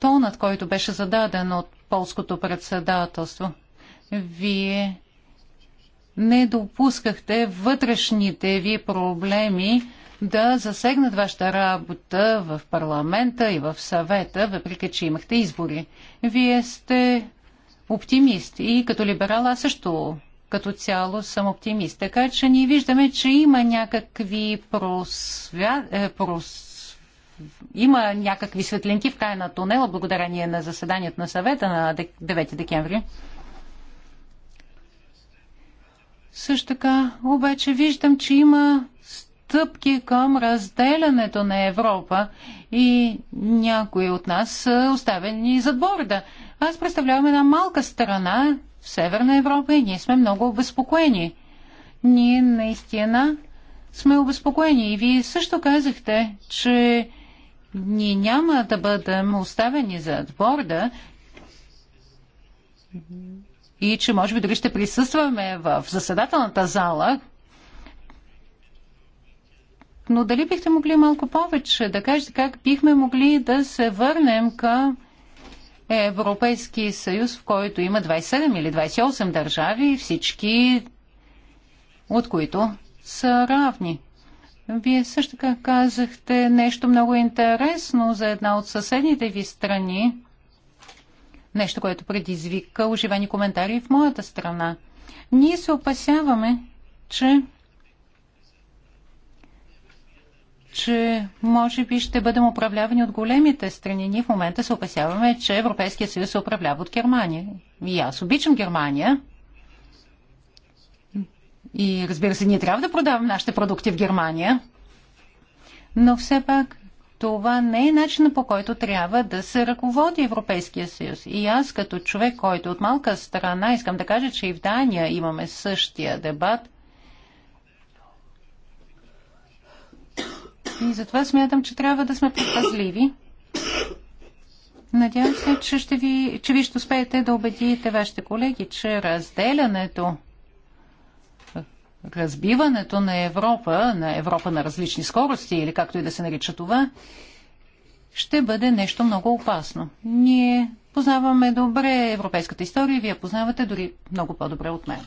тонът, който беше зададен от полското председателство. Вие не допускахте вътрешните ви проблеми да засегнат вашата работа в парламента и в съвета, въпреки че имахте избори. Вие сте оптимист и като либерал аз също като цяло съм оптимист. Така че ние виждаме, че има някакви просвя... Е, прос... има някакви светлинки в края на тунела, благодарение на заседанието на съвета на 9 декември. Също така обаче виждам, че има стъпки към разделянето на Европа и някои от нас са оставени зад борда. Аз представлявам една малка страна в Северна Европа и ние сме много обезпокоени. Ние наистина сме обезпокоени и вие също казахте, че ние няма да бъдем оставени за борда и че може би дори ще присъстваме в заседателната зала. Но дали бихте могли малко повече да кажете как бихме могли да се върнем към Европейски съюз, в който има 27 или 28 държави, всички от които са равни. Вие също така казахте нещо много интересно за една от съседните ви страни, нещо, което предизвика оживени коментари в моята страна. Ние се опасяваме, че че може би ще бъдем управлявани от големите страни. Ние в момента се опасяваме, че Европейския съюз се управлява от Германия. И аз обичам Германия. И разбира се, ние трябва да продаваме нашите продукти в Германия. Но все пак това не е начинът по който трябва да се ръководи Европейския съюз. И аз като човек, който от малка страна, искам да кажа, че и в Дания имаме същия дебат. И затова смятам, че трябва да сме предпазливи. Надявам се, че, ще ви, че ви ще успеете да убедите вашите колеги, че разделянето разбиването на Европа, на Европа на различни скорости или както и да се нарича това, ще бъде нещо много опасно. Ние познаваме добре европейската история, вие познавате дори много по-добре от мен.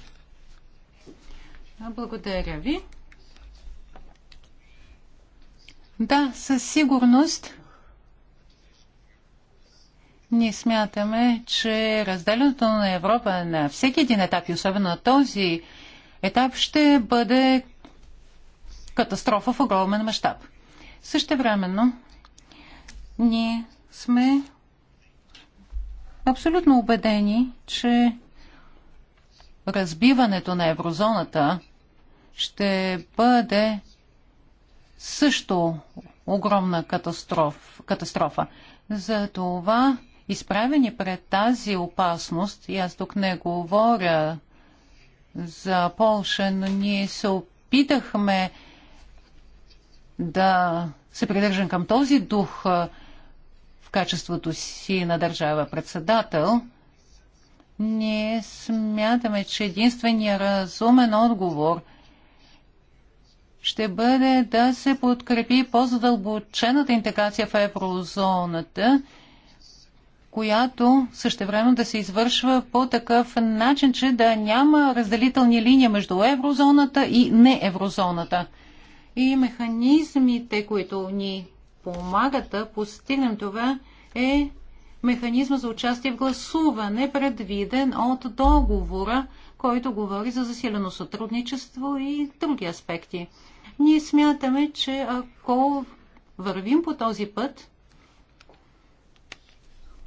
Благодаря ви. Да, със сигурност ние смятаме, че разделянето на Европа на всеки един етап и особено на този, етап ще бъде катастрофа в огромен мащаб. Същевременно ние сме абсолютно убедени, че разбиването на еврозоната ще бъде също огромна катастроф, катастрофа. това изправени пред тази опасност, и аз тук не говоря за Полша, но ние се опитахме да се придържам към този дух в качеството си на държава председател. Ние смятаме, че единствения разумен отговор ще бъде да се подкрепи по-задълбочената интеграция в еврозоната – която също време да се извършва по такъв начин, че да няма разделителни линии между еврозоната и не еврозоната. И механизмите, които ни помагат да постигнем това, е механизма за участие в гласуване, предвиден от договора, който говори за засилено сътрудничество и други аспекти. Ние смятаме, че ако вървим по този път,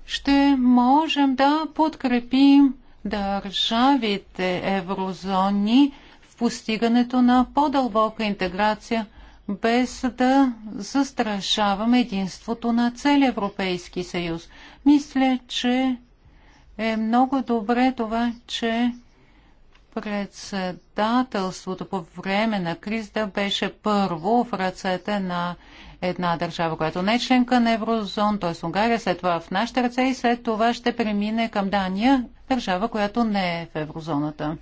ще можем да подкрепим държавите еврозони в постигането на по-дълбока интеграция, без да застрашаваме единството на целия Европейски съюз. Мисля, че е много добре това, че председателството по време на кризата беше първо в ръцете на една държава, която не е членка на еврозон, т.е. Унгария, след това в нашите ръце и след това ще премине към Дания, държава, която не е в еврозоната.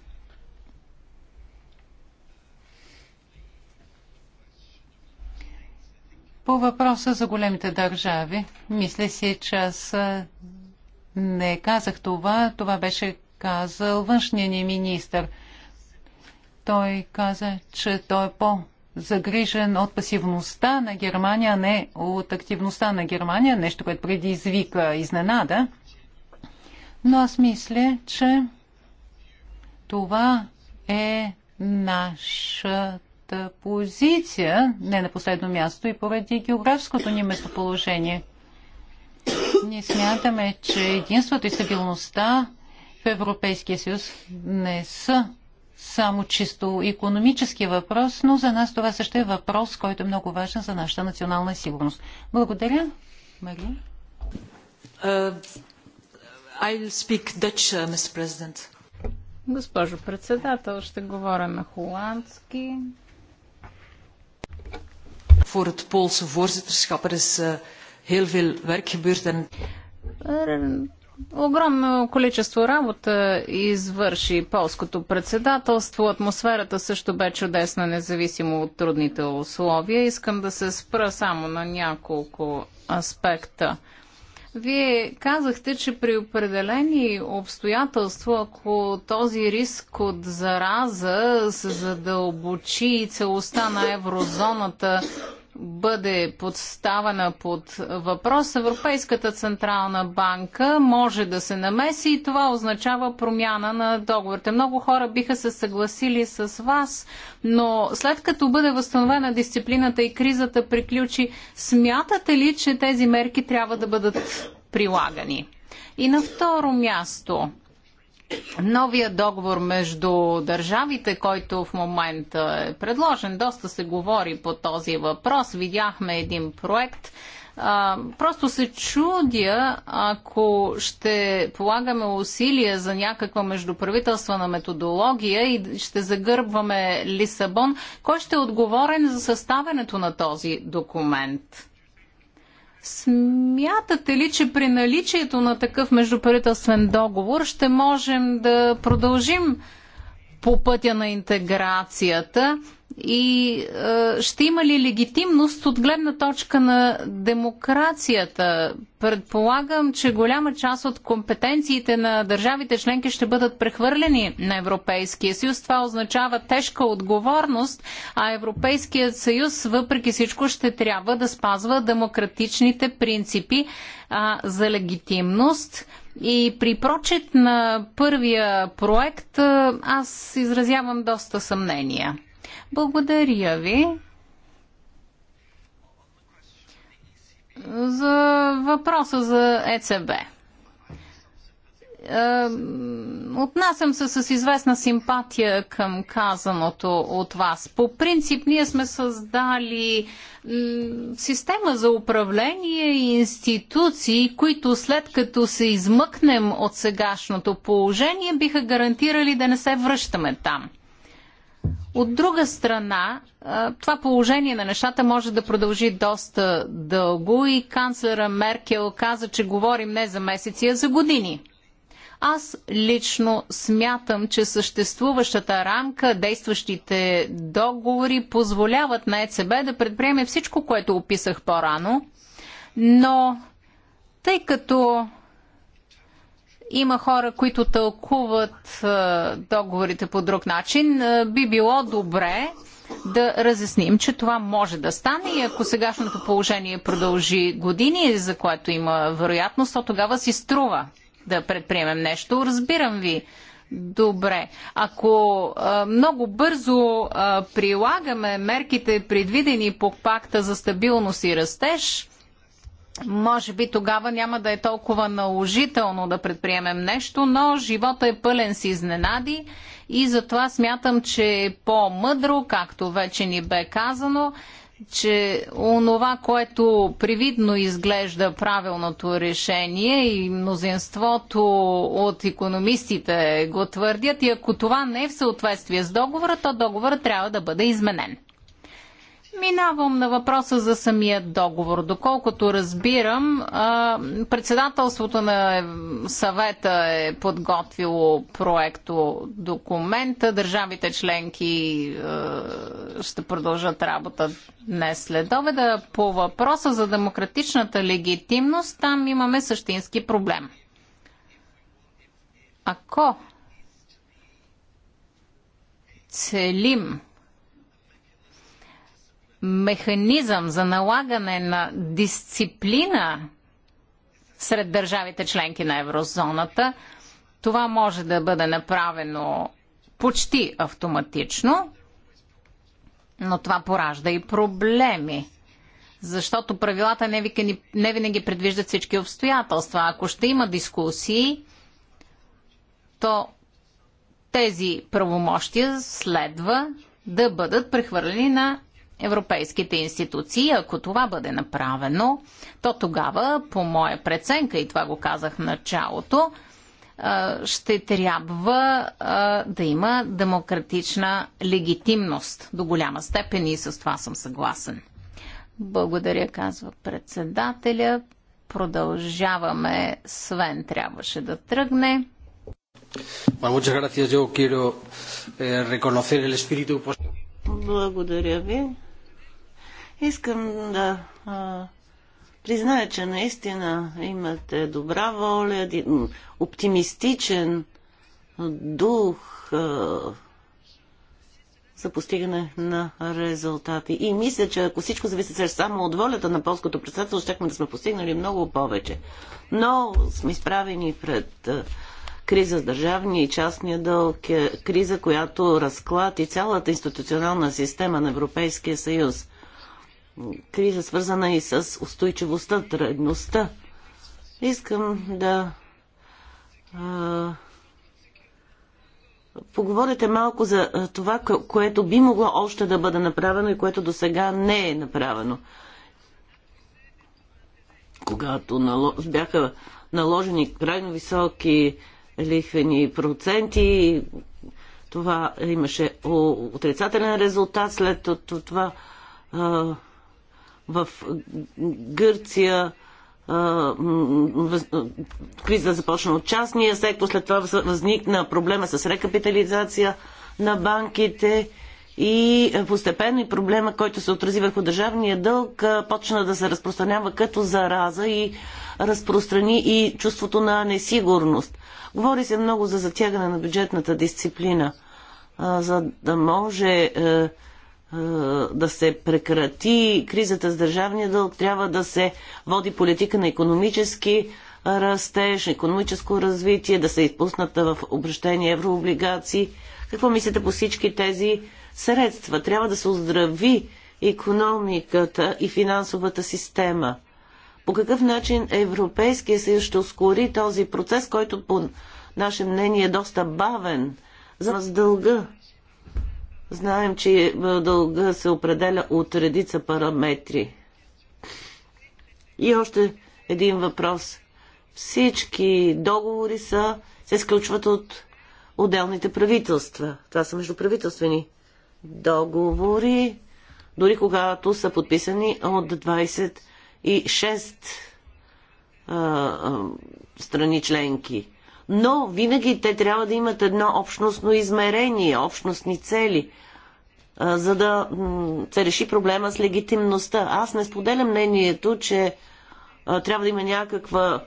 По въпроса за големите държави, мисля си, че аз не казах това. Това беше казал външния ни министр. Той каза, че той е по загрижен от пасивността на Германия, не от активността на Германия, нещо, което предизвика изненада. Но аз мисля, че това е нашата позиция, не на последно място и поради географското ни местоположение. Ние смятаме, че единството и стабилността в Европейския съюз не са само чисто економически въпрос, но за нас това също е въпрос, който е много важен за нашата национална сигурност. Благодаря. Мегли? Uh, uh Госпожо председател, ще говоря на холандски. Voor het Poolse voorzitterschap er is uh, heel veel werk gebeurd en Огромно количество работа извърши полското председателство. Атмосферата също бе чудесна, независимо от трудните условия. Искам да се спра само на няколко аспекта. Вие казахте, че при определени обстоятелства, ако този риск от зараза се задълбочи и целостта на еврозоната бъде подставена под въпрос, Европейската централна банка може да се намеси и това означава промяна на договорите. Много хора биха се съгласили с вас, но след като бъде възстановена дисциплината и кризата приключи, смятате ли, че тези мерки трябва да бъдат прилагани? И на второ място, новия договор между държавите, който в момента е предложен. Доста се говори по този въпрос. Видяхме един проект. А, просто се чудя, ако ще полагаме усилия за някаква междуправителствена методология и ще загърбваме Лисабон, кой ще е отговорен за съставянето на този документ? Смятате ли, че при наличието на такъв междуправителствен договор ще можем да продължим по пътя на интеграцията и е, ще има ли легитимност от гледна точка на демокрацията? Предполагам, че голяма част от компетенциите на държавите членки ще бъдат прехвърлени на Европейския съюз. Това означава тежка отговорност, а Европейският съюз въпреки всичко ще трябва да спазва демократичните принципи а, за легитимност. И при прочет на първия проект аз изразявам доста съмнения. Благодаря ви. За въпроса за ЕЦБ. Отнасям се с известна симпатия към казаното от вас. По принцип, ние сме създали система за управление и институции, които след като се измъкнем от сегашното положение, биха гарантирали да не се връщаме там. От друга страна, това положение на нещата може да продължи доста дълго и канцлера Меркел каза, че говорим не за месеци, а за години. Аз лично смятам, че съществуващата рамка, действащите договори позволяват на ЕЦБ да предприеме всичко, което описах по-рано, но тъй като има хора, които тълкуват договорите по друг начин. Би било добре да разясним, че това може да стане и ако сегашното положение продължи години, за което има вероятност, то тогава си струва да предприемем нещо. Разбирам ви. Добре. Ако а, много бързо а, прилагаме мерките, предвидени по пакта за стабилност и растеж, може би тогава няма да е толкова наложително да предприемем нещо, но живота е пълен с изненади и затова смятам, че е по-мъдро, както вече ни бе казано, че онова, което привидно изглежда правилното решение и мнозинството от економистите го твърдят и ако това не е в съответствие с договора, то договорът трябва да бъде изменен. Минавам на въпроса за самия договор. Доколкото разбирам, председателството на съвета е подготвило проекто документа. Държавите членки ще продължат работа днес след обеда. По въпроса за демократичната легитимност, там имаме същински проблем. Ако целим механизъм за налагане на дисциплина сред държавите членки на еврозоната, това може да бъде направено почти автоматично, но това поражда и проблеми. Защото правилата не, винаги, не винаги предвиждат всички обстоятелства. Ако ще има дискусии, то тези правомощия следва да бъдат прехвърлени на европейските институции. Ако това бъде направено, то тогава, по моя преценка, и това го казах в началото, ще трябва да има демократична легитимност до голяма степен и с това съм съгласен. Благодаря, казва председателя. Продължаваме. Свен трябваше да тръгне. Eh, Благодаря ви. Искам да а, призная, че наистина имате добра воля, оптимистичен дух а, за постигане на резултати. И мисля, че ако всичко зависи само от волята на полското председател, щехме да сме постигнали много повече. Но сме изправени пред а, криза с държавния и частния дълг, е криза, която разклати цялата институционална система на Европейския съюз криза, свързана и с устойчивостта, трудността. Искам да а, поговорите малко за това, което би могло още да бъде направено и което до сега не е направено. Когато нал... бяха наложени крайно високи лихвени проценти, това имаше отрицателен резултат след това. А, в Гърция криза започна от частния сектор, след това възникна проблема с рекапитализация на банките и постепенно и проблема, който се отрази върху държавния дълг, почна да се разпространява като зараза и разпространи и чувството на несигурност. Говори се много за затягане на бюджетната дисциплина, за да може е, да се прекрати кризата с държавния дълг, трябва да се води политика на економически растеж, економическо развитие, да се изпуснат в обращение еврооблигации. Какво мислите по всички тези средства? Трябва да се оздрави економиката и финансовата система. По какъв начин Европейския съюз ще ускори този процес, който по наше мнение е доста бавен за дълга? Знаем, че е, дълга се определя от редица параметри. И още един въпрос. Всички договори са, се сключват от отделните правителства. Това са междуправителствени договори, дори когато са подписани от 26 а, а, страни членки но винаги те трябва да имат едно общностно измерение, общностни цели, за да се реши проблема с легитимността. Аз не споделям мнението, че трябва да има някаква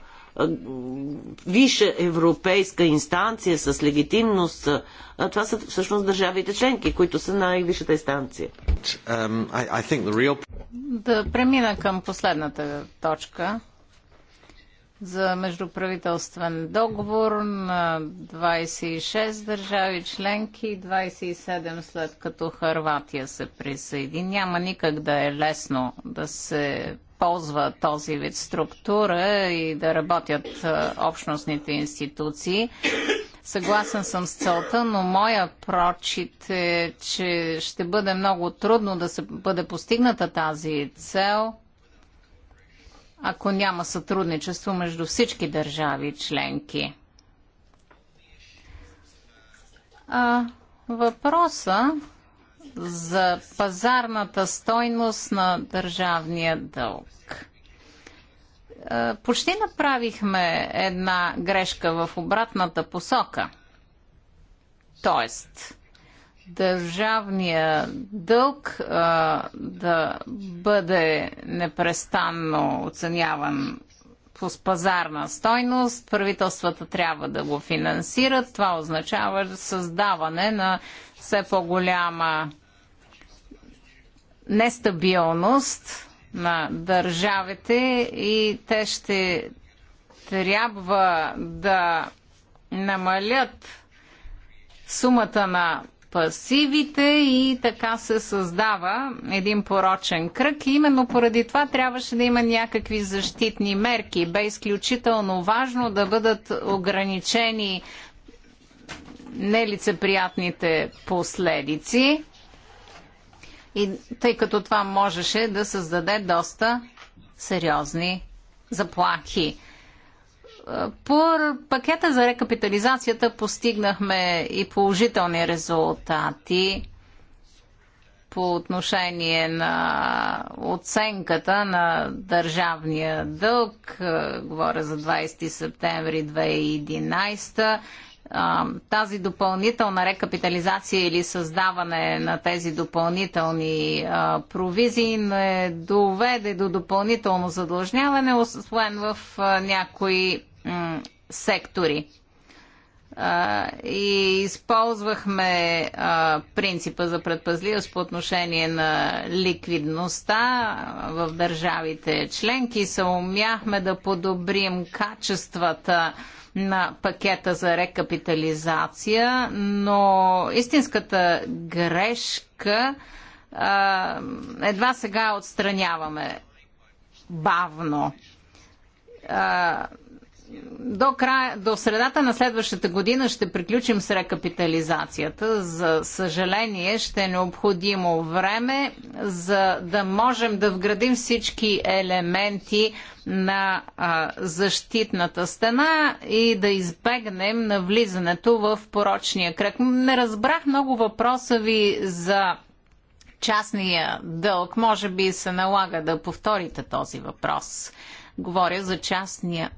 висша европейска инстанция с легитимност. Това са всъщност държавите членки, които са най-висшата инстанция. Um, да премина към последната точка за междуправителствен договор на 26 държави членки, 27 след като Харватия се присъеди. Няма никак да е лесно да се ползва този вид структура и да работят общностните институции. Съгласен съм с целта, но моя прочит е, че ще бъде много трудно да се бъде постигната тази цел – ако няма сътрудничество между всички държави членки. А, въпроса за пазарната стойност на държавния дълг. Почти направихме една грешка в обратната посока. Тоест, държавния дълг а, да бъде непрестанно оценяван по пазарна стойност, правителствата трябва да го финансират. Това означава създаване на все по-голяма нестабилност на държавите и те ще трябва да намалят сумата на пасивите и така се създава един порочен кръг. И именно поради това трябваше да има някакви защитни мерки. Бе изключително важно да бъдат ограничени нелицеприятните последици. И тъй като това можеше да създаде доста сериозни заплахи по пакета за рекапитализацията постигнахме и положителни резултати по отношение на оценката на държавния дълг. Говоря за 20 септември 2011 тази допълнителна рекапитализация или създаване на тези допълнителни провизии не доведе до допълнително задлъжняване, освен в някои сектори. А, и използвахме а, принципа за предпазливост по отношение на ликвидността в държавите членки. Съумяхме да подобрим качествата на пакета за рекапитализация, но истинската грешка а, едва сега отстраняваме бавно. А, до, края, до средата на следващата година ще приключим с рекапитализацията. За съжаление ще е необходимо време, за да можем да вградим всички елементи на а, защитната стена и да избегнем навлизането в порочния кръг. Не разбрах много въпроса ви за частния дълг. Може би се налага да повторите този въпрос. Говоря за частния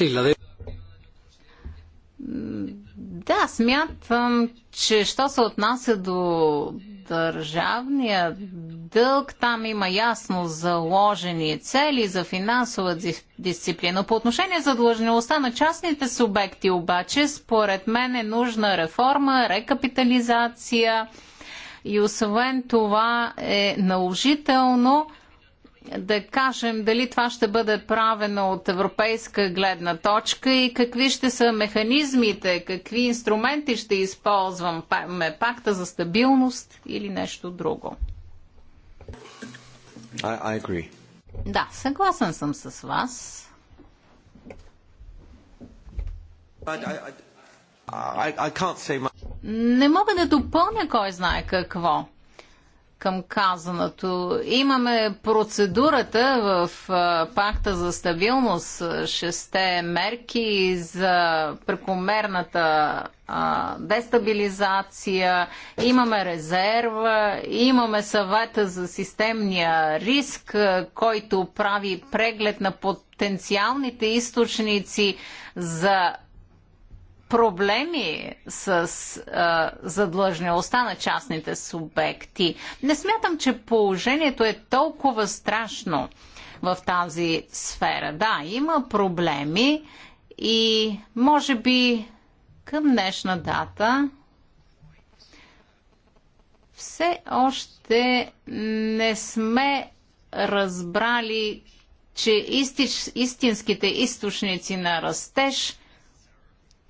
de... Да, смятам, че що се отнася до държавния дълг, там има ясно заложени цели за финансова дисциплина. По отношение за длъжността на частните субекти обаче, според мен е нужна реформа, рекапитализация и освен това е наложително да кажем дали това ще бъде правено от европейска гледна точка и какви ще са механизмите, какви инструменти ще използвам, пакта за стабилност или нещо друго. I, I agree. Да, съгласен съм с вас. I, I, I, I can't say much. Не мога да допълня кой знае какво към казаното. Имаме процедурата в пакта за стабилност, шесте мерки за прекомерната дестабилизация, имаме резерва, имаме съвета за системния риск, който прави преглед на потенциалните източници за проблеми с а, задлъжнялостта на частните субекти. Не смятам, че положението е толкова страшно в тази сфера. Да, има проблеми и може би към днешна дата все още не сме разбрали, че истинските източници на растеж –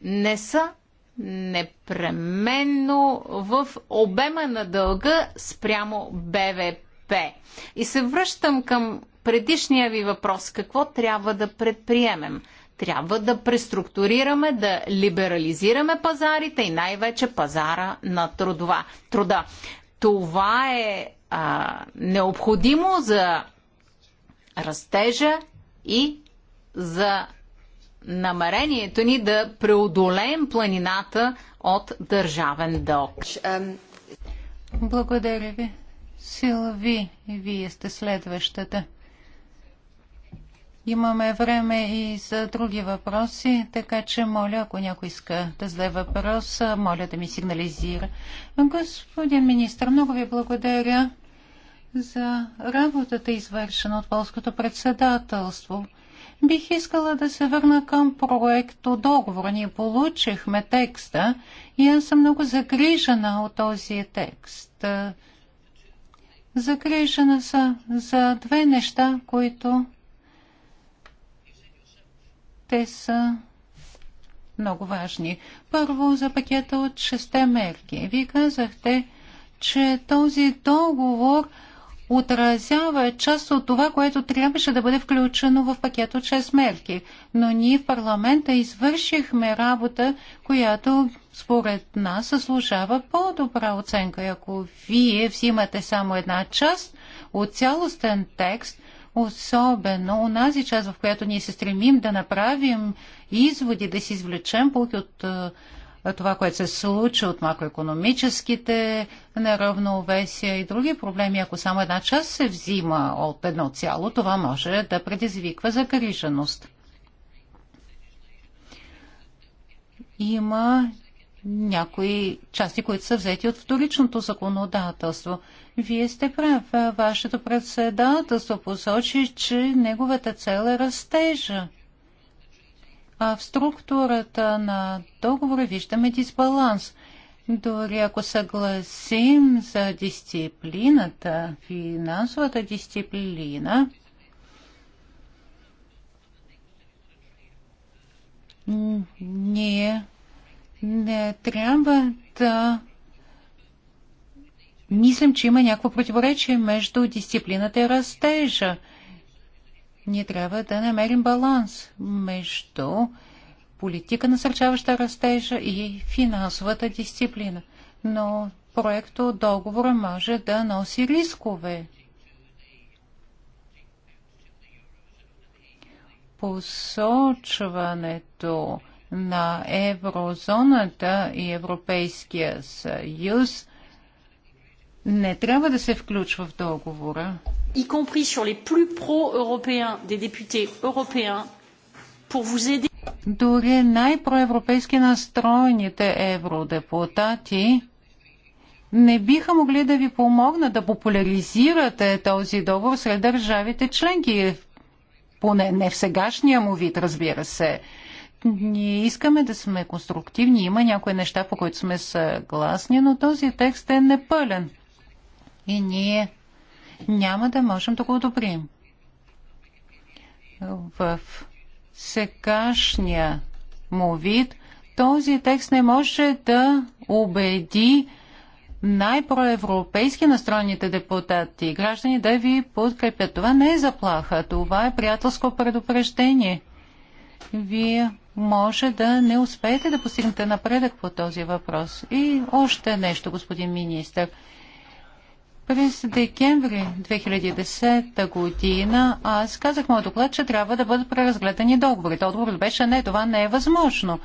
не са непременно в обема на дълга спрямо БВП. И се връщам към предишния ви въпрос. Какво трябва да предприемем? Трябва да преструктурираме, да либерализираме пазарите и най-вече пазара на трудова, труда. Това е а, необходимо за растежа и за намерението ни да преодолеем планината от държавен дълг. Благодаря ви. и вие сте следващата. Имаме време и за други въпроси, така че моля, ако някой иска да зададе въпрос, моля да ми сигнализира. Господин министр, много ви благодаря за работата, извършена от полското председателство. Бих искала да се върна към проекто договор. Ние получихме текста и аз съм много загрижена от този текст. Загрижена са за две неща, които те са много важни. Първо за пакета от шесте мерки. Вие казахте, че този договор – отразява част от това, което трябваше да бъде включено в пакет от 6 мерки. Но ние в парламента извършихме работа, която според нас заслужава по-добра оценка. И ако вие взимате само една част от цялостен текст, особено унази част, в която ние се стремим да направим изводи, да си извлечем полки от uh, това, което се случи от макроекономическите неравновесия и други проблеми, ако само една част се взима от едно цяло, това може да предизвиква загриженост. Има някои части, които са взети от вторичното законодателство. Вие сте прав. Вашето председателство посочи, че неговата цел е растежа. А в структурата на договора виждаме дисбаланс. Дори ако съгласим за дисциплината, финансовата дисциплина, ние не трябва да мислим, че има някакво противоречие между дисциплината и растежа. Ние трябва да намерим баланс между политика на насърчаваща растежа и финансовата дисциплина. Но проекто договора може да носи рискове. Посочването на еврозоната и Европейския съюз не трябва да се включва в договора. Y compris sur les plus pro-européens des députés européens pour vous aider. Дори най-проевропейски настроените евродепутати не биха могли да ви помогнат да популяризирате този договор сред държавите членки, поне не в сегашния му вид, разбира се. Ние искаме да сме конструктивни, има някои неща, по които сме съгласни, но този текст е непълен и ние няма да можем да го одобрим. В сегашния му вид този текст не може да убеди най-проевропейски настроените депутати и граждани да ви подкрепят. Това не е заплаха, това е приятелско предупреждение. Вие може да не успеете да постигнете напредък по този въпрос. И още нещо, господин министр. През декември 2010 година аз казах моят доклад, че трябва да бъдат преразгледани договорите. Отговорът беше не, това не е възможно.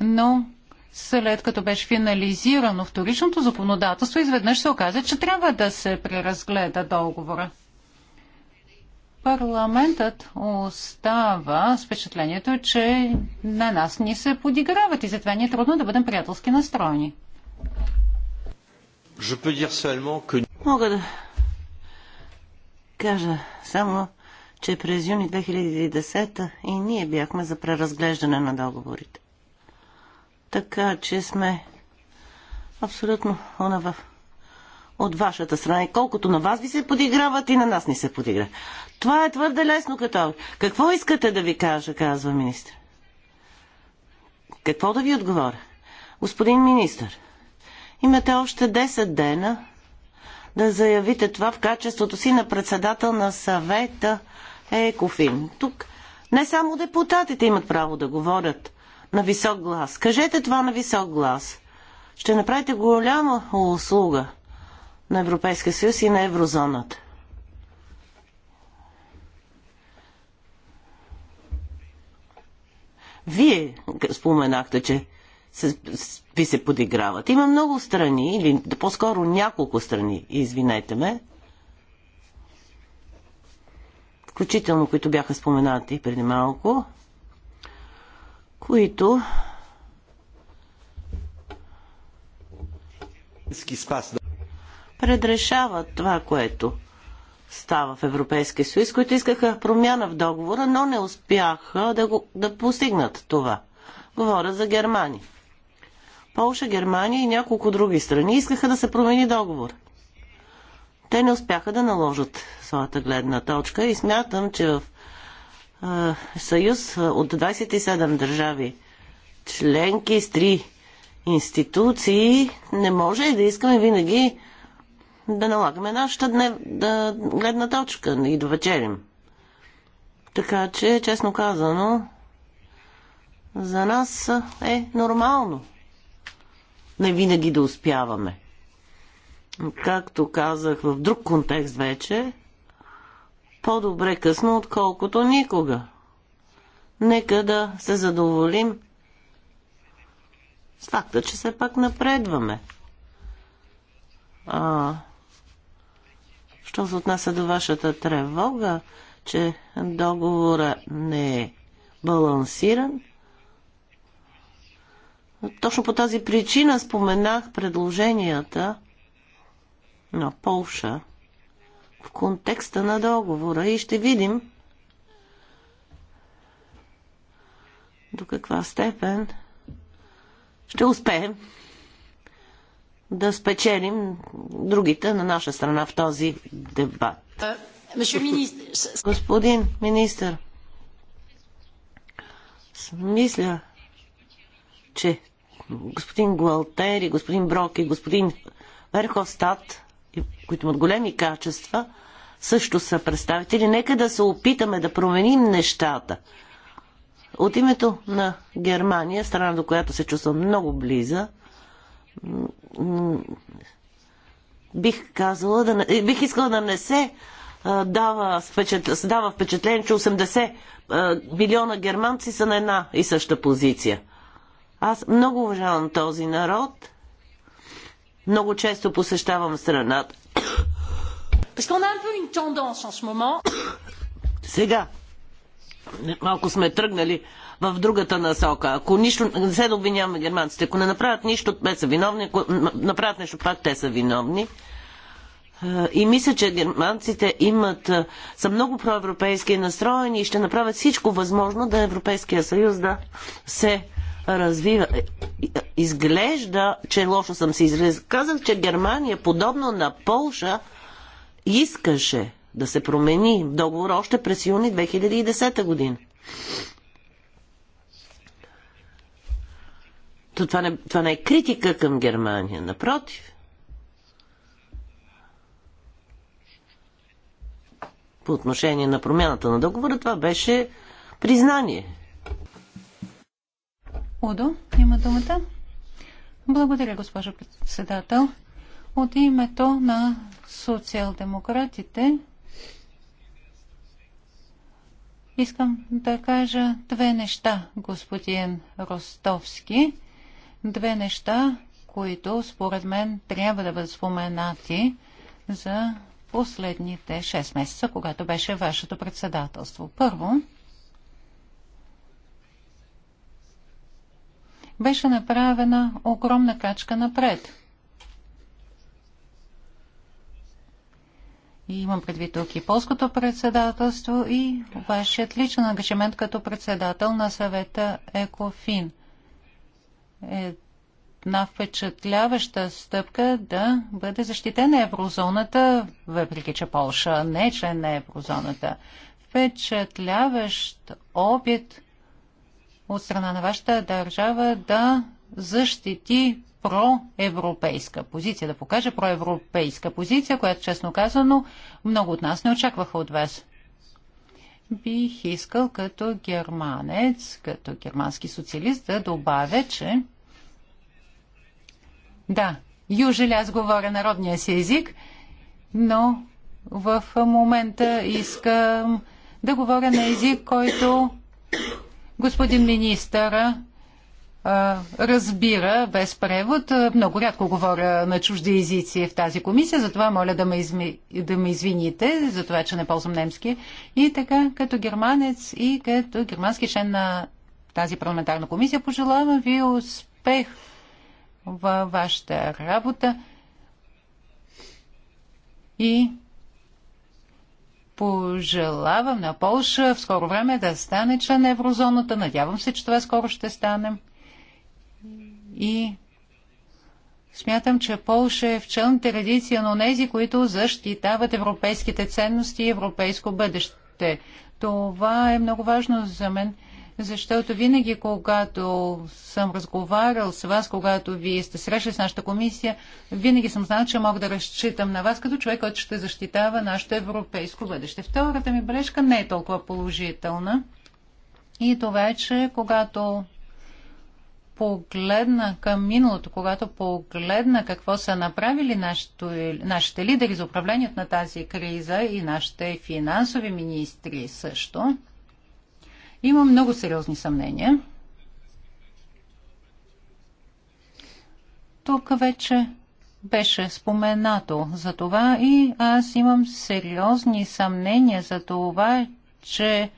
Но след като беше финализирано вторичното законодателство, изведнъж се оказа, че трябва да се преразгледа договора парламентът остава с впечатлението, че на нас ни се подиграват и затова ни е трудно да бъдем приятелски настроени. Мога да кажа само, че през юни 2010 и ние бяхме за преразглеждане на договорите. Така че сме абсолютно онава от вашата страна. И колкото на вас ви се подиграват и на нас ни се подиграват. Това е твърде лесно като... Какво искате да ви кажа, казва министр? Какво да ви отговоря? Господин министр, имате още 10 дена да заявите това в качеството си на председател на съвета Екофин. Тук не само депутатите имат право да говорят на висок глас. Кажете това на висок глас. Ще направите голяма услуга – на Европейския съюз и на еврозоната. Вие споменахте, че ви се подиграват. Има много страни, или по-скоро няколко страни, извинете ме, включително които бяха споменати преди малко, които предрешават това, което става в Европейския съюз, които искаха промяна в договора, но не успяха да, го, да постигнат това. Говоря за Германия. Полша, Германия и няколко други страни искаха да се промени договор. Те не успяха да наложат своята гледна точка и смятам, че в е, съюз от 27 държави членки с три институции не може да искаме винаги да налагаме нашата днев, да, гледна точка и да вечерим. Така че, честно казано, за нас е нормално. Не винаги да успяваме. Както казах в друг контекст вече, по-добре късно, отколкото никога. Нека да се задоволим с факта, че все пак напредваме. А, Що се отнася до вашата тревога, че договора не е балансиран, точно по тази причина споменах предложенията на Полша в контекста на договора и ще видим до каква степен ще успеем да спечелим другите на наша страна в този дебат. Господин министр, мисля, че господин и господин Брок и господин Верховстат, които имат големи качества, също са представители. Нека да се опитаме да променим нещата. От името на Германия, страна до която се чувствам много близа, бих казала, да не, бих искала да не се дава, впечатлен, дава впечатление, че 80 милиона германци са на една и съща позиция. Аз много уважавам този народ. Много често посещавам страната. Сега малко сме тръгнали в другата насока. Ако нищо, не се да обвиняваме германците, ако не направят нищо, те са виновни, ако направят нещо, пак те са виновни. Е, и мисля, че германците имат, е, са много проевропейски настроени и ще направят всичко възможно да Европейския съюз да се развива. Е, изглежда, че лошо съм се изразил. Казах, че Германия, подобно на Полша, искаше да се промени договор още през юни 2010 година. То това, не, това не е критика към Германия, напротив. По отношение на промяната на договора, това беше признание. Удо, има думата. Благодаря, госпожо председател. От името на социал-демократите Искам да кажа две неща, господин Ростовски. Две неща, които според мен трябва да бъдат споменати за последните 6 месеца, когато беше вашето председателство. Първо, беше направена огромна качка напред – И имам предвид тук и полското председателство и вашият личен ангажимент като председател на съвета ЕКОФИН. Една впечатляваща стъпка да бъде защитена еврозоната, въпреки че Полша не е член на еврозоната. Впечатляващ опит от страна на вашата държава да защити проевропейска позиция, да покаже проевропейска позиция, която, честно казано, много от нас не очакваха от вас. Бих искал като германец, като германски социалист да добавя, че да, южели аз говоря народния си език, но в момента искам да говоря на език, който господин министъра разбира без превод. Много рядко говоря на чужди езици в тази комисия, затова моля да ме, изми... да ме извините за това, че не ползвам немски. И така, като германец и като германски член на тази парламентарна комисия, пожелавам ви успех във вашата работа и пожелавам на Полша в скоро време да стане член на еврозоната. Надявам се, че това скоро ще стане. И смятам, че Полша е в челните традиция на тези, които защитават европейските ценности и европейско бъдеще. Това е много важно за мен защото винаги, когато съм разговарял с вас, когато вие сте срещали с нашата комисия, винаги съм знал, че мога да разчитам на вас като човек, който ще защитава нашето европейско бъдеще. Втората ми бележка не е толкова положителна. И това е, че когато погледна към миналото, когато погледна какво са направили нашите, нашите лидери за управлението на тази криза и нашите финансови министри също, имам много сериозни съмнения. Тук вече беше споменато за това и аз имам сериозни съмнения за това, че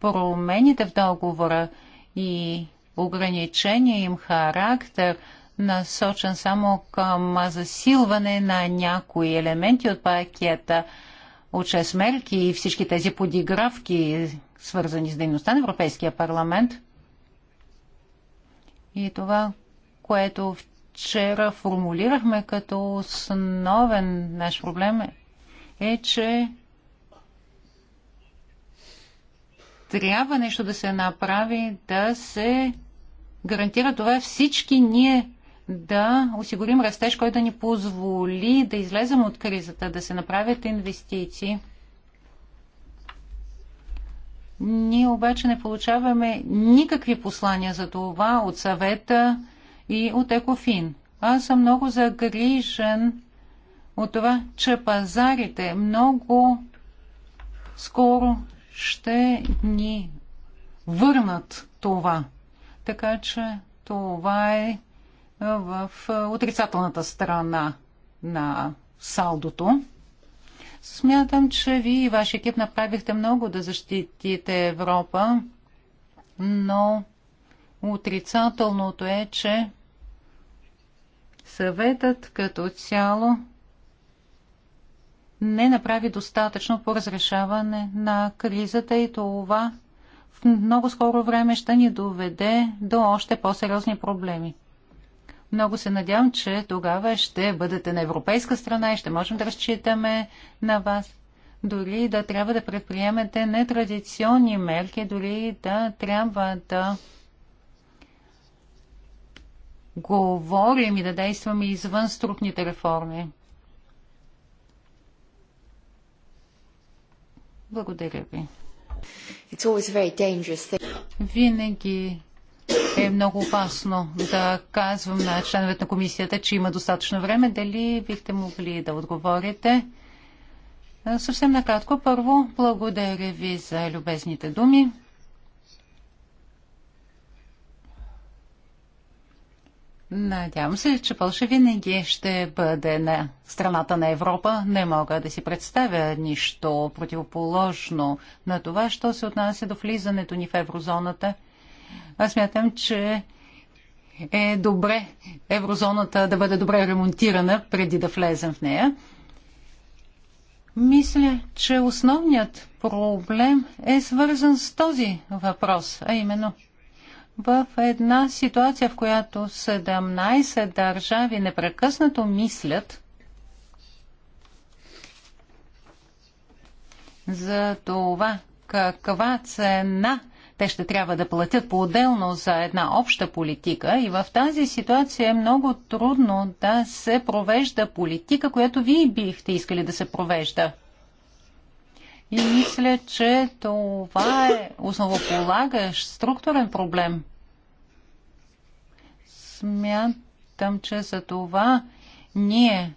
промените в договора и ограничения им характер насочен само към засилване на някои елементи от пакета от 6 мерки и всички тези подигравки, свързани с дейността на Европейския парламент. И това, което вчера формулирахме като основен наш проблем е, че трябва нещо да се направи, да се гарантира това всички ние да осигурим растеж, който да ни позволи да излезем от кризата, да се направят инвестиции. Ние обаче не получаваме никакви послания за това от съвета и от Екофин. Аз съм много загрижен от това, че пазарите много скоро ще ни върнат това. Така че това е в отрицателната страна на салдото. Смятам, че вие и вашия екип направихте много да защитите Европа, но отрицателното е, че съветът като цяло не направи достатъчно по разрешаване на кризата и това много скоро време ще ни доведе до още по-сериозни проблеми. Много се надявам, че тогава ще бъдете на европейска страна и ще можем да разчитаме на вас. Дори да трябва да предприемете нетрадиционни мерки, дори да трябва да говорим и да действаме извън структните реформи. Благодаря ви. Винаги е много опасно да казвам на членовете на комисията, че има достатъчно време. Дали бихте могли да отговорите? Съвсем накратко, първо, благодаря ви за любезните думи. Надявам се, че Польша винаги ще бъде на страната на Европа. Не мога да си представя нищо противоположно на това, що се отнася до влизането ни в еврозоната. Аз мятам, че е добре еврозоната да бъде добре ремонтирана преди да влезем в нея. Мисля, че основният проблем е свързан с този въпрос, а именно – в една ситуация, в която 17 държави непрекъснато мислят за това каква цена те ще трябва да платят по-отделно за една обща политика и в тази ситуация е много трудно да се провежда политика, която вие бихте искали да се провежда. И мисля, че това е основополагащ структурен проблем. Смятам, че за това ние,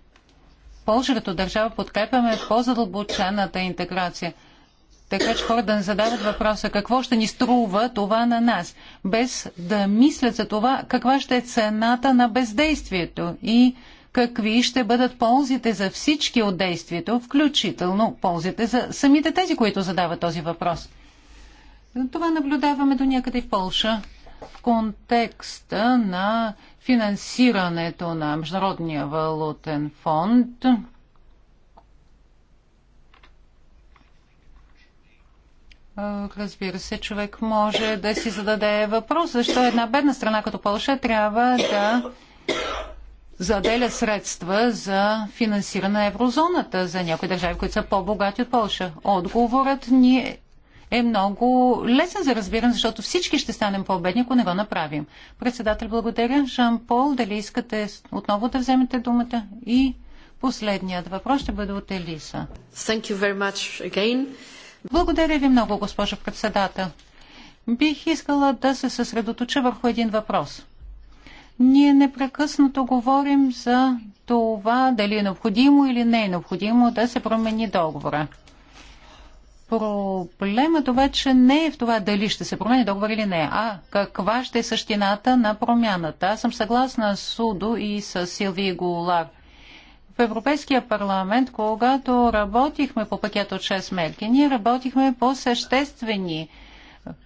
Польша като държава, подкрепяме по-задълбочената интеграция. Така че хората да не задават въпроса какво ще ни струва това на нас, без да мислят за това каква ще е цената на бездействието и какви ще бъдат ползите за всички от действието, включително ползите за самите тези, които задават този въпрос. Това наблюдаваме до някъде в Полша в контекста на финансирането на Международния валутен фонд. Разбира се, човек може да си зададе въпрос, защо една бедна страна като Польша трябва да Заделя средства за финансиране на еврозоната за някои държави, които са по-богати от Польша? Отговорът ни е много лесен за разбиране, защото всички ще станем по-бедни, ако не го направим. Председател, благодаря. Жан-Пол, дали искате отново да вземете думата? И последният въпрос ще бъде от Елиса. Благодаря ви много, госпожо председател. Бих искала да се съсредоточа върху един въпрос. Ние непрекъснато говорим за това дали е необходимо или не е необходимо да се промени договора. Проблемът обаче не е в това дали ще се промени договор или не, а каква ще е същината на промяната. Аз съм съгласна с Судо и с Силви Гулар. В Европейския парламент, когато работихме по пакет от 6 мерки, ние работихме по съществени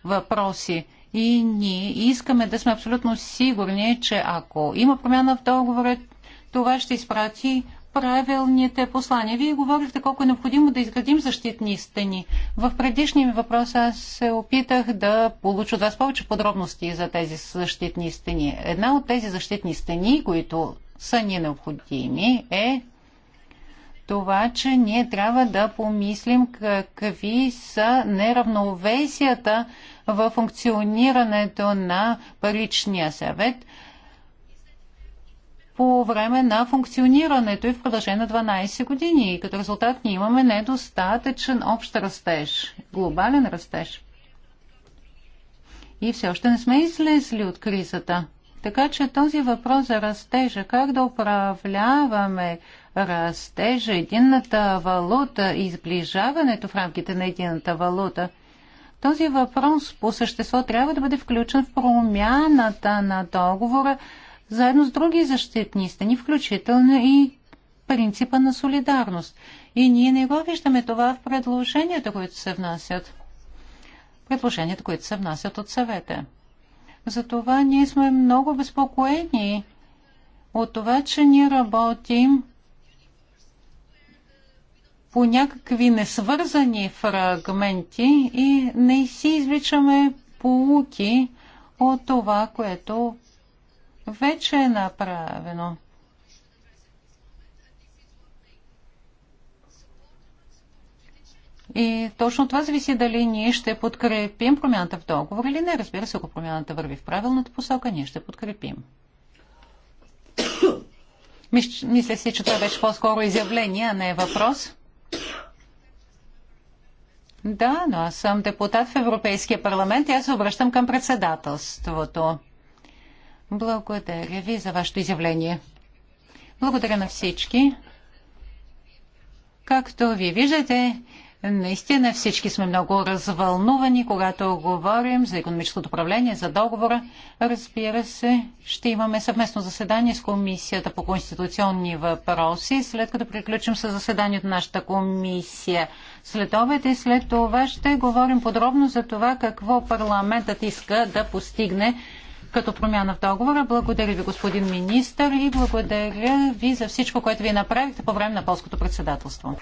въпроси. И ние искаме да сме абсолютно сигурни, че ако има промяна в договора, това ще изпрати правилните послания. Вие говорихте колко е необходимо да изградим защитни стени. В предишния ми въпрос аз се опитах да получа от вас повече подробности за тези защитни стени. Една от тези защитни стени, които са ни необходими, е това, че ние трябва да помислим какви са неравновесията в функционирането на паричния съвет по време на функционирането и в продължение на 12 години. И като резултат ние имаме недостатъчен общ растеж, глобален растеж. И все още не сме излезли от кризата. Така че този въпрос за растежа, как да управляваме растежа, единната валута и сближаването в рамките на единната валута, този въпрос по същество трябва да бъде включен в промяната на договора, заедно с други защитни стени, включително и принципа на солидарност. И ние не го виждаме това в предложенията, които се внасят. Предложенията, които се внасят от съвета. Затова ние сме много безпокоени от това, че ние работим по някакви несвързани фрагменти и не си извличаме полуки от това, което вече е направено. И точно това зависи дали ние ще подкрепим промяната в договор или не. Разбира се, ако промяната върви в правилната посока, ние ще подкрепим. Мисля си, че това беше по-скоро изявление, а не е въпрос. Да, но аз съм депутат в Европейския парламент и аз се обръщам към председателството. Благодаря ви за вашето изявление. Благодаря на всички. Както ви виждате, Наистина всички сме много развълнувани, когато говорим за економическото управление, за договора. Разбира се, ще имаме съвместно заседание с Комисията по конституционни въпроси, след като приключим с заседанието на нашата комисия след обед и след това ще говорим подробно за това какво парламентът иска да постигне като промяна в договора. Благодаря ви, господин министър, и благодаря ви за всичко, което ви направихте по време на полското председателство.